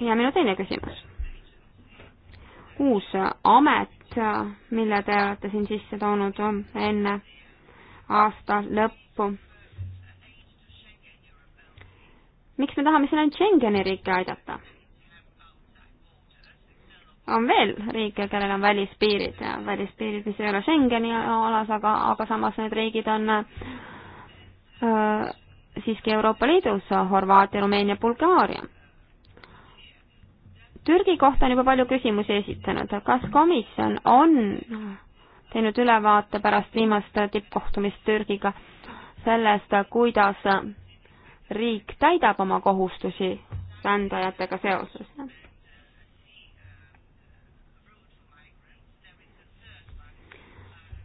ja minu teine küsimus. uus amet, mille te olete siin sisse toonud enne aasta lõppu. miks me tahame siin ainult Schengeni riike aidata? on veel riike, kellel on välispiirid ja välispiirid, mis ei ole Schengeni alas, aga, aga samas need riigid on äh, Äh, siiski Euroopa Liidus Horvaatia, Rumeenia, Bulgaaria. Türgi kohta on juba palju küsimusi esitanud, kas komisjon on teinud ülevaate pärast viimast tippkohtumist Türgiga sellest, kuidas riik täidab oma kohustusi rändajatega seoses?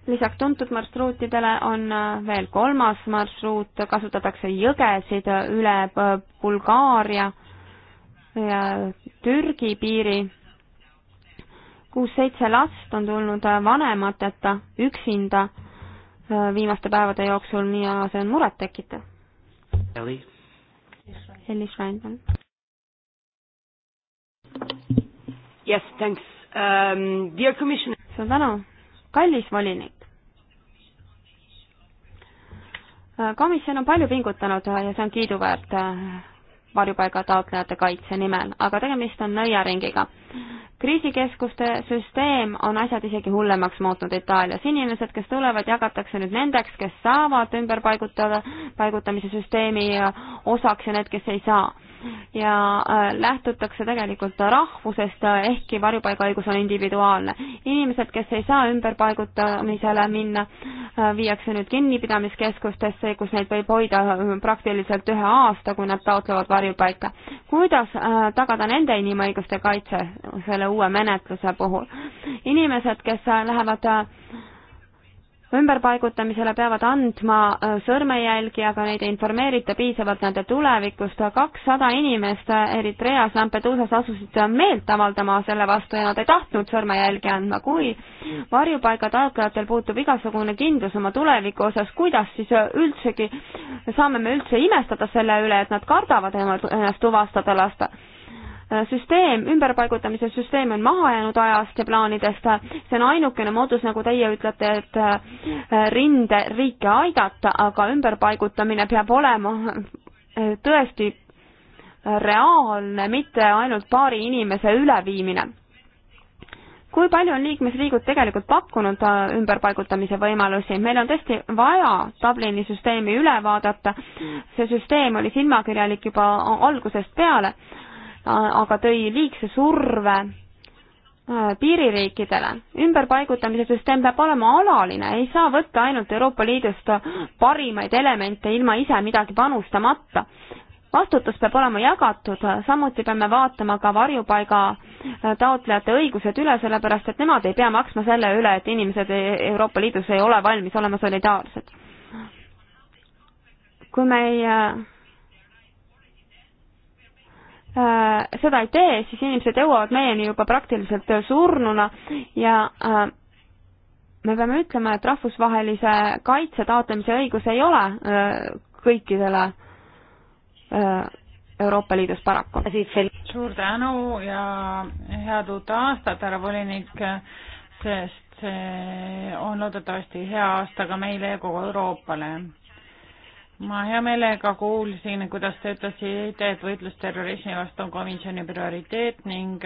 lisaks tuntud marsruutidele on äh, veel kolmas marsruut, kasutatakse jõgesid äh, üle äh, Bulgaaria ja Türgi piiri. kuus-seitse last on tulnud vanemateta üksinda viimaste päevade jooksul ja see on murettekitav. Ellis Reinman. Yes, thanks um,. Dear commissioner. suur tänu kallis volinik, komisjon on palju pingutanud ja see on kiiduväärt äh, varjupaiga taotlejate kaitse nimel, aga tegemist on nõiaringiga. kriisikeskuste süsteem on asjad isegi hullemaks muutnud Itaalias. inimesed, kes tulevad, jagatakse nüüd nendeks, kes saavad ümberpaigutada, paigutamise süsteemi osaks ja need, kes ei saa. ja äh, lähtutakse tegelikult rahvusest, äh, ehkki varjupaigaõigus on individuaalne. inimesed, kes ei saa ümberpaigutamisele minna, Äh, viiakse nüüd kinnipidamiskeskustesse, kus neid võib hoida äh, praktiliselt ühe aasta, kui nad taotlevad varjupaika. kuidas äh, tagada nende inimõiguste kaitse selle uue menetluse puhul? inimesed, kes lähevad ümberpaigutamisele peavad andma äh, sõrmejälgi, aga neid ei informeerita piisavalt nende tulevikust. kakssada inimest Eritreas Lampeduusas asusid meelt avaldama selle vastu ja nad ei tahtnud sõrmejälgi andma. kui varjupaiga taotlejatel puutub igasugune kindlus oma tuleviku osas, kuidas siis üldsegi saame me üldse imestada selle üle, et nad kardavad ennast tuvastada lasta Äh, süsteem, ümberpaigutamise süsteem on maha jäänud ajast ja plaanidest, see on ainukene moodus, nagu teie ütlete, et äh, rinderiike aidata, aga ümberpaigutamine peab olema äh, tõesti reaalne, mitte ainult paari inimese üleviimine. kui palju on liikmesriigid tegelikult pakkunud ümberpaigutamise võimalusi, meil on tõesti vaja Dublini süsteemi üle vaadata, see süsteem oli silmakirjalik juba algusest peale aga tõi liigse surve äh, piiririikidele. ümberpaigutamise süsteem peab olema alaline, ei saa võtta ainult Euroopa Liidust parimaid elemente ilma ise midagi panustamata. vastutus peab olema jagatud, samuti peame vaatama ka varjupaiga äh, taotlejate õigused üle, sellepärast et nemad ei pea maksma selle üle, et inimesed e-, Euroopa Liidus ei ole valmis olema solidaarsed. kui me ei äh, Äh, seda ei tee, siis inimesed jõuavad meieni juba praktiliselt surnuna ja äh, me peame ütlema, et rahvusvahelise kaitse taotlemise õigus ei ole äh, kõikidele Euroopa Liidus paraku. suur tänu ja head uut aastat, härra volinik, sest see on loodetavasti hea aasta ka meile ja kogu Euroopale ma hea meelega kuulsin, kuidas te ütlesite, et võitlus terrorismi vastu on komisjoni prioriteet ning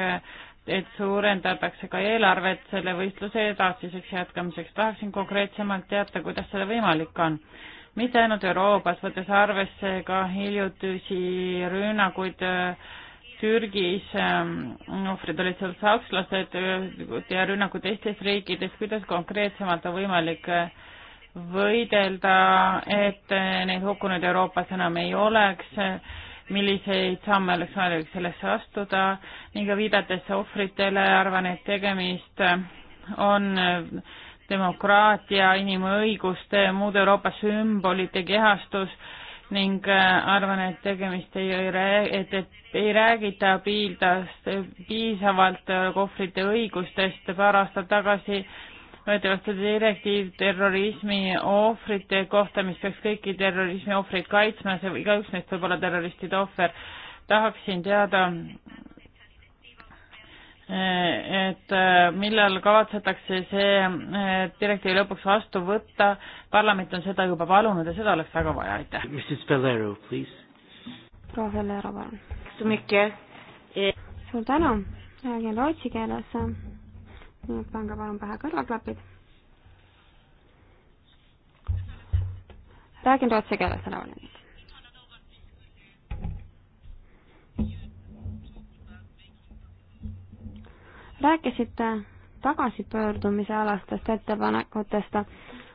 et suurendatakse ka eelarvet selle võistluse edasiseks jätkamiseks. tahaksin konkreetsemalt teada, kuidas see võimalik on. mitte ainult Euroopas, võttes arvesse ka hiljutisi rünnakuid äh, Türgis, ähm, ohvrid olid seal sakslased äh, ja rünnakud teistes riikides, kuidas konkreetsemalt on võimalik äh, võidelda, et neid hukkunud Euroopas enam ei oleks, milliseid samme oleks vajalik sellesse astuda ning viidates ohvritele, arvan, et tegemist on demokraatia, inimõiguste, muude Euroopa sümbolite kehastus ning arvan, et tegemist ei, et, et ei räägita piildast, piisavalt ohvrite õigustest paar aastat tagasi äh, võeti vastu direktiiv terrorismi ohvrite kohta, mis peaks kõiki terrorismi ohvreid kaitsma, see igaüks neist võib olla terroristide ohver. tahaksin teada, et äh, millal kavatsetakse see äh, direktiiv lõpuks vastu võtta, parlament on seda juba palunud ja seda oleks väga vaja, aitäh. proua Fellero, palun. suur tänu, räägin rootsi keeles nii et pange palun pähe kõrvaklapid. räägin rootsi keeles, härra Valinik. rääkisite tagasipöördumise alastest ettepanekutest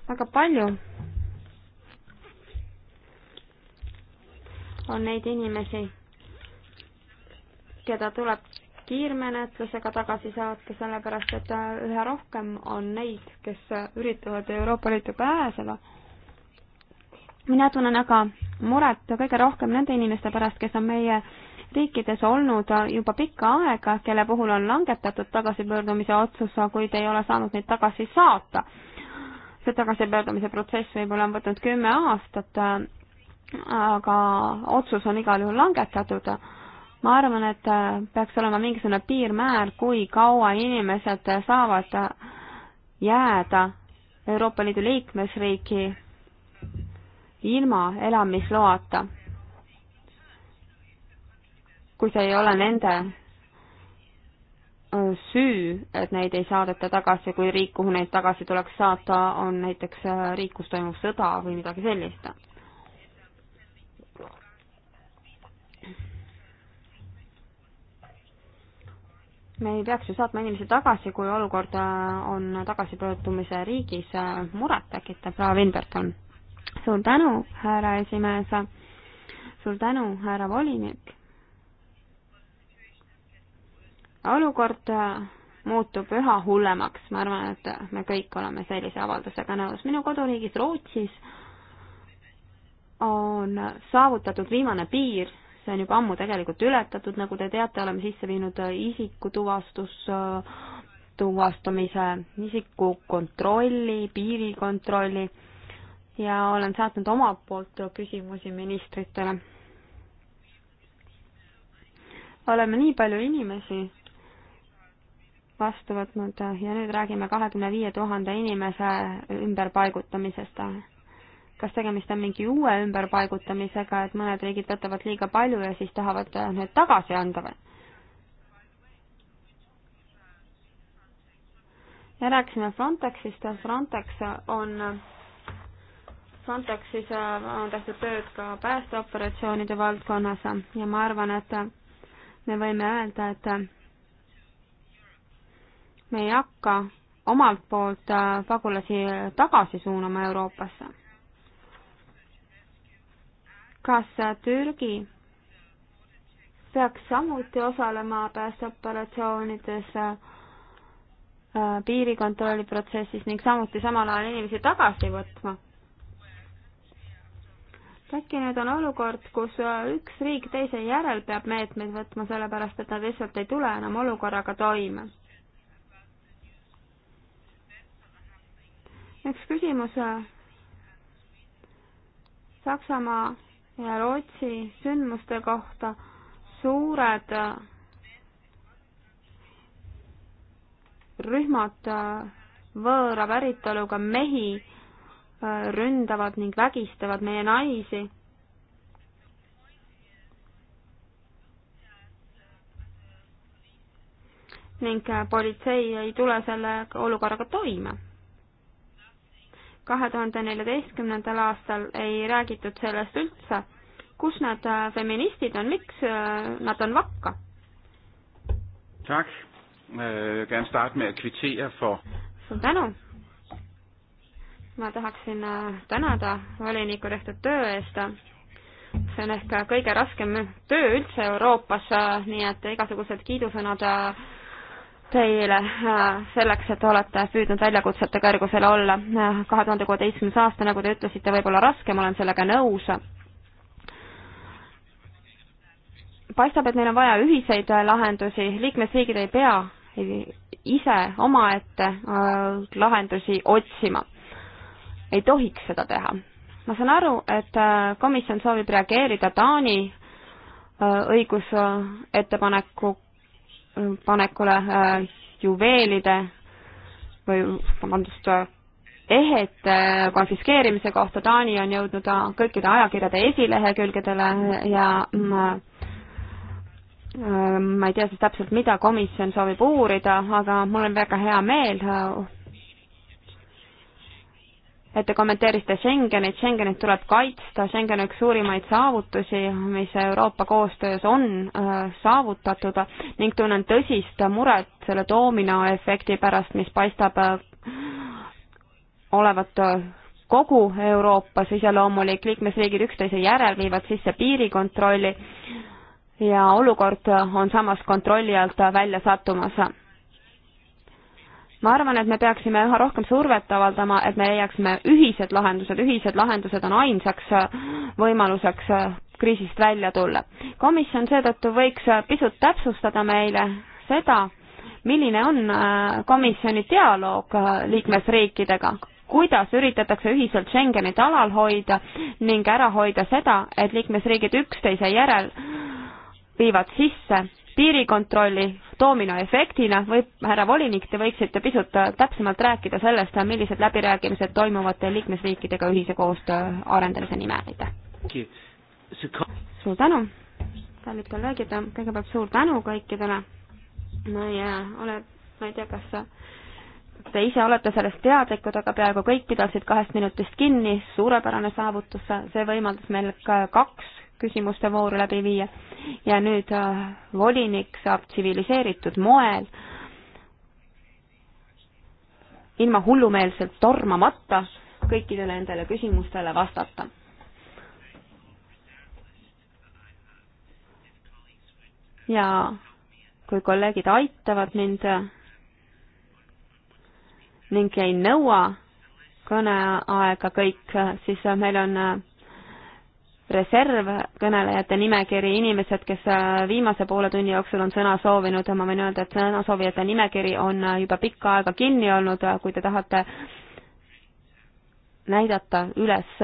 väga palju on neid inimesi, keda tuleb kiirmenetlusega tagasi saata, sellepärast et äh, üha rohkem on neid, kes üritavad Euroopa Liitu pääseda. mina tunnen aga muret kõige rohkem nende inimeste pärast, kes on meie riikides olnud äh, juba pikka aega, kelle puhul on langetatud tagasipöördumise otsus, äh, kuid ei ole saanud neid tagasi saata. see tagasipöördumise protsess võib-olla on võtnud kümme aastat, aga otsus on igal juhul langetatud ma arvan, et äh, peaks olema mingisugune piirmäär, kui kaua inimesed saavad äh, jääda Euroopa Liidu liikmesriiki ilma elamisloata, kui see ei ole nende äh, süü, et neid ei saadeta tagasi, kui riik, kuhu neid tagasi tuleks saata, on näiteks riik, kus toimub sõda või midagi sellist me ei peaks ju saatma inimesi tagasi, kui olukord äh, on tagasipöördumise riigis äh, murettekitav, proua Vinberton. suur tänu, härra esimees. suur tänu, härra volinik. olukord äh, muutub üha hullemaks, ma arvan, et me kõik oleme sellise avaldusega nõus. minu koduriigis Rootsis on saavutatud viimane piir see on juba ammu tegelikult ületatud, nagu te teate, oleme sisse viinud äh, isikutuvastus, äh, tuvastamise, isikukontrolli, piirikontrolli ja olen saatnud omalt poolt küsimusi ministritele. oleme nii palju inimesi vastu võtnud äh, ja nüüd räägime kahekümne viie tuhande inimese ümberpaigutamisest kas tegemist on mingi uue ümberpaigutamisega, et mõned riigid võtavad liiga palju ja siis tahavad äh, need tagasi anda või? ja rääkisime Frontexist, Frontex on, Frontexis äh, on tehtud tööd ka päästeoperatsioonide valdkonnas ja ma arvan, et me võime öelda, et me ei hakka omalt poolt äh, pagulasi tagasi suunama Euroopasse kas Türgi peaks samuti osalema päästeoperatsioonides äh, piirikontrolli protsessis ning samuti samal ajal inimesi tagasi võtma. äkki nüüd on olukord, kus äh, üks riik teise järel peab meetmeid võtma, sellepärast et nad lihtsalt ei tule enam olukorraga toime. üks küsimus. Äh, Saksamaa ja Rootsi sündmuste kohta suured rühmad võõra päritoluga mehi ründavad ning vägistavad meie naisi. ning politsei ei tule selle olukorraga toime kahe tuhande neljateistkümnendal aastal ei räägitud sellest üldse. kus need äh, feministid on, miks äh, nad on vakka? Tak. Äh, jeg gerne starte med at kvittere for... Suur tänu. Ma tahaksin tänada voliniku tehtud töö eest. See on ehk kõige raskem töö üldse Euroopas, nii et igasugused kiidusõnad teile äh, selleks, et olete püüdnud väljakutsete kõrgusel olla. Äh, kahe tuhande kuueteistkümnes aasta, nagu te ütlesite, võib olla raske, ma olen sellega nõus. paistab, et meil on vaja ühiseid äh, lahendusi, liikmesriigid ei pea ise omaette lahendusi otsima. ei tohiks seda teha. ma saan aru, et komisjon soovib reageerida Taani õigusettepaneku panekule äh, juveelide või vabandust, äh, ehete konfiskeerimise kohta Taani on jõudnud äh, kõikide ajakirjade esilehekülgedele ja ma, mm, ma ei tea siis täpselt, mida komisjon soovib uurida, aga mul on väga hea meel et te kommenteerisite Schengenit, Schengenit tuleb kaitsta, Schengen on üks suurimaid saavutusi, mis Euroopa koostöös on äh, saavutatud ning tunnen tõsist muret selle dominoefekti pärast, mis paistab äh, olevat äh, kogu Euroopas iseloomulik, liikmesriigid üksteise järel viivad sisse piirikontrolli ja olukord on samas kontrolli alt välja sattumas ma arvan, et me peaksime üha rohkem survet avaldama, et me leiaksime ühised lahendused, ühised lahendused on ainsaks äh, võimaluseks äh, kriisist välja tulla. komisjon seetõttu võiks äh, pisut täpsustada meile seda, milline on komisjoni dialoog liikmesriikidega, kuidas üritatakse ühiselt Schengenit alal hoida ning ära hoida seda, et liikmesriigid üksteise järel viivad sisse piirikontrolli doominoefektina võib, härra volinik, te võiksite pisut täpsemalt rääkida sellest, millised läbirääkimised toimuvad teil liikmesriikidega ühise koostöö arendamise nimel, aitäh! suur tänu, kallid kolleegid, kõigepealt suur tänu kõikidele, ma ei äh, ole, ma ei tea, kas äh, te ise olete sellest teadlikud, aga peaaegu kõik pidasid kahest minutist kinni, suurepärane saavutus, see võimaldas meil ka kaks küsimuste vooru läbi viia ja nüüd äh, volinik saab tsiviliseeritud moel ilma hullumeelselt tormamata kõikidele nendele küsimustele vastata. ja kui kolleegid aitavad mind ning ei nõua kõneaega kõik, siis meil on äh, reserv kõnelejate nimekiri, inimesed, kes äh, viimase poole tunni jooksul on sõna soovinud, ma võin öelda, et sõnasoovijate nimekiri on äh, juba pikka aega kinni olnud, äh, kui te tahate näidata üles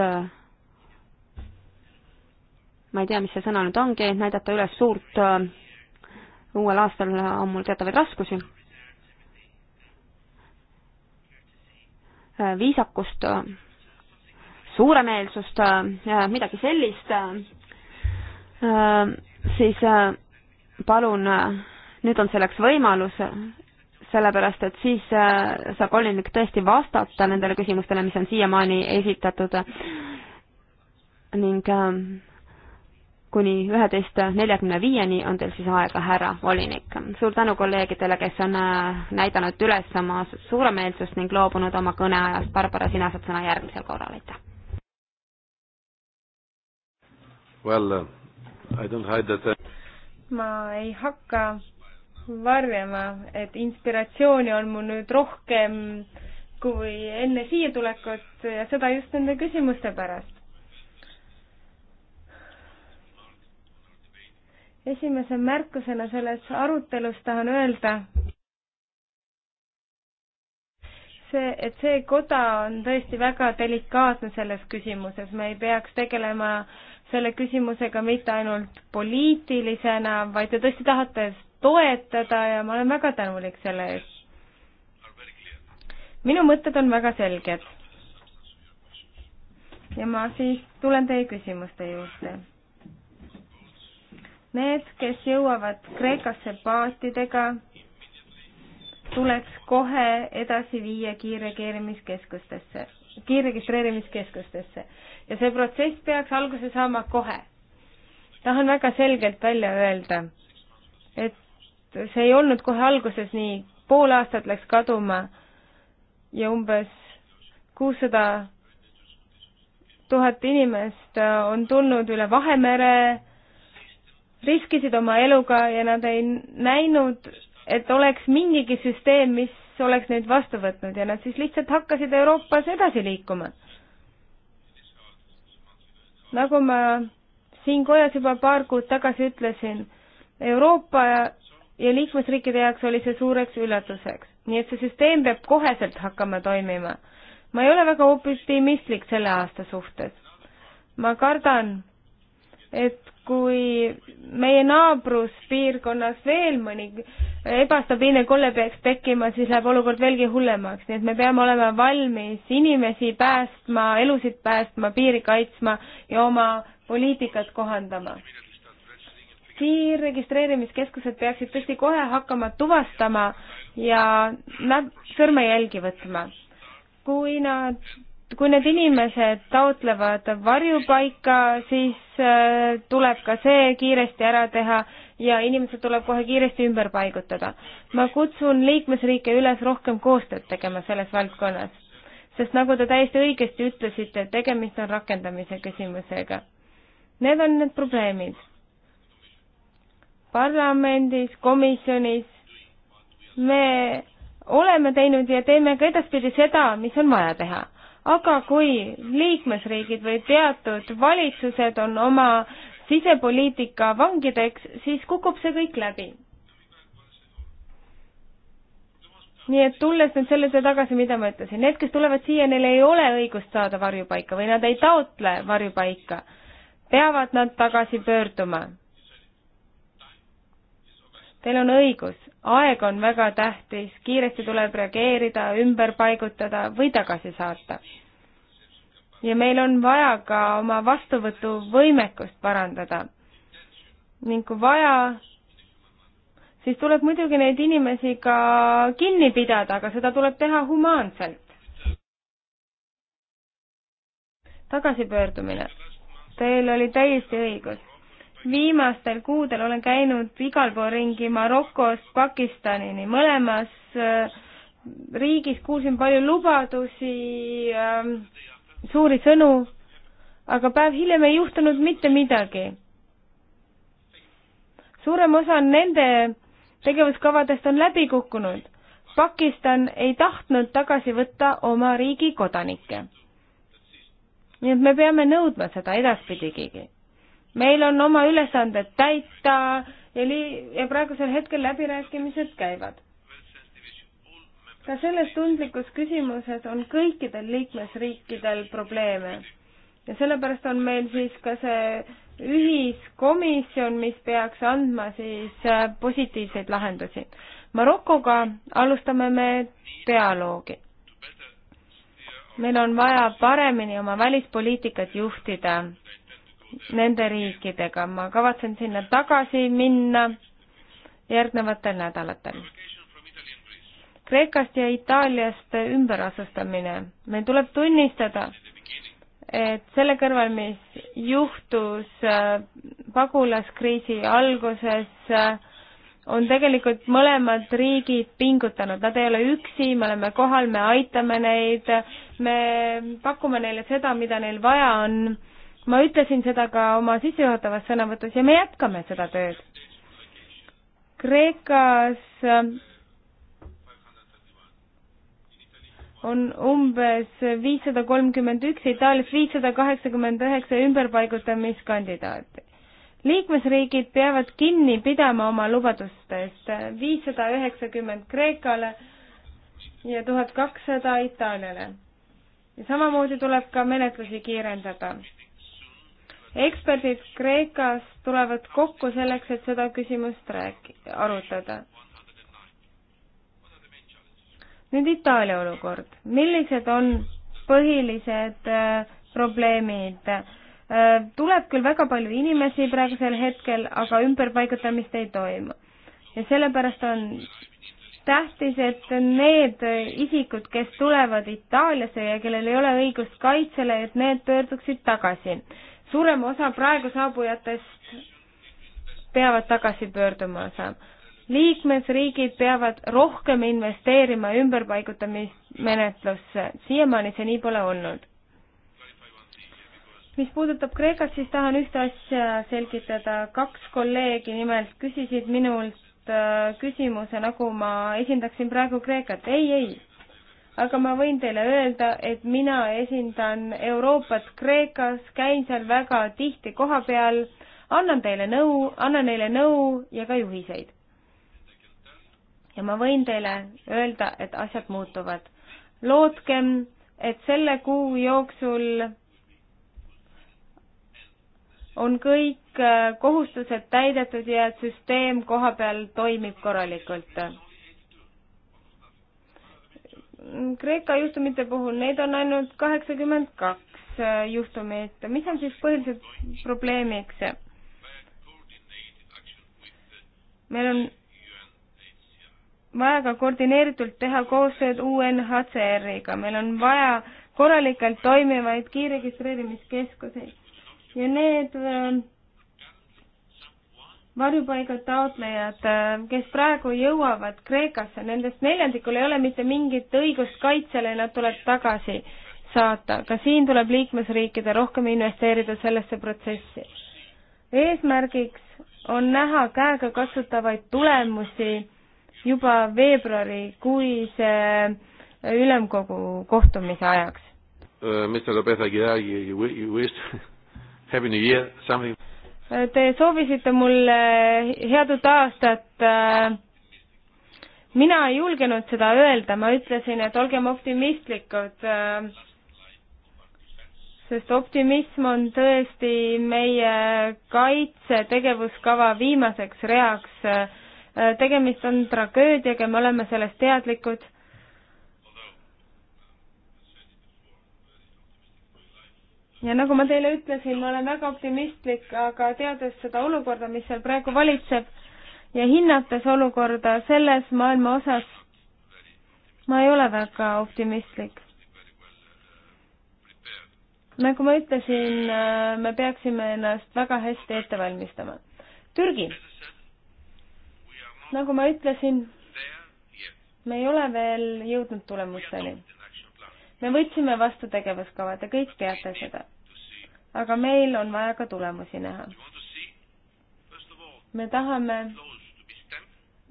ma ei tea, mis see sõna nüüd ongi, näidata üles suurt uuel aastal on mul teatavaid raskusi. viisakust suuremeelsust, äh, midagi sellist, äh, siis äh, palun, nüüd on selleks võimalus, sellepärast et siis saab volinik tõesti vastata nendele küsimustele, mis on siiamaani esitatud ning kuni üheteist neljakümne viieni on teil siis aega, härra volinik. suur tänu kolleegidele, kes on näidanud üles oma suuremeelsust ning loobunud oma kõneajast. Barbara, sina saad sõna järgmisel korral, aitäh! Well, uh, I don't hide that. Uh, ma ei hakka varjama, et inspiratsiooni on mul nüüd rohkem kui enne siia tulekut ja seda just nende küsimuste pärast. esimese märkusena selles arutelus tahan öelda, see, et see koda on tõesti väga delikaatne selles küsimuses, me ei peaks tegelema äh, selle küsimusega mitte ainult poliitilisena, vaid te tõesti tahate toetada ja ma olen väga tänulik selle eest. minu mõtted on väga selged. ja ma siis tulen teie küsimuste juurde. Need, kes jõuavad Kreekasse paatidega, tuleks kohe edasi viia kiirreageerimiskeskustesse, kiirregistreerimiskeskustesse. ja see protsess peaks alguse saama kohe. tahan väga selgelt välja öelda, et see ei olnud kohe alguses nii, pool aastat läks kaduma ja umbes kuussada tuhat inimest on tulnud üle Vahemere, riskisid oma eluga ja nad ei näinud et oleks mingigi süsteem, mis oleks neid vastu võtnud ja nad siis lihtsalt hakkasid Euroopas edasi liikuma. nagu ma siin kojas juba paar kuud tagasi ütlesin, Euroopa ja liikmesriikide jaoks oli see suureks üllatuseks. nii et see süsteem peab koheselt hakkama toimima. ma ei ole väga optimistlik selle aasta suhtes. ma kardan, et kui meie naabruspiirkonnas veel mõni ebastabiilne kolle peaks tekkima, siis läheb olukord veelgi hullemaks, nii et me peame olema valmis inimesi päästma, elusid päästma, piiri kaitsma ja oma poliitikat kohandama. kiirregistreerimiskeskused peaksid tõesti kohe hakkama tuvastama ja sõrmejälgi võtma. kui nad kui need inimesed taotlevad varjupaika, siis äh, tuleb ka see kiiresti ära teha ja inimesed tuleb kohe kiiresti ümber paigutada. ma kutsun liikmesriike üles rohkem koostööd tegema selles valdkonnas, sest nagu te täiesti õigesti ütlesite, tegemist on rakendamise küsimusega. Need on need probleemid. parlamendis, komisjonis me oleme teinud ja teeme ka edaspidi seda, mis on vaja teha aga kui liikmesriigid või teatud valitsused on oma sisepoliitika vangideks, siis kukub see kõik läbi. nii et tulles nüüd sellesse tagasi, mida ma ütlesin, need, kes tulevad siia, neil ei ole õigust saada varjupaika või nad ei taotle varjupaika, peavad nad tagasi pöörduma Teil on õigus, aeg on väga tähtis, kiiresti tuleb reageerida, ümber paigutada või tagasi saata. ja meil on vaja ka oma vastuvõtuvõimekust parandada. ning kui vaja, siis tuleb muidugi neid inimesi ka kinni pidada, aga seda tuleb teha humaanselt. tagasipöördumine. Teil oli täiesti õigus viimastel kuudel olen käinud igal pool ringi Marokost Pakistanini, mõlemas äh, riigis kuulsin palju lubadusi, ähm, suuri sõnu, aga päev hiljem ei juhtunud mitte midagi. suurem osa nende tegevuskavadest on läbi kukkunud. Pakistan ei tahtnud tagasi võtta oma riigi kodanikke. nii et me peame nõudma seda edaspidigi meil on oma ülesanded täita ja li-, ja praegusel hetkel läbirääkimised käivad. ka selles tundlikus küsimuses on kõikidel liikmesriikidel probleeme ja sellepärast on meil siis ka see ühiskomisjon, mis peaks andma siis äh, positiivseid lahendusi. Marokoga alustame me dialoogi. meil on vaja paremini oma välispoliitikat juhtida nende riikidega. ma kavatsen sinna tagasi minna järgnevatel nädalatel. Kreekast ja Itaaliast ümberasustamine. meil tuleb tunnistada, et selle kõrval, mis juhtus äh, pagulaskriisi alguses, äh, on tegelikult mõlemad riigid pingutanud, nad ei ole üksi, me oleme kohal, me aitame neid, me pakume neile seda, mida neil vaja on ma ütlesin seda ka oma sissejuhatavas sõnavõtus ja me jätkame seda tööd. Kreekas äh, on umbes viissada kolmkümmend üks, Itaalias viissada kaheksakümmend üheksa ümberpaigutamiskandidaati. liikmesriigid peavad kinni pidama oma lubadustest, viissada üheksakümmend Kreekale ja tuhat kakssada Itaaliale. ja samamoodi tuleb ka menetlusi kiirendada eksperdid Kreekast tulevad kokku selleks, et seda küsimust rääk-, arutada. nüüd Itaalia olukord. millised on põhilised äh, probleemid? Äh, tuleb küll väga palju inimesi praegusel hetkel, aga ümberpaigutamist ei toimu. ja sellepärast on tähtis, et need isikud, kes tulevad Itaaliasse ja kellel ei ole õigust kaitsele, et need pöörduksid tagasi suurem osa praegu saabujatest peavad tagasi pöörduma saama liikmesriigid peavad rohkem investeerima ümberpaigutamismenetlusse, siiamaani see nii pole olnud. mis puudutab Kreekat, siis tahan ühte asja selgitada, kaks kolleegi nimelt küsisid minult äh, küsimuse, nagu ma esindaksin praegu Kreekat, ei, ei aga ma võin teile öelda, et mina esindan Euroopat Kreekas, käin seal väga tihti kohapeal, annan teile nõu, annan neile nõu ja ka juhiseid. ja ma võin teile öelda, et asjad muutuvad. lootkem, et selle kuu jooksul on kõik äh, kohustused täidetud ja et süsteem kohapeal toimib korralikult Kreeka juhtumite puhul, neid on ainult kaheksakümmend kaks äh, juhtumit, mis on siis põhiliselt probleemiks? meil on vaja ka koordineeritult teha koostööd UNHCR-iga, meil on vaja korralikult toimivaid kiirregistreerimiskeskuseid ja need äh, varjupaiga taotlejad, äh, kes praegu jõuavad Kreekasse, nendest neljandikul ei ole mitte mingit õigust kaitsele, nad tuleb tagasi saata. ka siin tuleb liikmesriikide rohkem investeerida sellesse protsessi. eesmärgiks on näha käegakatsutavaid tulemusi juba veebruarikuise äh, ülemkogu kohtumise ajaks uh,. Äh, Mr Lopez Aguilar, you, you, you wish having a year something Te soovisite mulle head uut aastat. mina ei julgenud seda öelda, ma ütlesin, et olgem optimistlikud. sest optimism on tõesti meie kaitsetegevuskava viimaseks reaks. tegemist on tragöödiaga, me oleme sellest teadlikud ja nagu ma teile ütlesin, ma olen väga optimistlik, aga teades seda olukorda, mis seal praegu valitseb ja hinnates olukorda selles maailma osas, ma ei ole väga optimistlik. nagu ma ütlesin, äh, me peaksime ennast väga hästi ette valmistama. Türgi, nagu ma ütlesin, me ei ole veel jõudnud tulemusteni me võtsime vastu tegevuskava, te kõik teate seda. aga meil on vaja ka tulemusi näha. me tahame,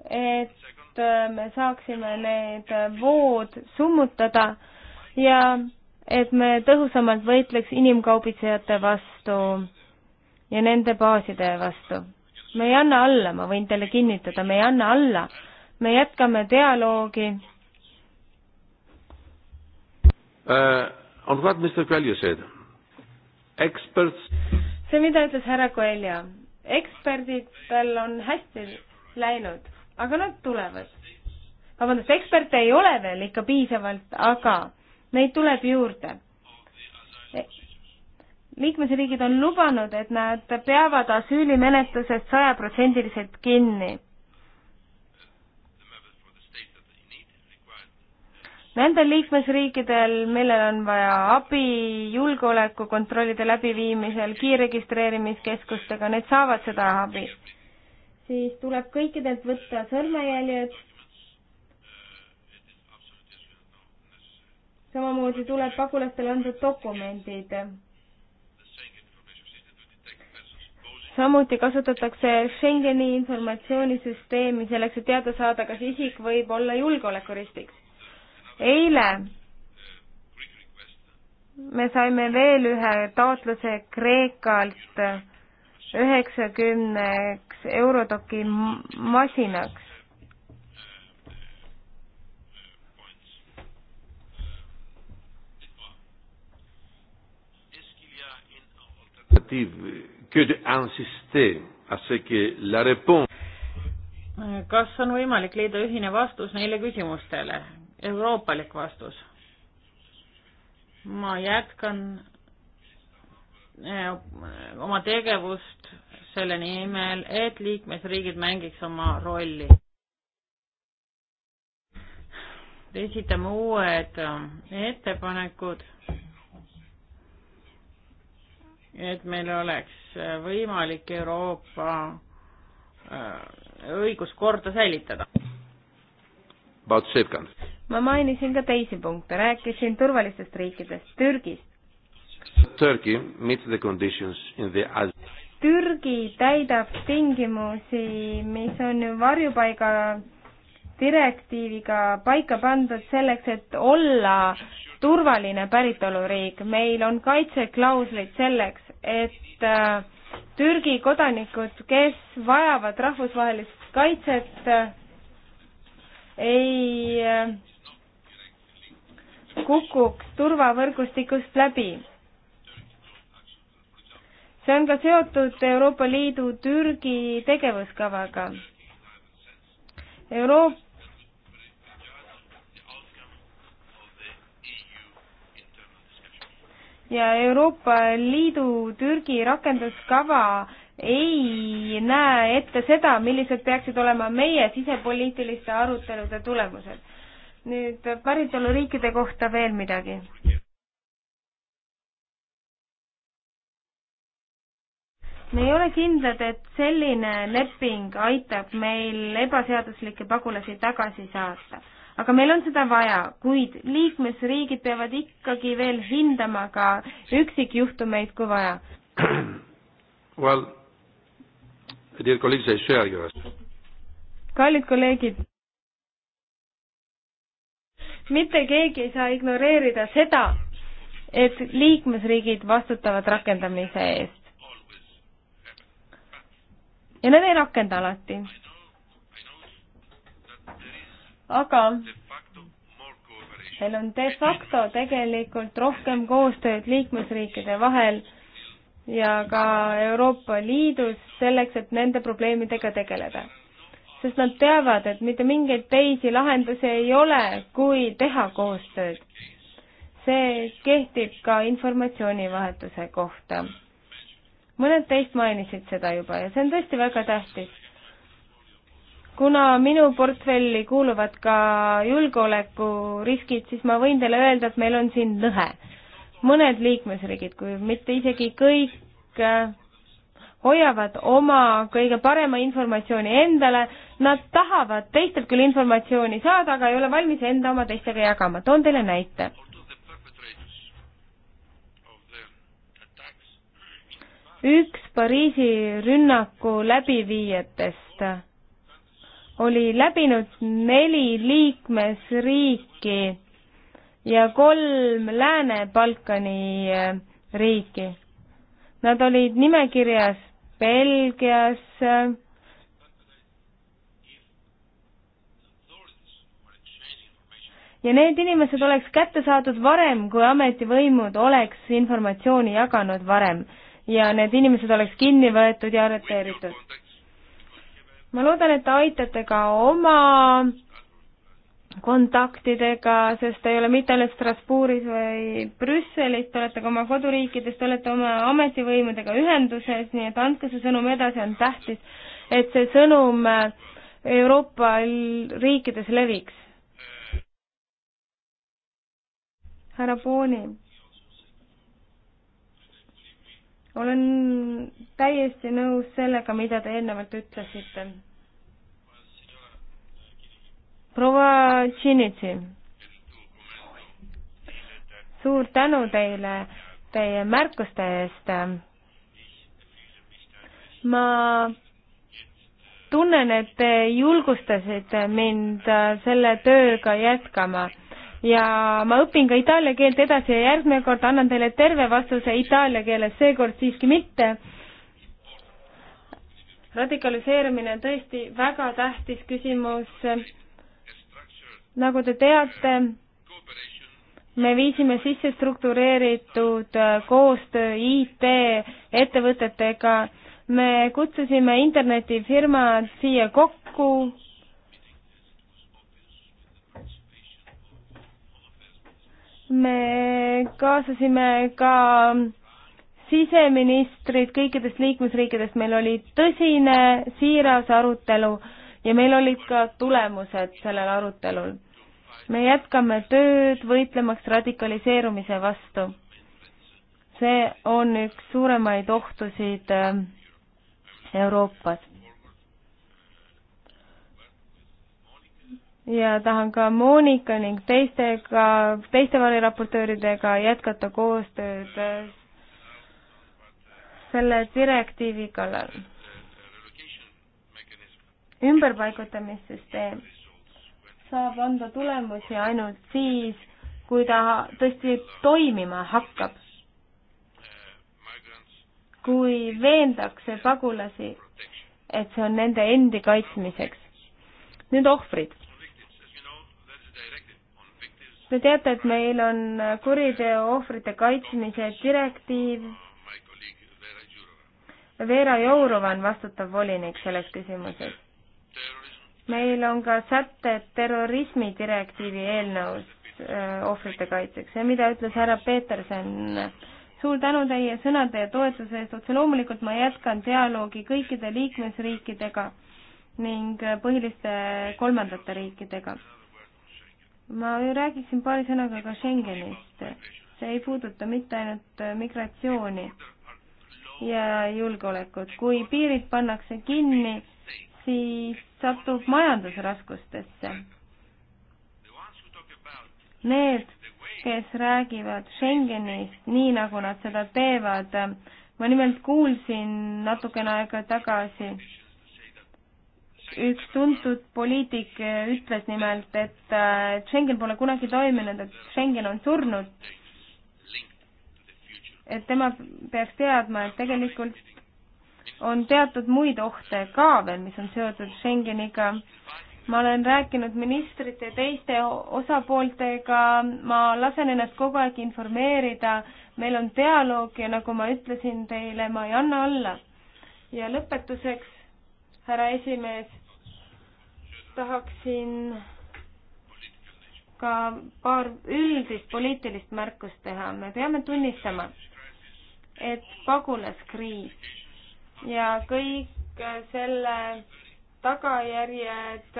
et äh, me saaksime need vood summutada ja et me tõhusamalt võitleks inimkaubitsejate vastu ja nende baaside vastu. me ei anna alla, ma võin teile kinnitada, me ei anna alla. me jätkame dialoogi Uh, on what Mr Coelho said. Experts. see, mida ütles härra Coelho, eksperdidel on hästi läinud, aga nad tulevad. vabandust, eksperte ei ole veel ikka piisavalt, aga neid tuleb juurde e, liikmesriigid on lubanud, et nad peavad asüülimenetlusest sajaprotsendiliselt kinni. Nendel liikmesriikidel, millel on vaja abi julgeolekukontrollide läbiviimisel, kiirregistreerimiskeskustega, need saavad seda abi. siis tuleb kõikidelt võtta sõrmejäljed. samamoodi tuleb pagulastele anda dokumendid samuti kasutatakse Schengeni informatsioonisüsteemi selleks, et teada saada, kas isik võib olla julgeolekuristiks eile me saime veel ühe taotluse Kreekalt üheksakümneks Eurodoki masinaks. que d'insister à ce que la réponse kas on võimalik leida ühine vastus neile küsimustele? euroopalik vastus. ma jätkan eh, oma tegevust selle nimel, et liikmesriigid mängiks oma rolli. esitame uued eh, ettepanekud, et meil oleks eh, võimalik Euroopa õiguskorda säilitada. About safeguards ma mainisin ka teisi punkte, rääkisin turvalistest riikidest, Türgist. Turkey meets the conditions in the Türgi täidab tingimusi, mis on varjupaiga direktiiviga paika pandud selleks, et olla turvaline päritoluriik. meil on kaitseklauslid selleks, et äh, Türgi kodanikud, kes vajavad rahvusvahelist kaitset, äh, ei äh, kukuks turvavõrgustikust läbi. see on ka seotud Euroopa Liidu Türgi tegevuskavaga. Euroopa ja Euroopa Liidu Türgi rakenduskava ei näe ette seda, millised peaksid olema meie sisepoliitiliste arutelude tulemused nüüd päritoluriikide kohta veel midagi? me ei ole kindlad, et selline leping aitab meil ebaseaduslikke pagulasi tagasi saata. aga meil on seda vaja, kuid liikmesriigid peavad ikkagi veel hindama ka üksikjuhtumeid, kui vaja. Well, dear colleagues, I share yours. kallid kolleegid mitte keegi ei saa ignoreerida seda, et liikmesriigid vastutavad rakendamise eest. ja need ei rakenda alati. aga meil on de facto tegelikult rohkem koostööd liikmesriikide vahel ja ka Euroopa Liidus selleks, et nende probleemidega tegeleda sest nad teavad, et mitte mingeid teisi lahendusi ei ole, kui teha koostööd. see kehtib ka informatsioonivahetuse kohta. mõned teist mainisid seda juba ja see on tõesti väga tähtis. kuna minu portfelli kuuluvad ka julgeolekuriskid, siis ma võin teile öelda, et meil on siin lõhe. mõned liikmesriigid, kui mitte isegi kõik äh, hoiavad oma kõige parema informatsiooni endale, nad tahavad teistelt küll informatsiooni saada, aga ei ole valmis enda oma teistega jagama, toon teile näite. üks Pariisi rünnaku läbiviijatest oli läbinud neli liikmesriiki ja kolm Lääne-Balkani riiki Nad olid nimekirjas Belgias, ja need inimesed oleks kätte saadud varem, kui ametivõimud oleks informatsiooni jaganud varem ja need inimesed oleks kinni võetud ja arreteeritud. ma loodan, et te aitate ka oma kontaktidega, sest ei ole mitte ainult Strasbourgis või Brüsselis, te olete ka oma koduriikides, te olete oma ametivõimudega ühenduses, nii et andke see sõnum edasi, on tähtis, et see sõnum äh, Euroopa riikides leviks. härra Pooni, olen täiesti nõus sellega, mida te eelnevalt ütlesite proua Tšinitši, suur tänu teile teie märkuste eest. ma tunnen, et te julgustasite mind selle tööga jätkama ja ma õpin ka itaalia keelt edasi ja järgmine kord annan teile terve vastuse itaalia keeles, seekord siiski mitte. radikaliseerumine on tõesti väga tähtis küsimus nagu te teate, me viisime sisse struktureeritud äh, koostöö IT-ettevõtetega, me kutsusime internetifirmad siia kokku, me kaasasime ka siseministrid kõikidest liikmesriikidest, meil oli tõsine siiras arutelu ja meil olid ka tulemused sellel arutelul me jätkame tööd võitlemaks radikaliseerumise vastu. see on üks suuremaid ohtusid äh, Euroopas. ja tahan ka Monika ning teistega, teiste variraportööridega jätkata koostööd äh, selle direktiivi kallal. ümberpaigutamissüsteem saab anda tulemusi ainult siis, kui ta tõesti toimima hakkab. kui veendakse pagulasi, et see on nende endi kaitsmiseks. nüüd ohvrid. Te teate, et meil on kuriteo ohvrite kaitsmise direktiiv. Veera Jourova on vastutav volinik selles küsimuses meil on ka sätted terrorismi direktiivi eelnõus äh, ohvrite kaitseks ja mida ütles härra Peterson. suur tänu teie sõnade ja toetuse eest, otse loomulikult ma jätkan dialoogi kõikide liikmesriikidega ning äh, põhiliste kolmandate riikidega. ma räägiksin paari sõnaga ka Schengenist. see ei puuduta mitte ainult äh, migratsiooni ja julgeolekut. kui piirid pannakse kinni, siis satub majandusraskustesse. Need, kes räägivad Schengenist nii, nagu nad seda teevad, ma nimelt kuulsin natukene aega tagasi, üks tuntud poliitik ütles nimelt, et Schengen pole kunagi toiminud, et Schengen on surnud. et tema peaks teadma, et tegelikult on teatud muid ohte ka veel, mis on seotud Schengeniga. ma olen rääkinud ministrite ja teiste osapooltega, ma lasen ennast kogu aeg informeerida, meil on dialoog ja nagu ma ütlesin teile, ma ei anna alla. ja lõpetuseks, härra esimees, tahaksin ka paar üldist poliitilist märkust teha. me peame tunnistama, et pagulaskriis ja kõik selle tagajärjed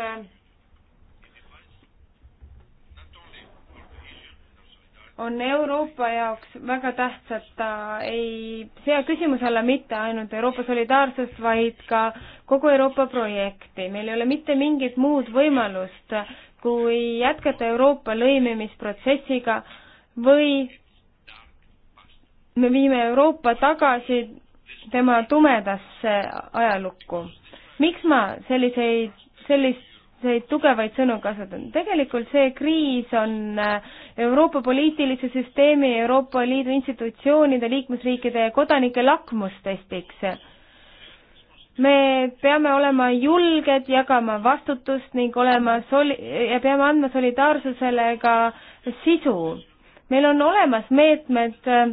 on Euroopa jaoks väga tähtsad, ta ei sea küsimuse alla mitte ainult Euroopa solidaarsust, vaid ka kogu Euroopa projekti. meil ei ole mitte mingit muud võimalust, kui jätkata Euroopa lõimimisprotsessiga või me viime Euroopa tagasi tema tumedasse ajalukku. miks ma selliseid, selliseid tugevaid sõnu kasutan? tegelikult see kriis on äh, Euroopa poliitilise süsteemi, Euroopa Liidu institutsioonide, liikmesriikide ja kodanike lakmustestiks me peame olema julged, jagama vastutust ning olema soli- ja peame andma solidaarsusele ka sisu. meil on olemas meetmed äh,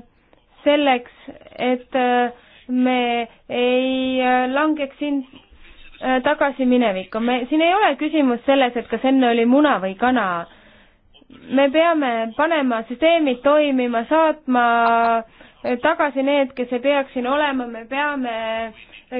selleks, et äh, me ei äh, langeks siin äh, tagasi minevikku, me, siin ei ole küsimus selles, et kas enne oli muna või kana. me peame panema süsteemid toimima, saatma äh, tagasi need, kes ei peaks siin olema, me peame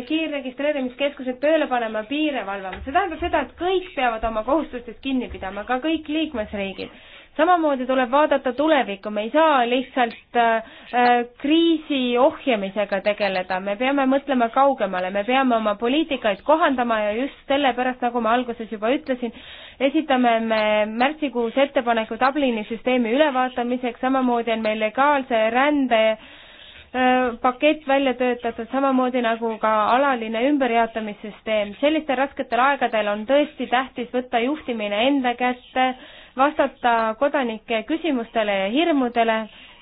kiirregistreerimiskeskused tööle panema, piire valvama, see tähendab seda, et kõik peavad oma kohustustest kinni pidama, ka kõik liikmesriigid samamoodi tuleb vaadata tulevikku, me ei saa lihtsalt äh, äh, kriisi ohjamisega tegeleda, me peame mõtlema kaugemale, me peame oma poliitikaid kohandama ja just sellepärast, nagu ma alguses juba ütlesin, esitame me märtsikuus ettepaneku Dublini süsteemi ülevaatamiseks, samamoodi on meil legaalse rände äh, pakett välja töötatud, samamoodi nagu ka alaline ümberjaotamissüsteem. sellistel rasketel aegadel on tõesti tähtis võtta juhtimine enda kätte, vastata kodanike küsimustele ja hirmudele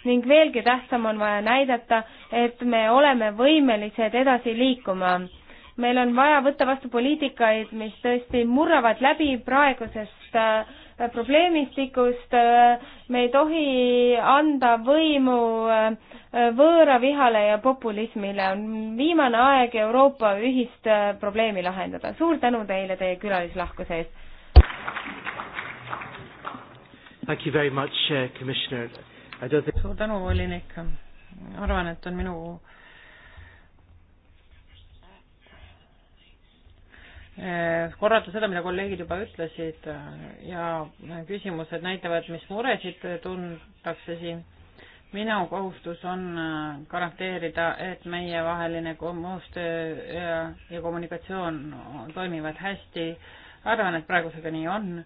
ning veelgi tähtsam on vaja näidata, et me oleme võimelised edasi liikuma. meil on vaja võtta vastu poliitikaid, mis tõesti murravad läbi praegusest äh, probleemistikust, me ei tohi anda võimu äh, võõravihale ja populismile, on viimane aeg Euroopa ühist äh, probleemi lahendada. suur tänu teile teie külalislahkuse eest! Thank you very much uh,, commissioner. Think... suur tänu, volinik. arvan, et on minu eh, korrata seda, mida kolleegid juba ütlesid eh, ja küsimused näitavad, mis muresid tuntakse siin. minu kohustus on eh, garanteerida, et meievaheline koostöö ja, ja kommunikatsioon toimivad hästi. arvan, et praegu see ka nii on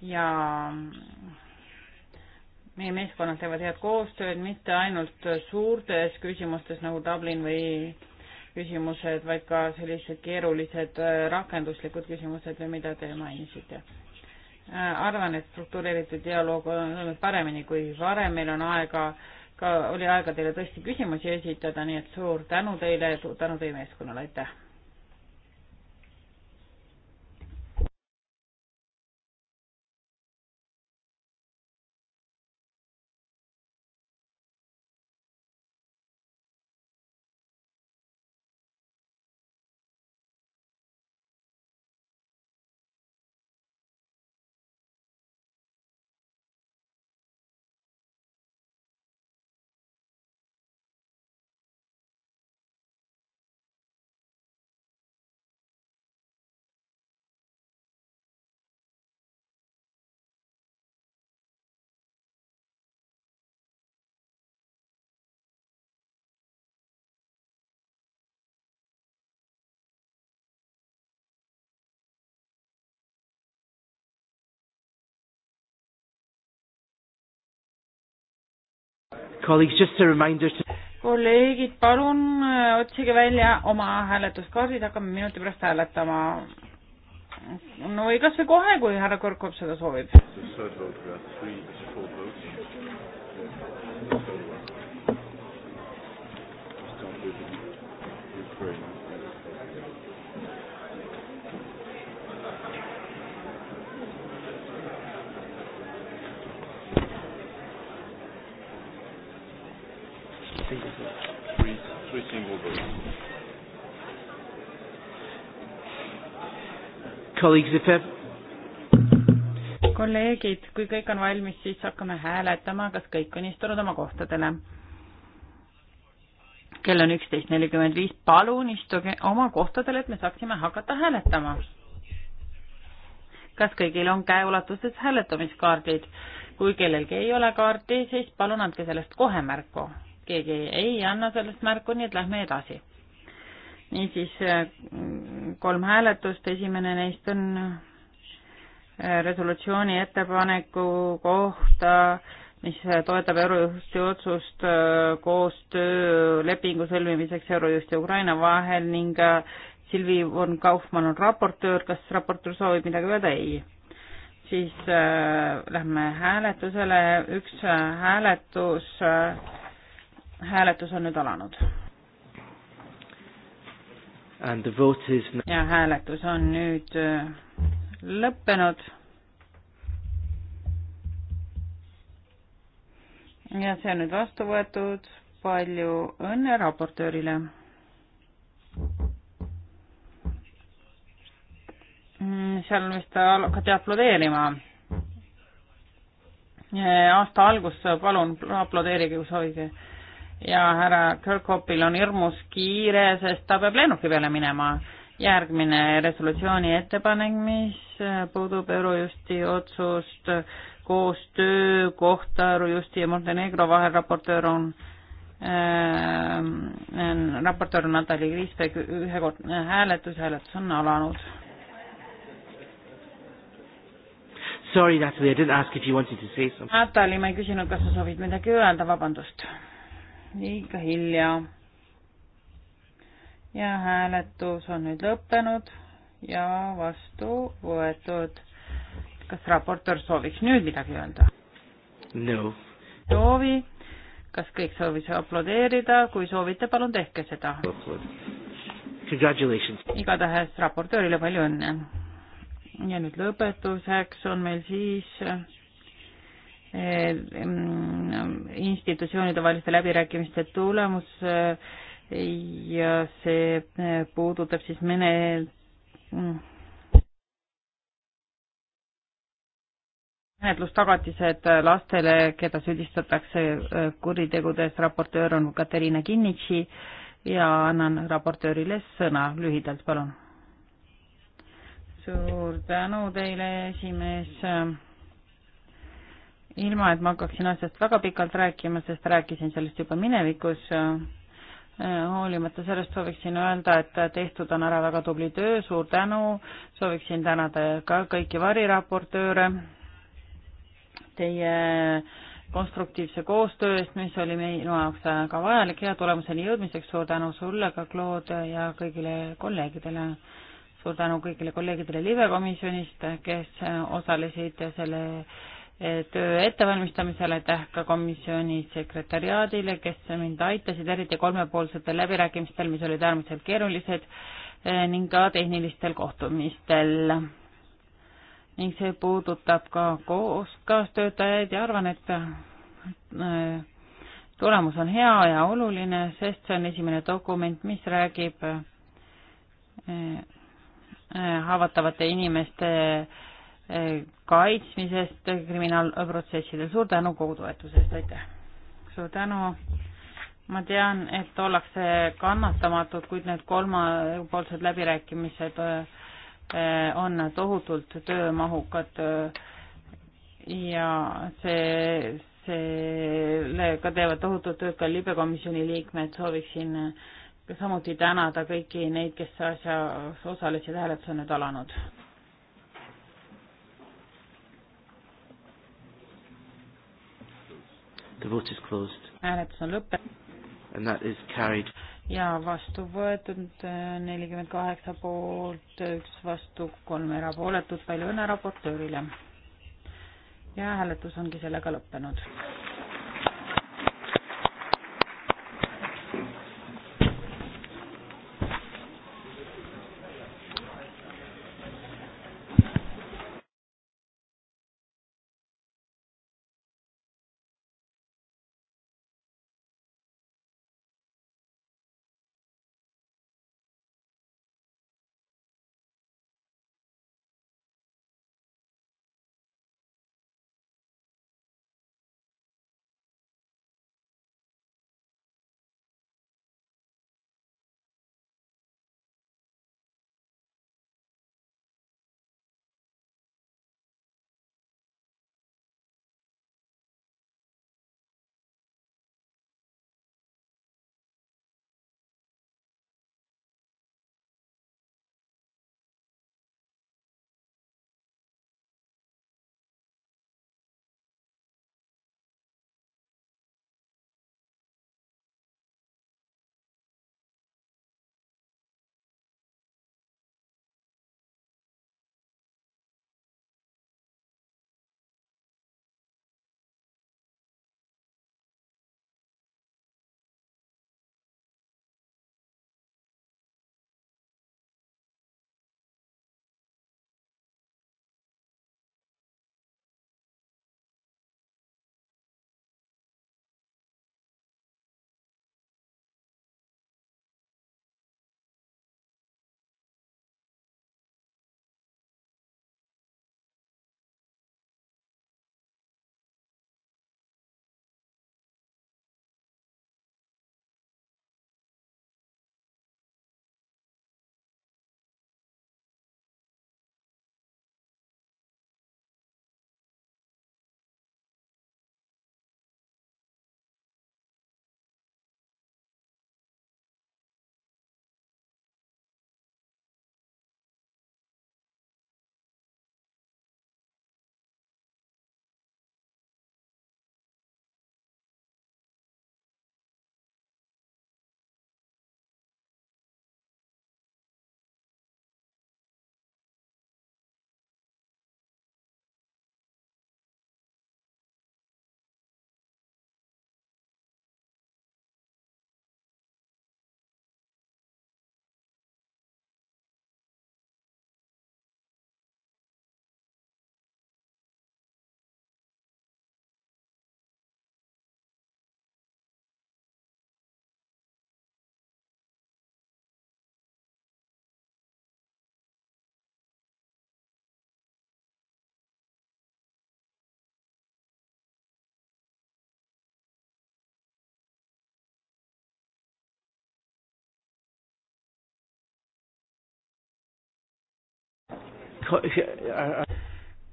ja meie meeskonnad teevad head koostööd mitte ainult suurtes küsimustes nagu Dublin või küsimused, vaid ka sellised keerulised äh, rakenduslikud küsimused või mida te mainisite. Äh, arvan, et struktureeritud dialoog on paremini kui varem, meil on aega ka oli aega teile tõesti küsimusi esitada, nii et suur tänu teile, suur tänu teie meeskonnale, aitäh! kolleegid, palun äh, otsige välja oma hääletuskaardid, hakkame minuti pärast hääletama. no või kas või kohe, kui härra Korkov seda soovib. Ukraine. every single vote. Colleagues, if ever kolleegid, kui kõik on valmis, siis hakkame hääletama, kas kõik on istunud oma kohtadele. kell on üksteist nelikümmend viis, palun istuge oma kohtadele, et me saaksime hakata hääletama. kas kõigil on käeulatuses hääletamiskaardid? kui kellelgi ei ole kaarti, siis palun andke sellest kohe märku keegi ei anna sellest märku, nii et lähme edasi. niisiis äh, kolm hääletust, esimene neist on äh, resolutsiooni ettepaneku kohta, mis toetab Eurojusti otsust äh, koostöölepingu sõlmimiseks Eurojust ja Ukraina vahel ning Silvi von Kaufmann on raportöör, kas raportöör soovib midagi öelda? ei. siis äh, lähme hääletusele, üks hääletus äh, hääletus on nüüd alanud. Is... ja hääletus on nüüd äh, lõppenud. ja see on nüüd vastu võetud, palju õnne raportöörile. Mm, seal vist hakati aplodeerima aasta algus, palun aplodeerige, kui soovite ja härra Kirkhopil on hirmus kiire, sest ta peab lennuki peale minema. järgmine resolutsiooni ettepanek, mis puudub Eurojusti otsust koostöö kohta Eurojusti ja Montenegro vahel, raportöör on äh, raportöör Natali Kriisberg, ühekordne hääletus, hääletus on alanud. Sorry, Natalie, I didn't ask if you wanted to say something. Natalie, ma ei küsinud, kas sa soovid midagi öelda, vabandust liiga hilja. ja hääletus on nüüd lõppenud ja vastu võetud. kas raportöör sooviks nüüd midagi öelda? no. soovi? kas kõik soovisid aplodeerida, kui soovite, palun tehke seda. igatahes raportöörile palju õnne. ja nüüd lõpetuseks on meil siis institutsioonide vaheliste läbirääkimiste tulemus eh, ja see eh, puudutab siis mene-, menetlustagatised lastele, keda süüdistatakse eh, kuritegudes, raportöör on Katariina Kinnitši ja annan raportöörile sõna lühidalt, palun. suur tänu teile, esimees ilma, et ma hakkaksin asjast väga pikalt rääkima, sest rääkisin sellest juba minevikus, äh, hoolimata sellest sooviksin öelda, et tehtud on ära väga tubli töö, suur tänu, sooviksin tänada ka kõiki variraportööre teie konstruktiivse koostöö eest, mis oli minu jaoks väga vajalik hea tulemuseni jõudmiseks, suur tänu sulle ka, Claude, ja kõigile kolleegidele. suur tänu kõigile kolleegidele live komisjonist, kes osalesid selle äh, töö ettevalmistamisele, aitäh ka komisjoni sekretäriaadile, kes mind aitasid, eriti kolmepoolsetel läbirääkimistel, mis olid äärmiselt keerulised eh, ning ka tehnilistel kohtumistel. ning see puudutab ka koos kaastöötajaid ja arvan, et eh, tulemus on hea ja oluline, sest see on esimene dokument, mis räägib eh, haavatavate inimeste kaitsmisest kriminaalprotsessidel. suur tänu kogu toetuse eest, aitäh! suur tänu! ma tean, et ollakse kannatamatud, kuid need kolmapoolsed läbirääkimised äh, äh, on tohutult töömahukad äh, ja see, sellega teevad tohutut tööd ka libekomisjoni liikmed, sooviksin samuti tänada kõiki neid, kes asjas osalesid, hääletus on nüüd alanud. The vote is closed. hääletus on lõppenud. And that is carried. ja vastu võetud äh, nelikümmend kaheksa poolt, üks vastu, kolm erapooletut, palju õnne raportöörile. ja hääletus ongi sellega lõppenud.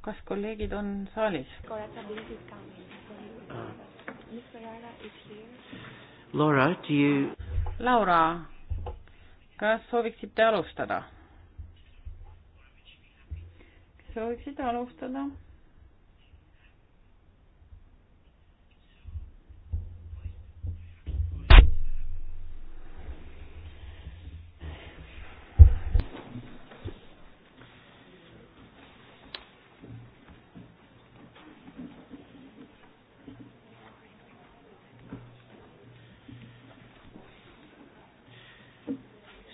kas kolleegid on saalis? Laura, do you? Laura, kas sooviksite alustada? sooviksite alustada?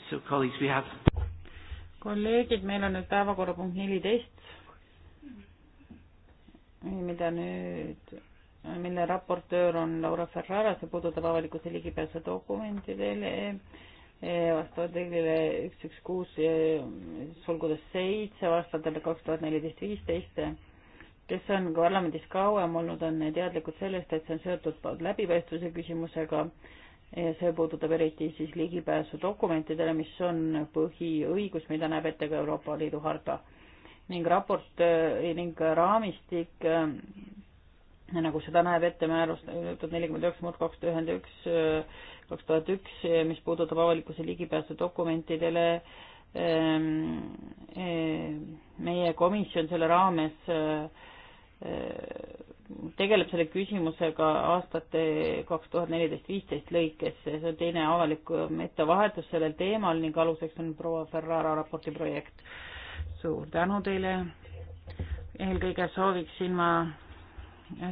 So colleagues, we have kolleegid, meil on nüüd päevakorrapunkt neliteist, mida nüüd, mille raportöör on Laura Ferrara, see puudutab avalikkuse ligipääsu dokumentidele eh, vastavalt reeglile üks, üks, kuus, eh, sulgudes seitse, vastavalt kaks tuhat neliteist, viisteist kes on parlamendis kauem olnud, on teadlikud sellest, et see on seotud läbipaistvuse küsimusega ja see puudutab eriti siis ligipääsu dokumentidele, mis on põhiõigus, mida näeb ette ka Euroopa Liidu harta. ning raport eh, ning raamistik, eh, nagu seda näeb ette määrus eh, tuhat nelikümmend üheksa muud kaks tuhat üks, kaks tuhat üks, mis puudutab avalikkuse ligipääsu dokumentidele, meie komisjon selle raames tegeleb selle küsimusega aastate kaks tuhat neliteist, viisteist lõikes, see on teine avalik ettevahetus sellel teemal ning aluseks on proua Ferrara raporti projekt. suur tänu teile. eelkõige sooviksin ma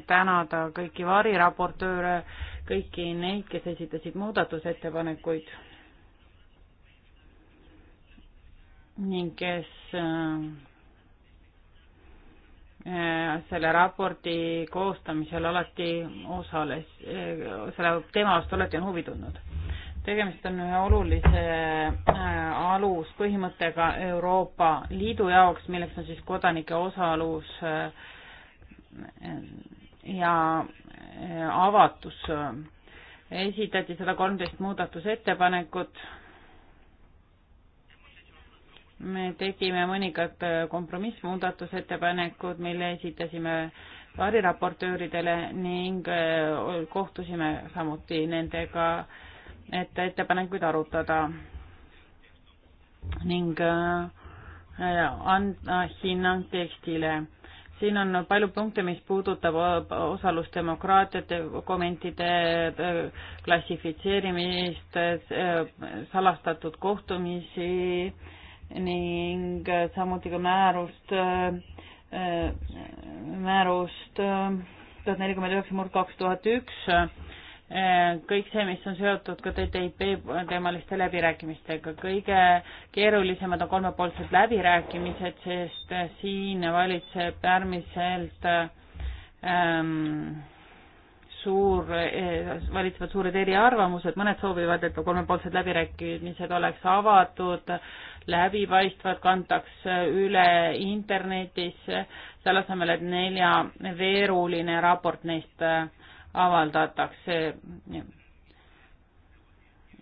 tänada kõiki variraportööre, kõiki neid, kes esitasid muudatusettepanekuid ning kes äh, Äh, selle raporti koostamisel alati osales, äh, selle teema vastu alati on huvi tundnud. tegemist on ühe olulise äh, aluspõhimõttega Euroopa Liidu jaoks, milleks on siis kodanike osalus ja avatus. esitati sada kolmteist muudatusettepanekut me tegime mõningad äh, kompromissmuudatusettepanekud, mille esitasime variraportööridele ning äh, kohtusime samuti nendega, et ettepanekuid arutada ning äh, anda hinnang tekstile. siin on palju punkte, mis puudutab osalusdemokraatiat, dokumentide klassifitseerimist, salastatud kohtumisi, ning äh, samuti ka määrust, äh, äh, määrust tuhat nelikümmend üheksa murd kaks tuhat üks, kõik see, mis on seotud ka TTIP teemaliste läbirääkimistega. kõige keerulisemad on kolmepoolsed läbirääkimised, sest siin valitseb äärmiselt ähm, suur, valitsevad suured eriarvamused, mõned soovivad, et kolmepoolsed läbirääkimised oleks avatud, läbipaistvad, kantaks üle internetis, selle asemel, et neljaveeruline raport neist äh, avaldatakse.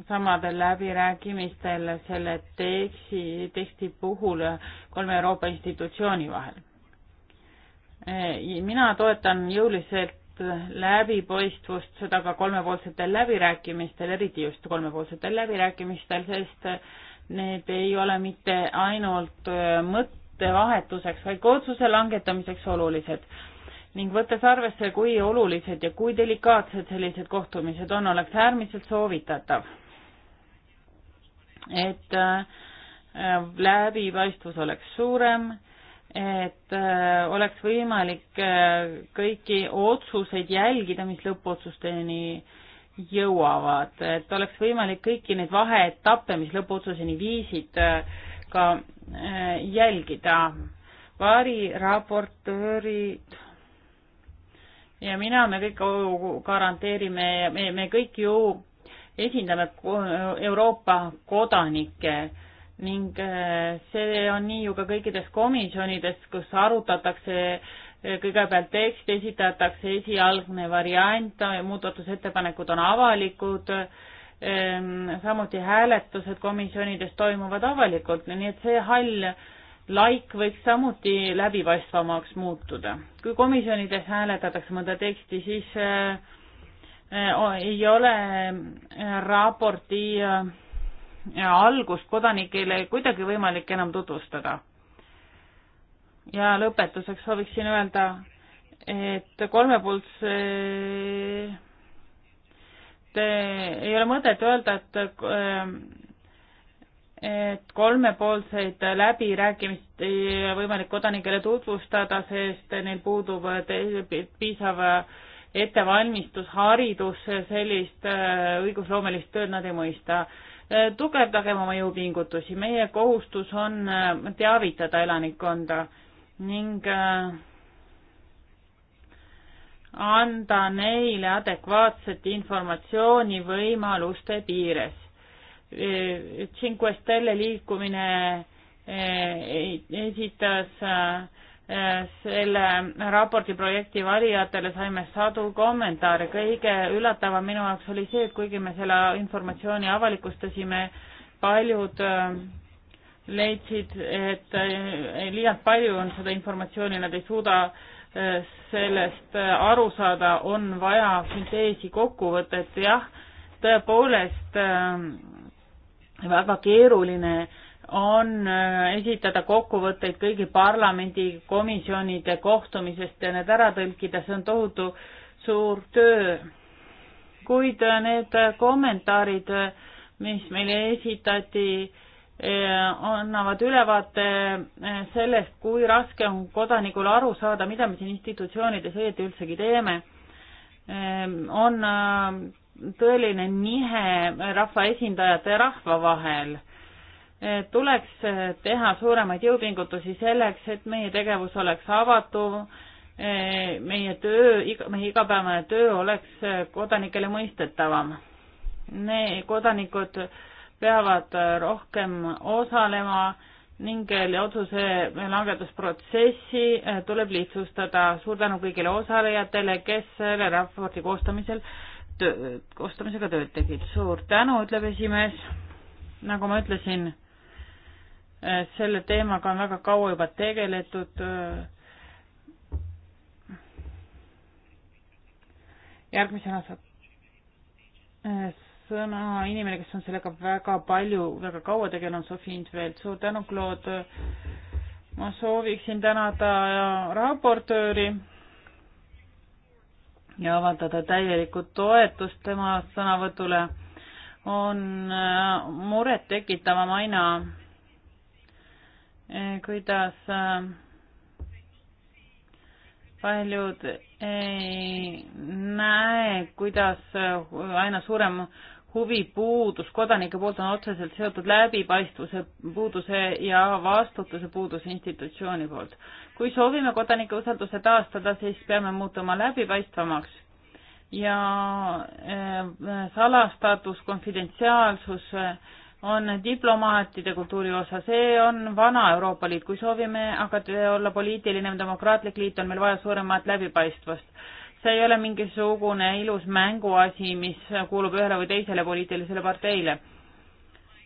samadel läbirääkimistel selle teksti, teksti puhul kolme Euroopa institutsiooni vahel. Äh, mina toetan jõuliselt läbipaistvust, seda ka kolmepoolsetel läbirääkimistel, eriti just kolmepoolsetel läbirääkimistel, sest Need ei ole mitte ainult äh, mõttevahetuseks, vaid ka otsuse langetamiseks olulised ning võttes arvesse, kui olulised ja kui delikaatsed sellised kohtumised on, oleks äärmiselt soovitatav, et äh, läbipaistvus oleks suurem, et äh, oleks võimalik kõiki otsuseid jälgida, mis lõppotsusteni jõuavad, et oleks võimalik kõiki neid vaheetappe, mis lõpuotsuseni viisid, ka äh, jälgida. variraportöörid ja mina, me kõik garanteerime, me, me kõik ju esindame Euroopa kodanikke ning äh, see on nii ju ka kõikides komisjonides, kus arutatakse äh, kõigepealt tekst esitatakse esialgne variant, muudatusettepanekud on avalikud, ehm, samuti hääletused komisjonides toimuvad avalikult, nii et see hall laik võiks samuti läbipaistvamaks muutuda. kui komisjonides hääletatakse mõnda teksti, siis eh, ei ole eh, raporti eh, algust kodanikele kuidagi võimalik enam tutvustada ja lõpetuseks sooviksin öelda, et kolmepoolse ei ole mõtet öelda, et äh, et kolmepoolseid läbirääkimist ei ole võimalik kodanikele tutvustada, sest neil puudub piisav ettevalmistus, haridus, sellist äh, õigusloomelist tööd nad ei mõista. Äh, tugevdagem oma jõupingutusi, meie kohustus on teavitada elanikkonda ning äh, anda neile adekvaatset informatsiooni võimaluste piires. Äh, Cinque Stelle liikumine äh, esitas selle raporti projekti valijatele saime sadu kommentaare, kõige üllatavam minu jaoks oli see, et kuigi me selle informatsiooni avalikustasime, paljud äh, leidsid, et eh, liialt palju on seda informatsiooni, nad ei suuda eh, sellest eh, aru saada, on vaja sünteesi kokkuvõtet, jah, tõepoolest väga keeruline on esitada kokkuvõtteid kõigi parlamendikomisjonide kohtumisest ja need ära tõlkida, see on tohutu suur töö. kuid need kommentaarid, mis meile esitati äh, annavad ülevaate eh, sellest, kui raske on kodanikul aru saada, mida me siin institutsioonides õieti üldsegi teeme. Ehm, on eh, tõeline nihe rahvaesindajate ja rahva vahel. Eh, tuleks teha suuremaid jõupingutusi selleks, et meie tegevus oleks avatum, meie töö, meie igapäevane töö oleks kodanikele mõistetavam. kodanikud peavad äh, rohkem osalema ning äh, otsuse langetusprotsessi äh, tuleb lihtsustada. suur tänu kõigile osalejatele, kes selle raporti koostamisel, koostamisega tööd tegid. suur tänu, ütleb esimees. nagu ma ütlesin, selle teemaga on väga kaua juba tegeletud järgmisena saab sõna inimene, kes on sellega väga palju, väga kaua tegelenud, Sofi Intvelt, suur tänu, Claude. ma sooviksin tänada raportööri ja avaldada täielikku toetust tema sõnavõtule. on äh, murettekitavam aina, äh, kuidas äh, paljud ei näe, kuidas aina suurem huvipuudus kodanike poolt on otseselt seotud läbipaistvuse puuduse ja vastutuse puuduse institutsiooni poolt. kui soovime kodanike usalduse taastada, siis peame muutuma läbipaistvamaks ja eh, salastatus, konfidentsiaalsus eh, on diplomaatide kultuuri osa, see on vana Euroopa Liit, kui soovime aga olla poliitiline demokraatlik liit, on meil vaja suuremat läbipaistvust see ei ole mingisugune ilus mänguasi, mis kuulub ühele või teisele poliitilisele parteile.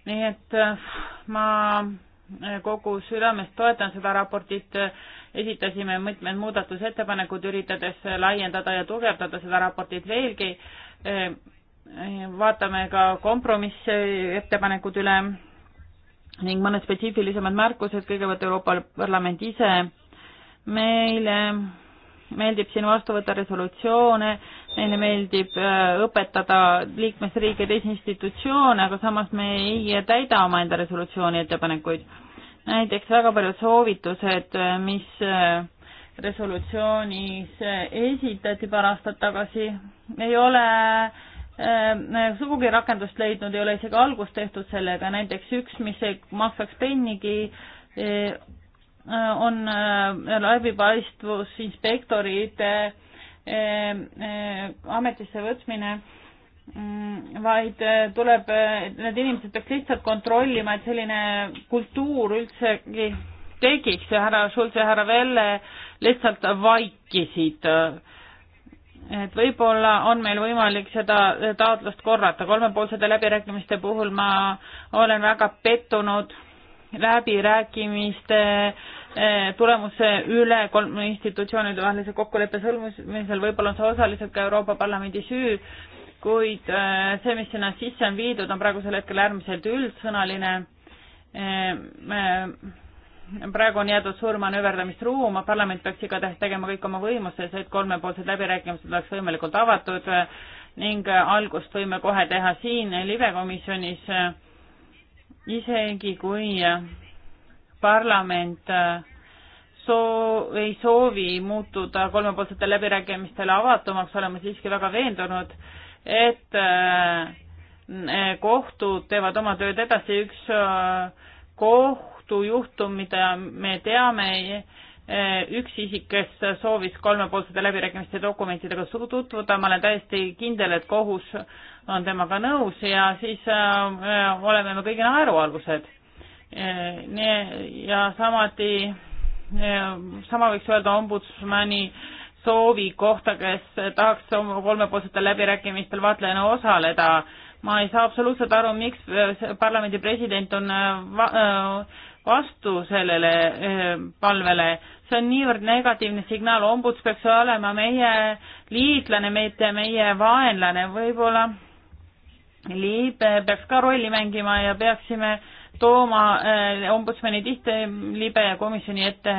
nii et äh, ma äh, kogu südamest toetan seda raportit, esitasime mitmed muudatusettepanekud, üritades laiendada ja tugevdada seda raportit veelgi. Äh, vaatame ka kompromissettepanekud üle ning mõned spetsiifilisemad märkused, kõigepealt Euroopa Parlament ise meile meeldib siin vastu võtta resolutsioone, meile meeldib äh, õpetada liikmesriike, teisi institutsioone, aga samas me ei täida omaenda resolutsiooni ettepanekuid. näiteks väga paljud soovitused, äh, mis äh, resolutsioonis esitati paar aastat tagasi, ei ole sugugi rakendust leidnud, ei ole isegi algust tehtud sellega, näiteks üks, mis ei maksaks pennigi, Äh, on äh, läbipaistvus inspektorite äh, ametisse võtmine, mm, vaid tuleb, need inimesed peaks lihtsalt kontrollima, et selline kultuur üldsegi tekiks ja härra Schulz ja härra Velle lihtsalt vaikisid. et võib-olla on meil võimalik seda taotlust korrata, kolmepoolsete läbirääkimiste puhul ma olen väga pettunud läbirääkimiste äh, Eh, tulemuse üle kolme institutsioonide vahelise kokkuleppe sõlmimisel, võib-olla on see osaliselt ka Euroopa Parlamendi süü, kuid eh, see, mis sinna sisse on viidud, on praegusel hetkel äärmiselt üldsõnaline. Eh, praegu on jäetud suur manööverdamisruum, parlament peaks igatahes tegema kõik oma võimuses, et kolmepoolsed läbirääkimised oleks võimalikult avatud ning algust võime kohe teha siin libekomisjonis, isegi kui parlament äh, soo-, ei soovi muutuda kolmepoolsetele läbirääkimistele avatumaks, oleme siiski väga veendunud, et äh, äh, kohtud teevad oma tööd edasi, üks kohtujuhtum, mida me teame, üks isik, kes soovis kolmepoolsete läbirääkimiste dokumentidega tutvuda, ma olen täiesti kindel, et kohus on temaga nõus ja siis oleme me kõigi naerualgused ja samuti, eh, sama võiks öelda ombudsmani soovi kohta, kes tahaks kolmepoolsetel läbirääkimistel vaatlejana osaleda. ma ei saa absoluutselt aru, miks eh, parlamendi president on eh, va-, vastu sellele palvele. see on niivõrd negatiivne signaal, ombuds peaks olema meie liitlane, mitte meie vaenlane, võib-olla liib peaks ka rolli mängima ja peaksime äh, tooma äh, ombudsmani tihti libe komisjoni ette,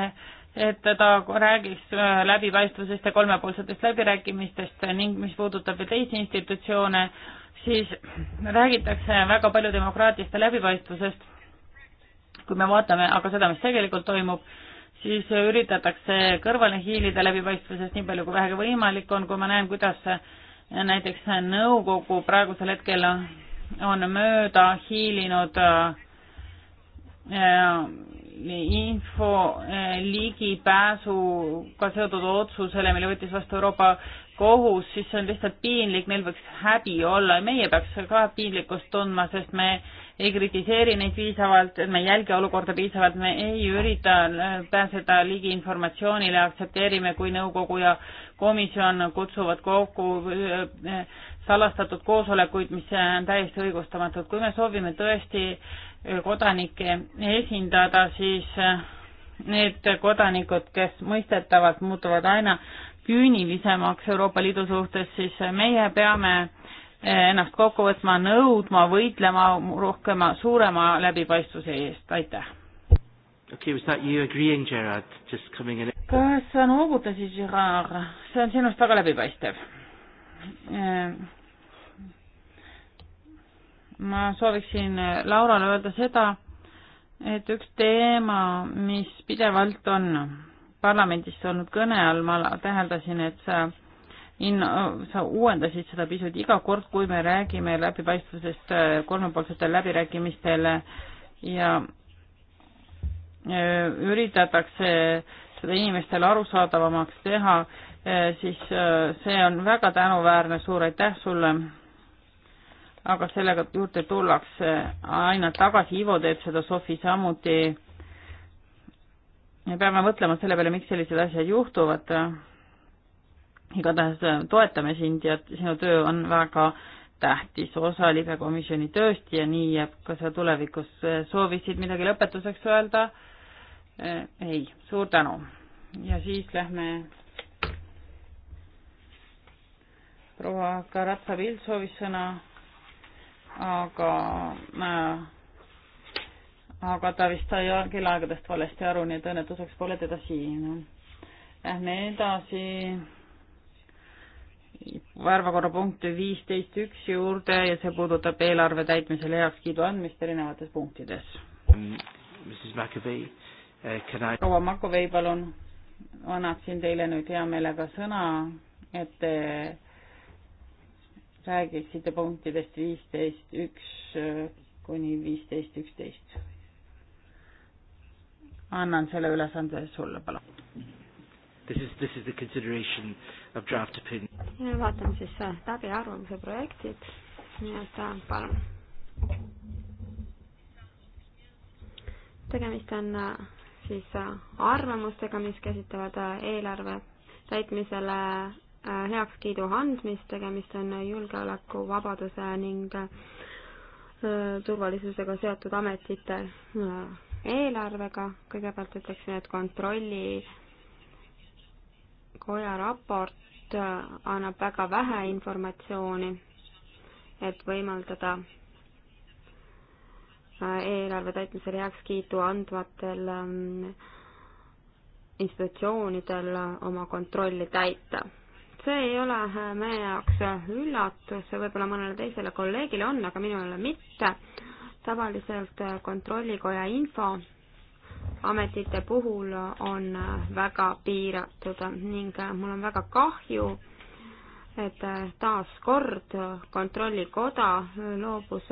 et ta räägiks äh, läbipaistvusest ja kolmepoolsetest läbirääkimistest ning mis puudutab veel teisi institutsioone, siis räägitakse väga palju demokraatiast ja läbipaistvusest. kui me vaatame aga seda, mis tegelikult toimub, siis üritatakse kõrvale hiilida läbipaistvusest nii palju kui vähegi võimalik on, kui ma näen, kuidas näiteks nõukogu praegusel hetkel on mööda hiilinud äh, Äh, info äh, ligipääsuga seotud otsusele, mille võttis vastu Euroopa kohus, siis see on lihtsalt piinlik, neil võiks häbi olla ja meie peaks ka piinlikkust tundma, sest me ei kritiseeri neid piisavalt, me ei jälgi olukorda piisavalt, me ei ürita äh, pääseda ligi informatsioonile, aktsepteerime, kui nõukogu ja komisjon kutsuvad kokku salastatud koosolekuid, mis on täiesti õigustamatud. kui me soovime tõesti äh, kodanikke esindada, siis äh, need kodanikud, kes mõistetavalt muutuvad aina küünilisemaks Euroopa Liidu suhtes, siis meie peame äh, ennast kokku võtma, nõudma, võitlema rohkema, suurema läbipaistvuse eest, aitäh. Okay, was that you agreeing, Gerard, just coming in? kas sa noogutasid, Gerard? see on sinust väga läbipaistev äh, ma sooviksin Laurale öelda seda, et üks teema, mis pidevalt on parlamendis olnud kõne all, ma täheldasin, et sa in-, sa uuendasid seda pisut iga kord, kui me räägime läbipaistvusest äh, kolmepoolsetel läbirääkimistel ja äh, üritatakse seda inimestele arusaadavamaks teha, äh, siis see on väga tänuväärne, suur aitäh sulle aga sellega juurde tullakse aina tagasi, Ivo teeb seda, Sofi samuti. me peame mõtlema selle peale, miks sellised asjad juhtuvad. igatahes äh, toetame sind ja sinu töö on väga tähtis osa libekomisjoni tööst ja nii jääb ka see tulevikus. soovisid midagi lõpetuseks öelda? Äh, ei, suur tänu. ja siis lähme proua Karatsa-Vill soovis sõna aga äh, aga ta vist sai kellaaegadest valesti aru, nii et õnnetuseks pole teda siin no.. Lähme edasi värvakorrapunkti viisteist üks juurde ja see puudutab eelarve täitmisele heakskiidu andmist erinevates punktides. Eh, proua Makovei, palun, ma annaksin teile nüüd hea meelega sõna, et te räägiksite punktidest viisteist üks äh, kuni viisteist üksteist. annan selle ülesande sulle, palun. This is, this is the consideration of draft opinion. vaatame siis äh, läbi arvamuse projektid, nii et äh, palun. tegemist on siis arvamustega, mis käsitlevad eelarve täitmisele Äh, heakskiidu andmist, tegemist on julgeoleku, vabaduse ning äh, turvalisusega seotud ametite äh, eelarvega. kõigepealt ütleksin, et kontrollikoja raport annab väga vähe informatsiooni, et võimaldada eelarve täitmisele heakskiitu andvatel ähm, institutsioonidel oma kontrolli täita see ei ole äh, meie jaoks äh, üllatus, võib-olla mõnele teisele kolleegile on, aga minule mitte. tavaliselt äh, Kontrollikoja info ametite puhul on väga piiratud ning mul on väga kahju, et taaskord Kontrollikoda loobus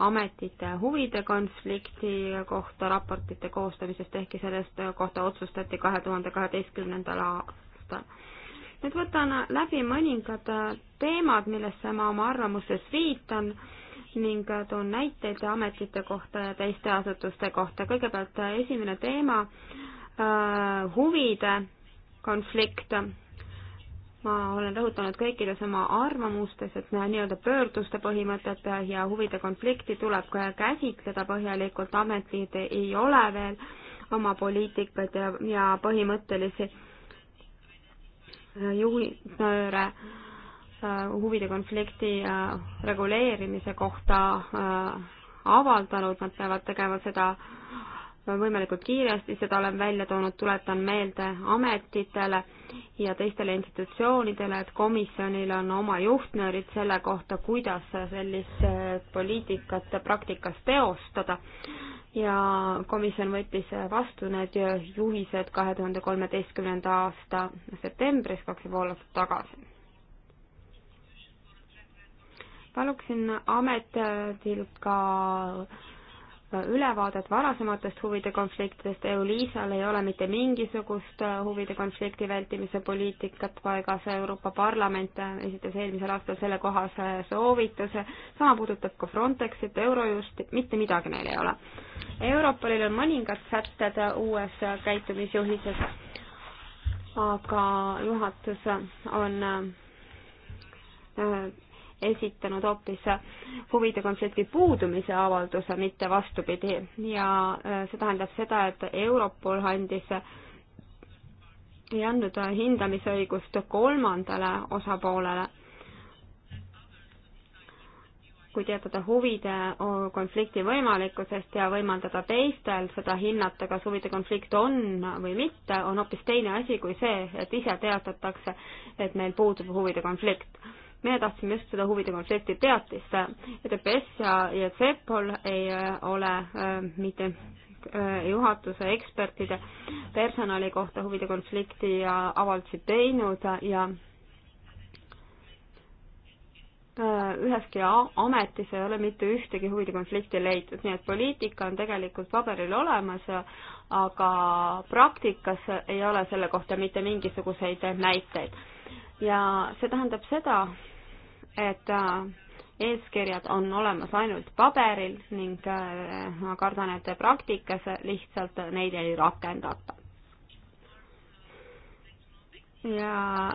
ametite huvide konflikti kohta raportite koostamisest, ehkki sellest kohta otsustati kahe tuhande kaheteistkümnendal aastal nüüd võtan läbi mõningad äh, teemad, millesse ma oma arvamuses viitan ning äh, toon näiteid ametite kohta ja teiste asutuste kohta. kõigepealt äh, esimene teema, huvide konflikt. ma olen rõhutanud kõikides oma arvamustes, et nii-öelda pöörduste põhimõtet ja huvide konflikti tuleb käsitleda põhjalikult, ametid ei ole veel oma poliitikat ja, ja põhimõttelisi juhinööre äh, huvide konflikti äh, reguleerimise kohta äh, avaldanud, nad peavad tegema seda võimalikult kiiresti, seda olen välja toonud, tuletan meelde ametitele ja teistele institutsioonidele, et komisjonil on oma juhtnöörid selle kohta, kuidas sellist poliitikat praktikas teostada ja komisjon võttis vastu need juhised kahe tuhande kolmeteistkümnenda aasta septembris, kaks ja pool aastat tagasi. paluksin ametilt ka ülevaadet varasematest huvide konfliktidest, EU-Liisal ei ole mitte mingisugust äh, huvide konflikti vältimise poliitikat paigas, Euroopa Parlament äh, esitas eelmisel aastal sellekohase soovituse, sama puudutab ka Frontexit, Eurojusti, mitte midagi neil ei ole. Europolil on mõningad sätted uues käitumisjuhises, aga juhatus on äh, esitanud hoopis huvide konflikti puudumise avalduse, mitte vastupidi. ja äh, see tähendab seda, et Europol andis, äh, ei andnud äh, hindamisõigust kolmandale osapoolele. kui teatada huvide konflikti võimalikkusest ja võimaldada teistel seda hinnata, kas huvide konflikt on või mitte, on hoopis teine asi kui see, et ise teatatakse, et meil puudub huvide konflikt meie tahtsime just seda huvide konflikti teatist. EDPS ja, ja CEPOL ei äh, ole äh, mitte äh, juhatuse ekspertide personali kohta huvide konflikti avaldusi teinud ja üheski ametis ei ole mitte ühtegi huvide konflikti leitud, nii et poliitika on tegelikult paberil olemas, aga praktikas ei ole selle kohta mitte mingisuguseid näiteid. ja see tähendab seda, et äh, eeskirjad on olemas ainult paberil ning äh, ma kardan, et praktikas lihtsalt neid ei rakendata. ja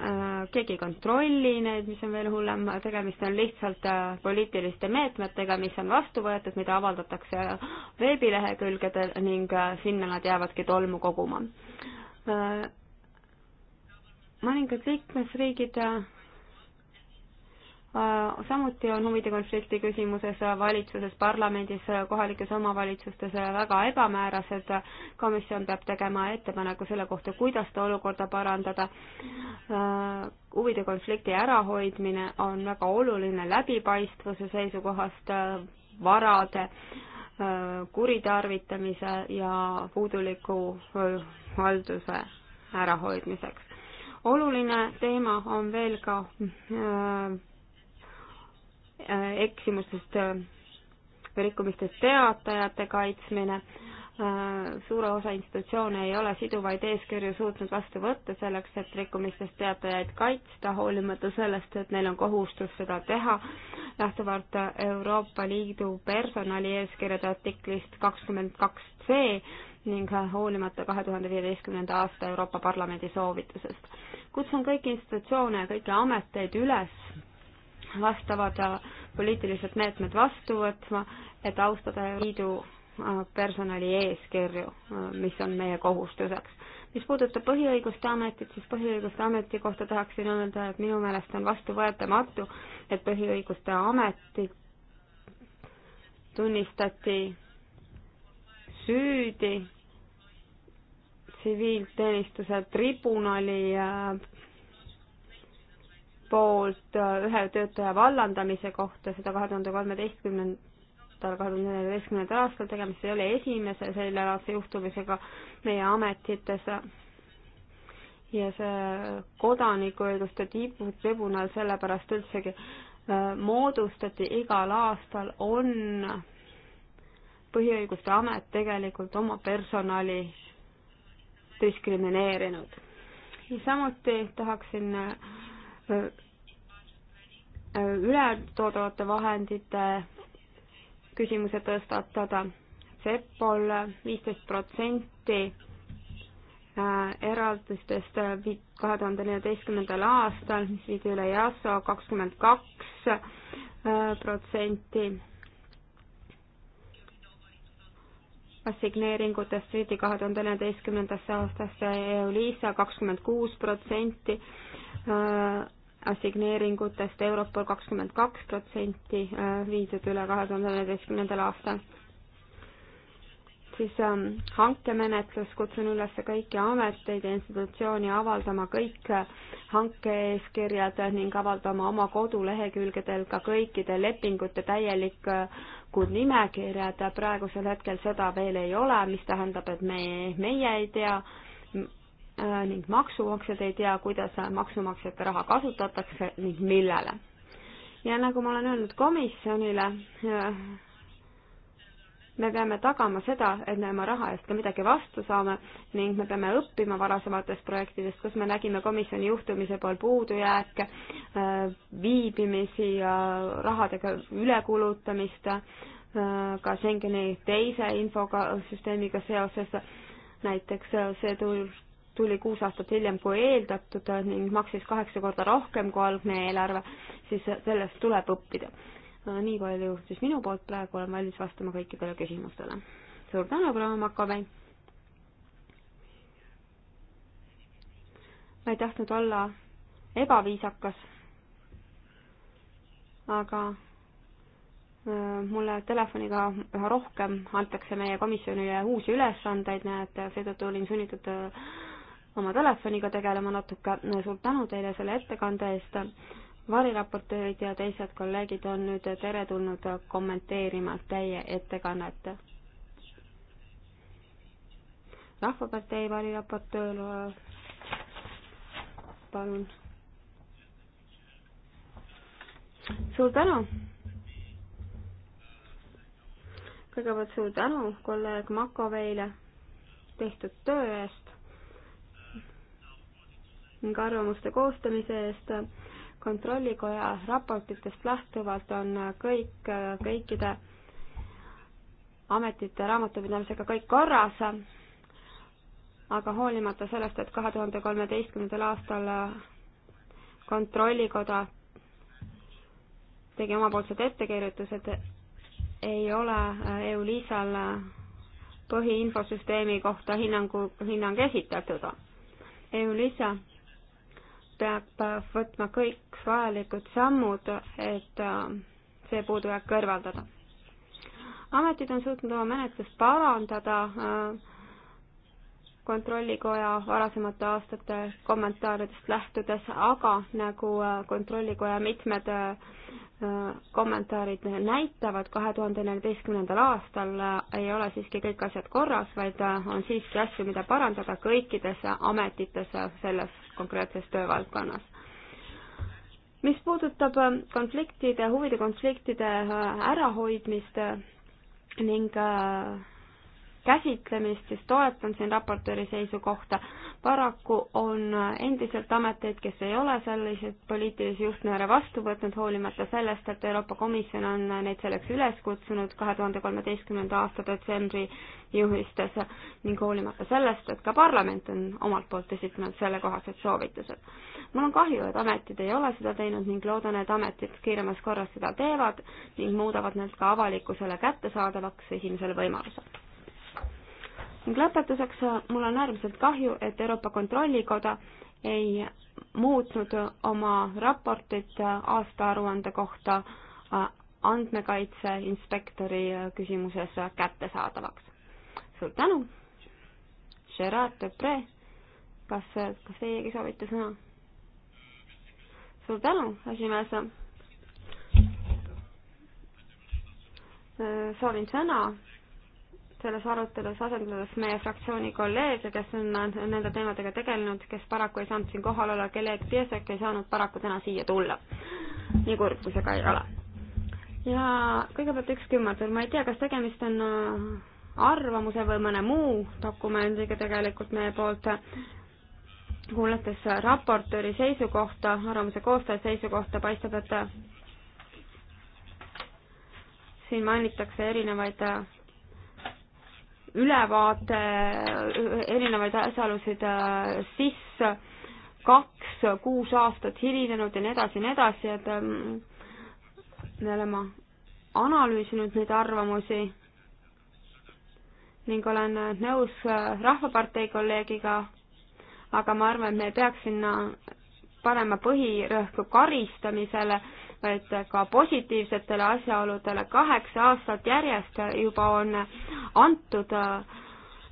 äh, keegi ei kontrolli neid, mis on veel hullem, tegemist on lihtsalt poliitiliste meetmetega, mis on vastu võetud, mida avaldatakse veebilehekülgedel ning sinna nad jäävadki tolmu koguma mõningad liikmesriigid Äh, samuti on huvide konflikti küsimuses äh, valitsuses, parlamendis, äh, kohalikes omavalitsustes väga ebamäärased. komisjon peab tegema ettepaneku selle kohta, kuidas seda olukorda parandada. huvide konflikti ärahoidmine on väga oluline läbipaistvuse seisukohast, varade kuritarvitamise ja puuduliku halduse ärahoidmiseks. oluline teema on veel ka öö, Äh, eksimustest või äh, rikkumistest teatajate kaitsmine, äh, suure osa institutsioone ei ole siduvaid eeskirju suutnud vastu võtta selleks, et rikkumistest teatajaid kaitsta, hoolimata sellest, et neil on kohustus seda teha lähtuvalt Euroopa Liidu personali eeskirjade artiklist kakskümmend kaks C ning hoolimata kahe tuhande viieteistkümnenda aasta Euroopa Parlamendi soovitusest. kutsun kõiki institutsioone ja kõiki ameteid üles vastavad äh, poliitilised meetmed vastu võtma, et austada liidu äh, personali eeskirju, äh, mis on meie kohustuseks. mis puudutab Põhiõiguste Ametit, siis Põhiõiguste Ameti kohta tahaksin öelda, et minu meelest on vastuvõetamatu, et Põhiõiguste Ametit tunnistati süüdi tsiviilteenistuse tribunali poolt äh, ühe töötaja vallandamise kohta, seda kahe tuhande kolmeteistkümnendal, kahe tuhande neljateistkümnendal aastal, tegemist ei ole esimese selle aasta juhtumisega meie ametites. ja see kodanikuõiguste tiputribunal sellepärast üldsegi äh, moodustati igal aastal, on põhiõiguste amet tegelikult oma personali diskrimineerinud. ja samuti tahaksin äh, ületoodavate vahendite küsimuse tõstatada. Sepol viisteist protsenti äh, eraldistest kahe tuhande neljateistkümnendal aastal, mis viidi üle JASO kakskümmend kaks äh, protsenti. assigneeringutest viidi kahe tuhande neljateistkümnendasse aastasse EU-LISA kakskümmend kuus protsenti äh, assigneeringutest Europol kakskümmend kaks protsenti äh, viidud üle kahe tuhande üheteistkümnendal aastal. siis ähm, hankemenetlus, kutsun üles kõiki ameteid ja institutsiooni avaldama kõik äh, hanke-eeskirjad ning avaldama oma kodulehekülgedel ka kõikide lepingute täielikud äh, nimekirjad, praegusel hetkel seda veel ei ole, mis tähendab, et me, meie ei tea, Äh, ning maksumaksjad ei tea, kuidas maksumaksjate raha kasutatakse ning millele. ja nagu ma olen öelnud komisjonile, äh, me peame tagama seda, et me oma raha eest ka midagi vastu saame ning me peame õppima varasematest projektidest, kus me nägime komisjoni juhtumise pool puudujääke, äh, viibimisi ja rahadega ülekulutamist, ka Schengeni teise infosüsteemiga seoses näiteks see tuli, tuli kuus aastat hiljem kui eeldatud ning maksis kaheksa korda rohkem kui algne eelarve, siis sellest tuleb õppida. nii palju siis minu poolt, praegu olen valmis vastama kõikidele küsimustele. suur tänu, proua Makovei! ma ei tahtnud olla ebaviisakas, aga äh, mulle telefoniga üha rohkem antakse meie komisjonile uusi ülesandeid, näed, seetõttu olin sunnitud äh, oma telefoniga tegelema natuke. suur tänu teile selle ettekande eest. variraportöörid ja teised kolleegid on nüüd teretulnud kommenteerima teie ettekannet. rahvapartei variraportöör, palun. suur tänu kõigepealt suur tänu kolleeg Makoveile tehtud töö eest ning arvamuste koostamise eest. kontrollikoja raportitest lähtuvalt on kõik, kõikide ametite raamatupidamisega kõik korras, aga hoolimata sellest, et kahe tuhande kolmeteistkümnendal aastal kontrollikoda tegi omapoolsed ettekirjutused, ei ole EULISal põhiinfosüsteemi kohta hinnangu, hinnang esitatud. EULISA peab äh, võtma kõik vajalikud sammud, et äh, see puudujääk kõrvaldada. ametid on suutnud oma menetlust parandada äh, kontrollikoja varasemate aastate kommentaaridest lähtudes, aga nagu kontrollikoja mitmed kommentaarid näitavad, kahe tuhande neljateistkümnendal aastal ei ole siiski kõik asjad korras, vaid on siiski asju, mida parandada kõikides ametites selles konkreetses töövaldkonnas. mis puudutab äh, konfliktide, huvide konfliktide äh, ärahoidmist äh, ning käsitlemist, siis toetan siin raportööri seisukohta. paraku on endiselt ameteid, kes ei ole selliseid poliitilisi juhtnööre vastu võtnud, hoolimata sellest, et Euroopa Komisjon on neid selleks üles kutsunud kahe tuhande kolmeteistkümnenda aasta detsembri juhistes ning hoolimata sellest, et ka parlament on omalt poolt esitanud sellekohased soovitused. mul on kahju, et ametid ei ole seda teinud ning loodan, et ametid kiiremas korras seda teevad ning muudavad need ka avalikkusele kättesaadavaks esimesel võimalusel ning lõpetuseks, mul on äärmiselt kahju, et Euroopa Kontrollikoda ei muutnud oma raportit aastaaruande kohta äh, andmekaitse inspektori äh, küsimuses kättesaadavaks. suur tänu, Gerard Depre, kas, kas teiegi soovite sõna? suur tänu, esimees. Äh, soovin sõna selles arutelus asendades meie fraktsiooni kolleege, kes on nende teemadega tegelenud, kes paraku ei saanud siin kohal olla, Kelly Piesek ei saanud paraku täna siia tulla. nii kurb, kui see ka ei ole. ja kõigepealt üks kümmendur, ma ei tea, kas tegemist on äh, arvamuse või mõne muu dokumendiga tegelikult meie poolt, kuulates raportööri seisukohta, arvamuse koostaja seisukohta, paistab, et siin mainitakse erinevaid äh, ülevaate, äh, erinevaid asjaolusid äh, sisse, kaks, kuus aastat hilinenud ja nii edasi ja nii edasi, et ähm, me oleme analüüsinud neid arvamusi ning olen äh, nõus Rahvapartei kolleegiga, aga ma arvan, et me peaks sinna panema põhirõhku karistamisele vaid ka positiivsetele asjaoludele. kaheksa aastat järjest juba on antud äh,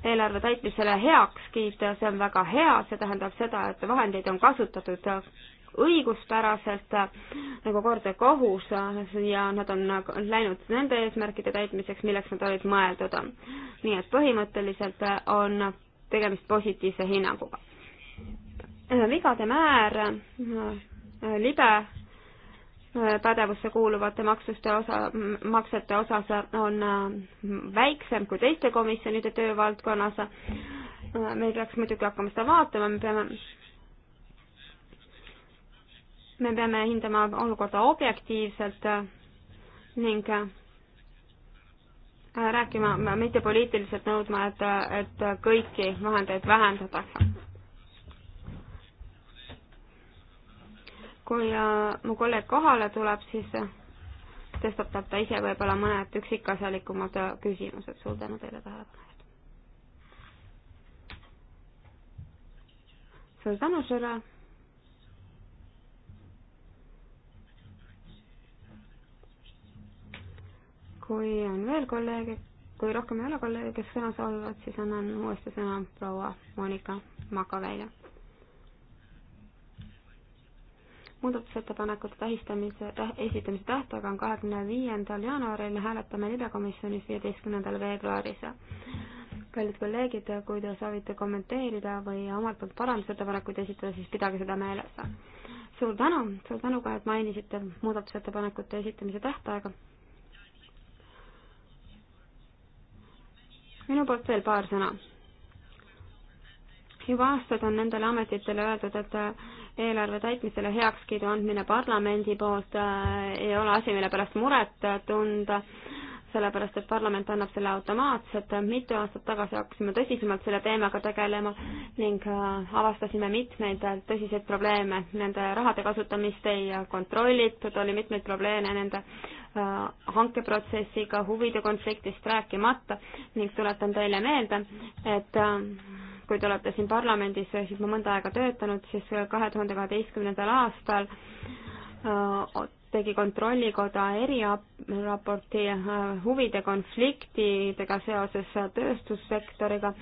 eelarve täitmisele heakskiit, see on väga hea, see tähendab seda, et vahendeid on kasutatud õiguspäraselt äh, nagu kord ja kohus äh, ja nad on nagu läinud nende eesmärkide täitmiseks, milleks nad olid mõeldud. nii et põhimõtteliselt on tegemist positiivse hinnanguga. vigade määr libe pädevusse kuuluvate maksuste osa, maksete osas on äh, väiksem kui teiste komisjonide töövaldkonnas. me peaks muidugi hakkama seda vaatama, me peame, me peame hindama olukorda objektiivselt ning äh, rääkima, mitte poliitiliselt nõudma, et, et kõiki vahendeid vähendatakse kui äh, mu kolleeg kohale tuleb, siis äh, tõstatab ta ise võib-olla mõned üksikasjalikumad äh, küsimused. suur tänu teile tähelepanu eest. suur tänu sulle. kui on veel kolleege, kui rohkem ei ole kolleege, kes sõna soovivad, siis annan uuesti sõna proua Monika Makaväljale. muudatusettepanekute tähistamise, esitamise tähtaeg on kahekümne viiendal jaanuaril, hääletame libekomisjonis viieteistkümnendal veebruaris. kallid kolleegid, kui te soovite kommenteerida või omalt poolt parandusettepanekuid esitada, siis pidage seda meeles. suur tänu, suur tänu ka, et mainisite muudatusettepanekute esitamise tähtaega. minu poolt veel paar sõna. juba aastaid on nendele ametitele öeldud, et eelarve täitmisele heakskiidu andmine parlamendi poolt äh, ei ole asi, mille pärast muret tunda, sellepärast et parlament annab selle automaatselt. mitu aastat tagasi hakkasime tõsisemalt selle teemaga tegelema ning äh, avastasime mitmeid tõsiseid probleeme. Nende rahade kasutamist ei kontrollitud, oli mitmeid probleeme nende äh, hankeprotsessiga, huvide konfliktist rääkimata ning tuletan teile meelde, et kui te olete siin parlamendis siis ma mõnda aega töötanud, siis kahe tuhande kaheteistkümnendal aastal äh, tegi Kontrollikoda eriraporti äh, huvide konfliktidega seoses tööstussektoriga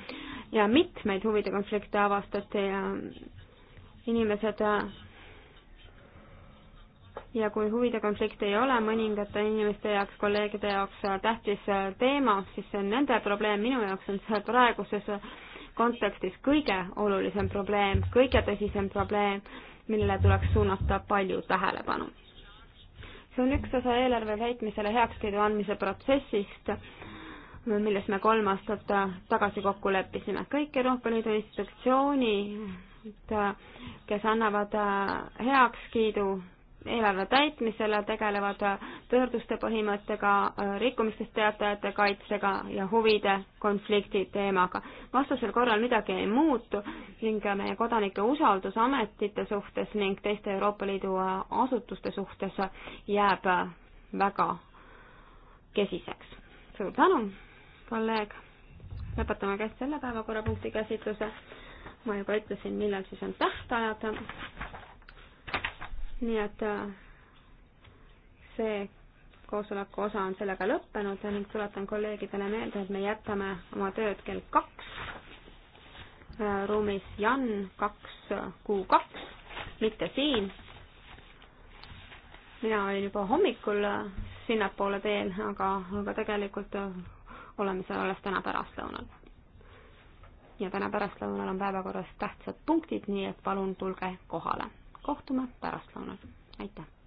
ja mitmeid huvide konflikte avastati ja äh, inimesed ja kui huvide konflikt ei ole mõningate inimeste jaoks, kolleegide jaoks tähtis teema, siis see on nende probleem, minu jaoks on see praeguses kontekstis kõige olulisem probleem, kõige tõsisem probleem, millele tuleks suunata palju tähelepanu. see on üks osa eelarve täitmisele heakskiidu andmise protsessist, milles me kolm aastat tagasi kokku leppisime. kõik Euroopa Liidu institutsioonid, kes annavad heakskiidu eelarve täitmisele, tegelevad pöörduste põhimõttega, rikkumistest teatajate kaitsega ja huvide konflikti teemaga. vastasel korral midagi ei muutu ning meie kodanike usaldus ametite suhtes ning teiste Euroopa Liidu asutuste suhtes jääb väga kesiseks. suur tänu, kolleeg. lõpetame käest selle päevakorrapunkti käsitluse. ma juba ütlesin, millal siis on tähtajad nii et äh, see koosoleku osa on sellega lõppenud ning tuletan kolleegidele meelde, et me jätkame oma tööd kell kaks äh, ruumis Jan kaks kuu kaks, mitte siin. mina olin juba hommikul äh, sinnapoole teel, aga, aga tegelikult oleme seal alles täna pärastlõunal. ja täna pärastlõunal on päevakorras tähtsad punktid, nii et palun tulge kohale kohtume pärastlõunal, aitäh!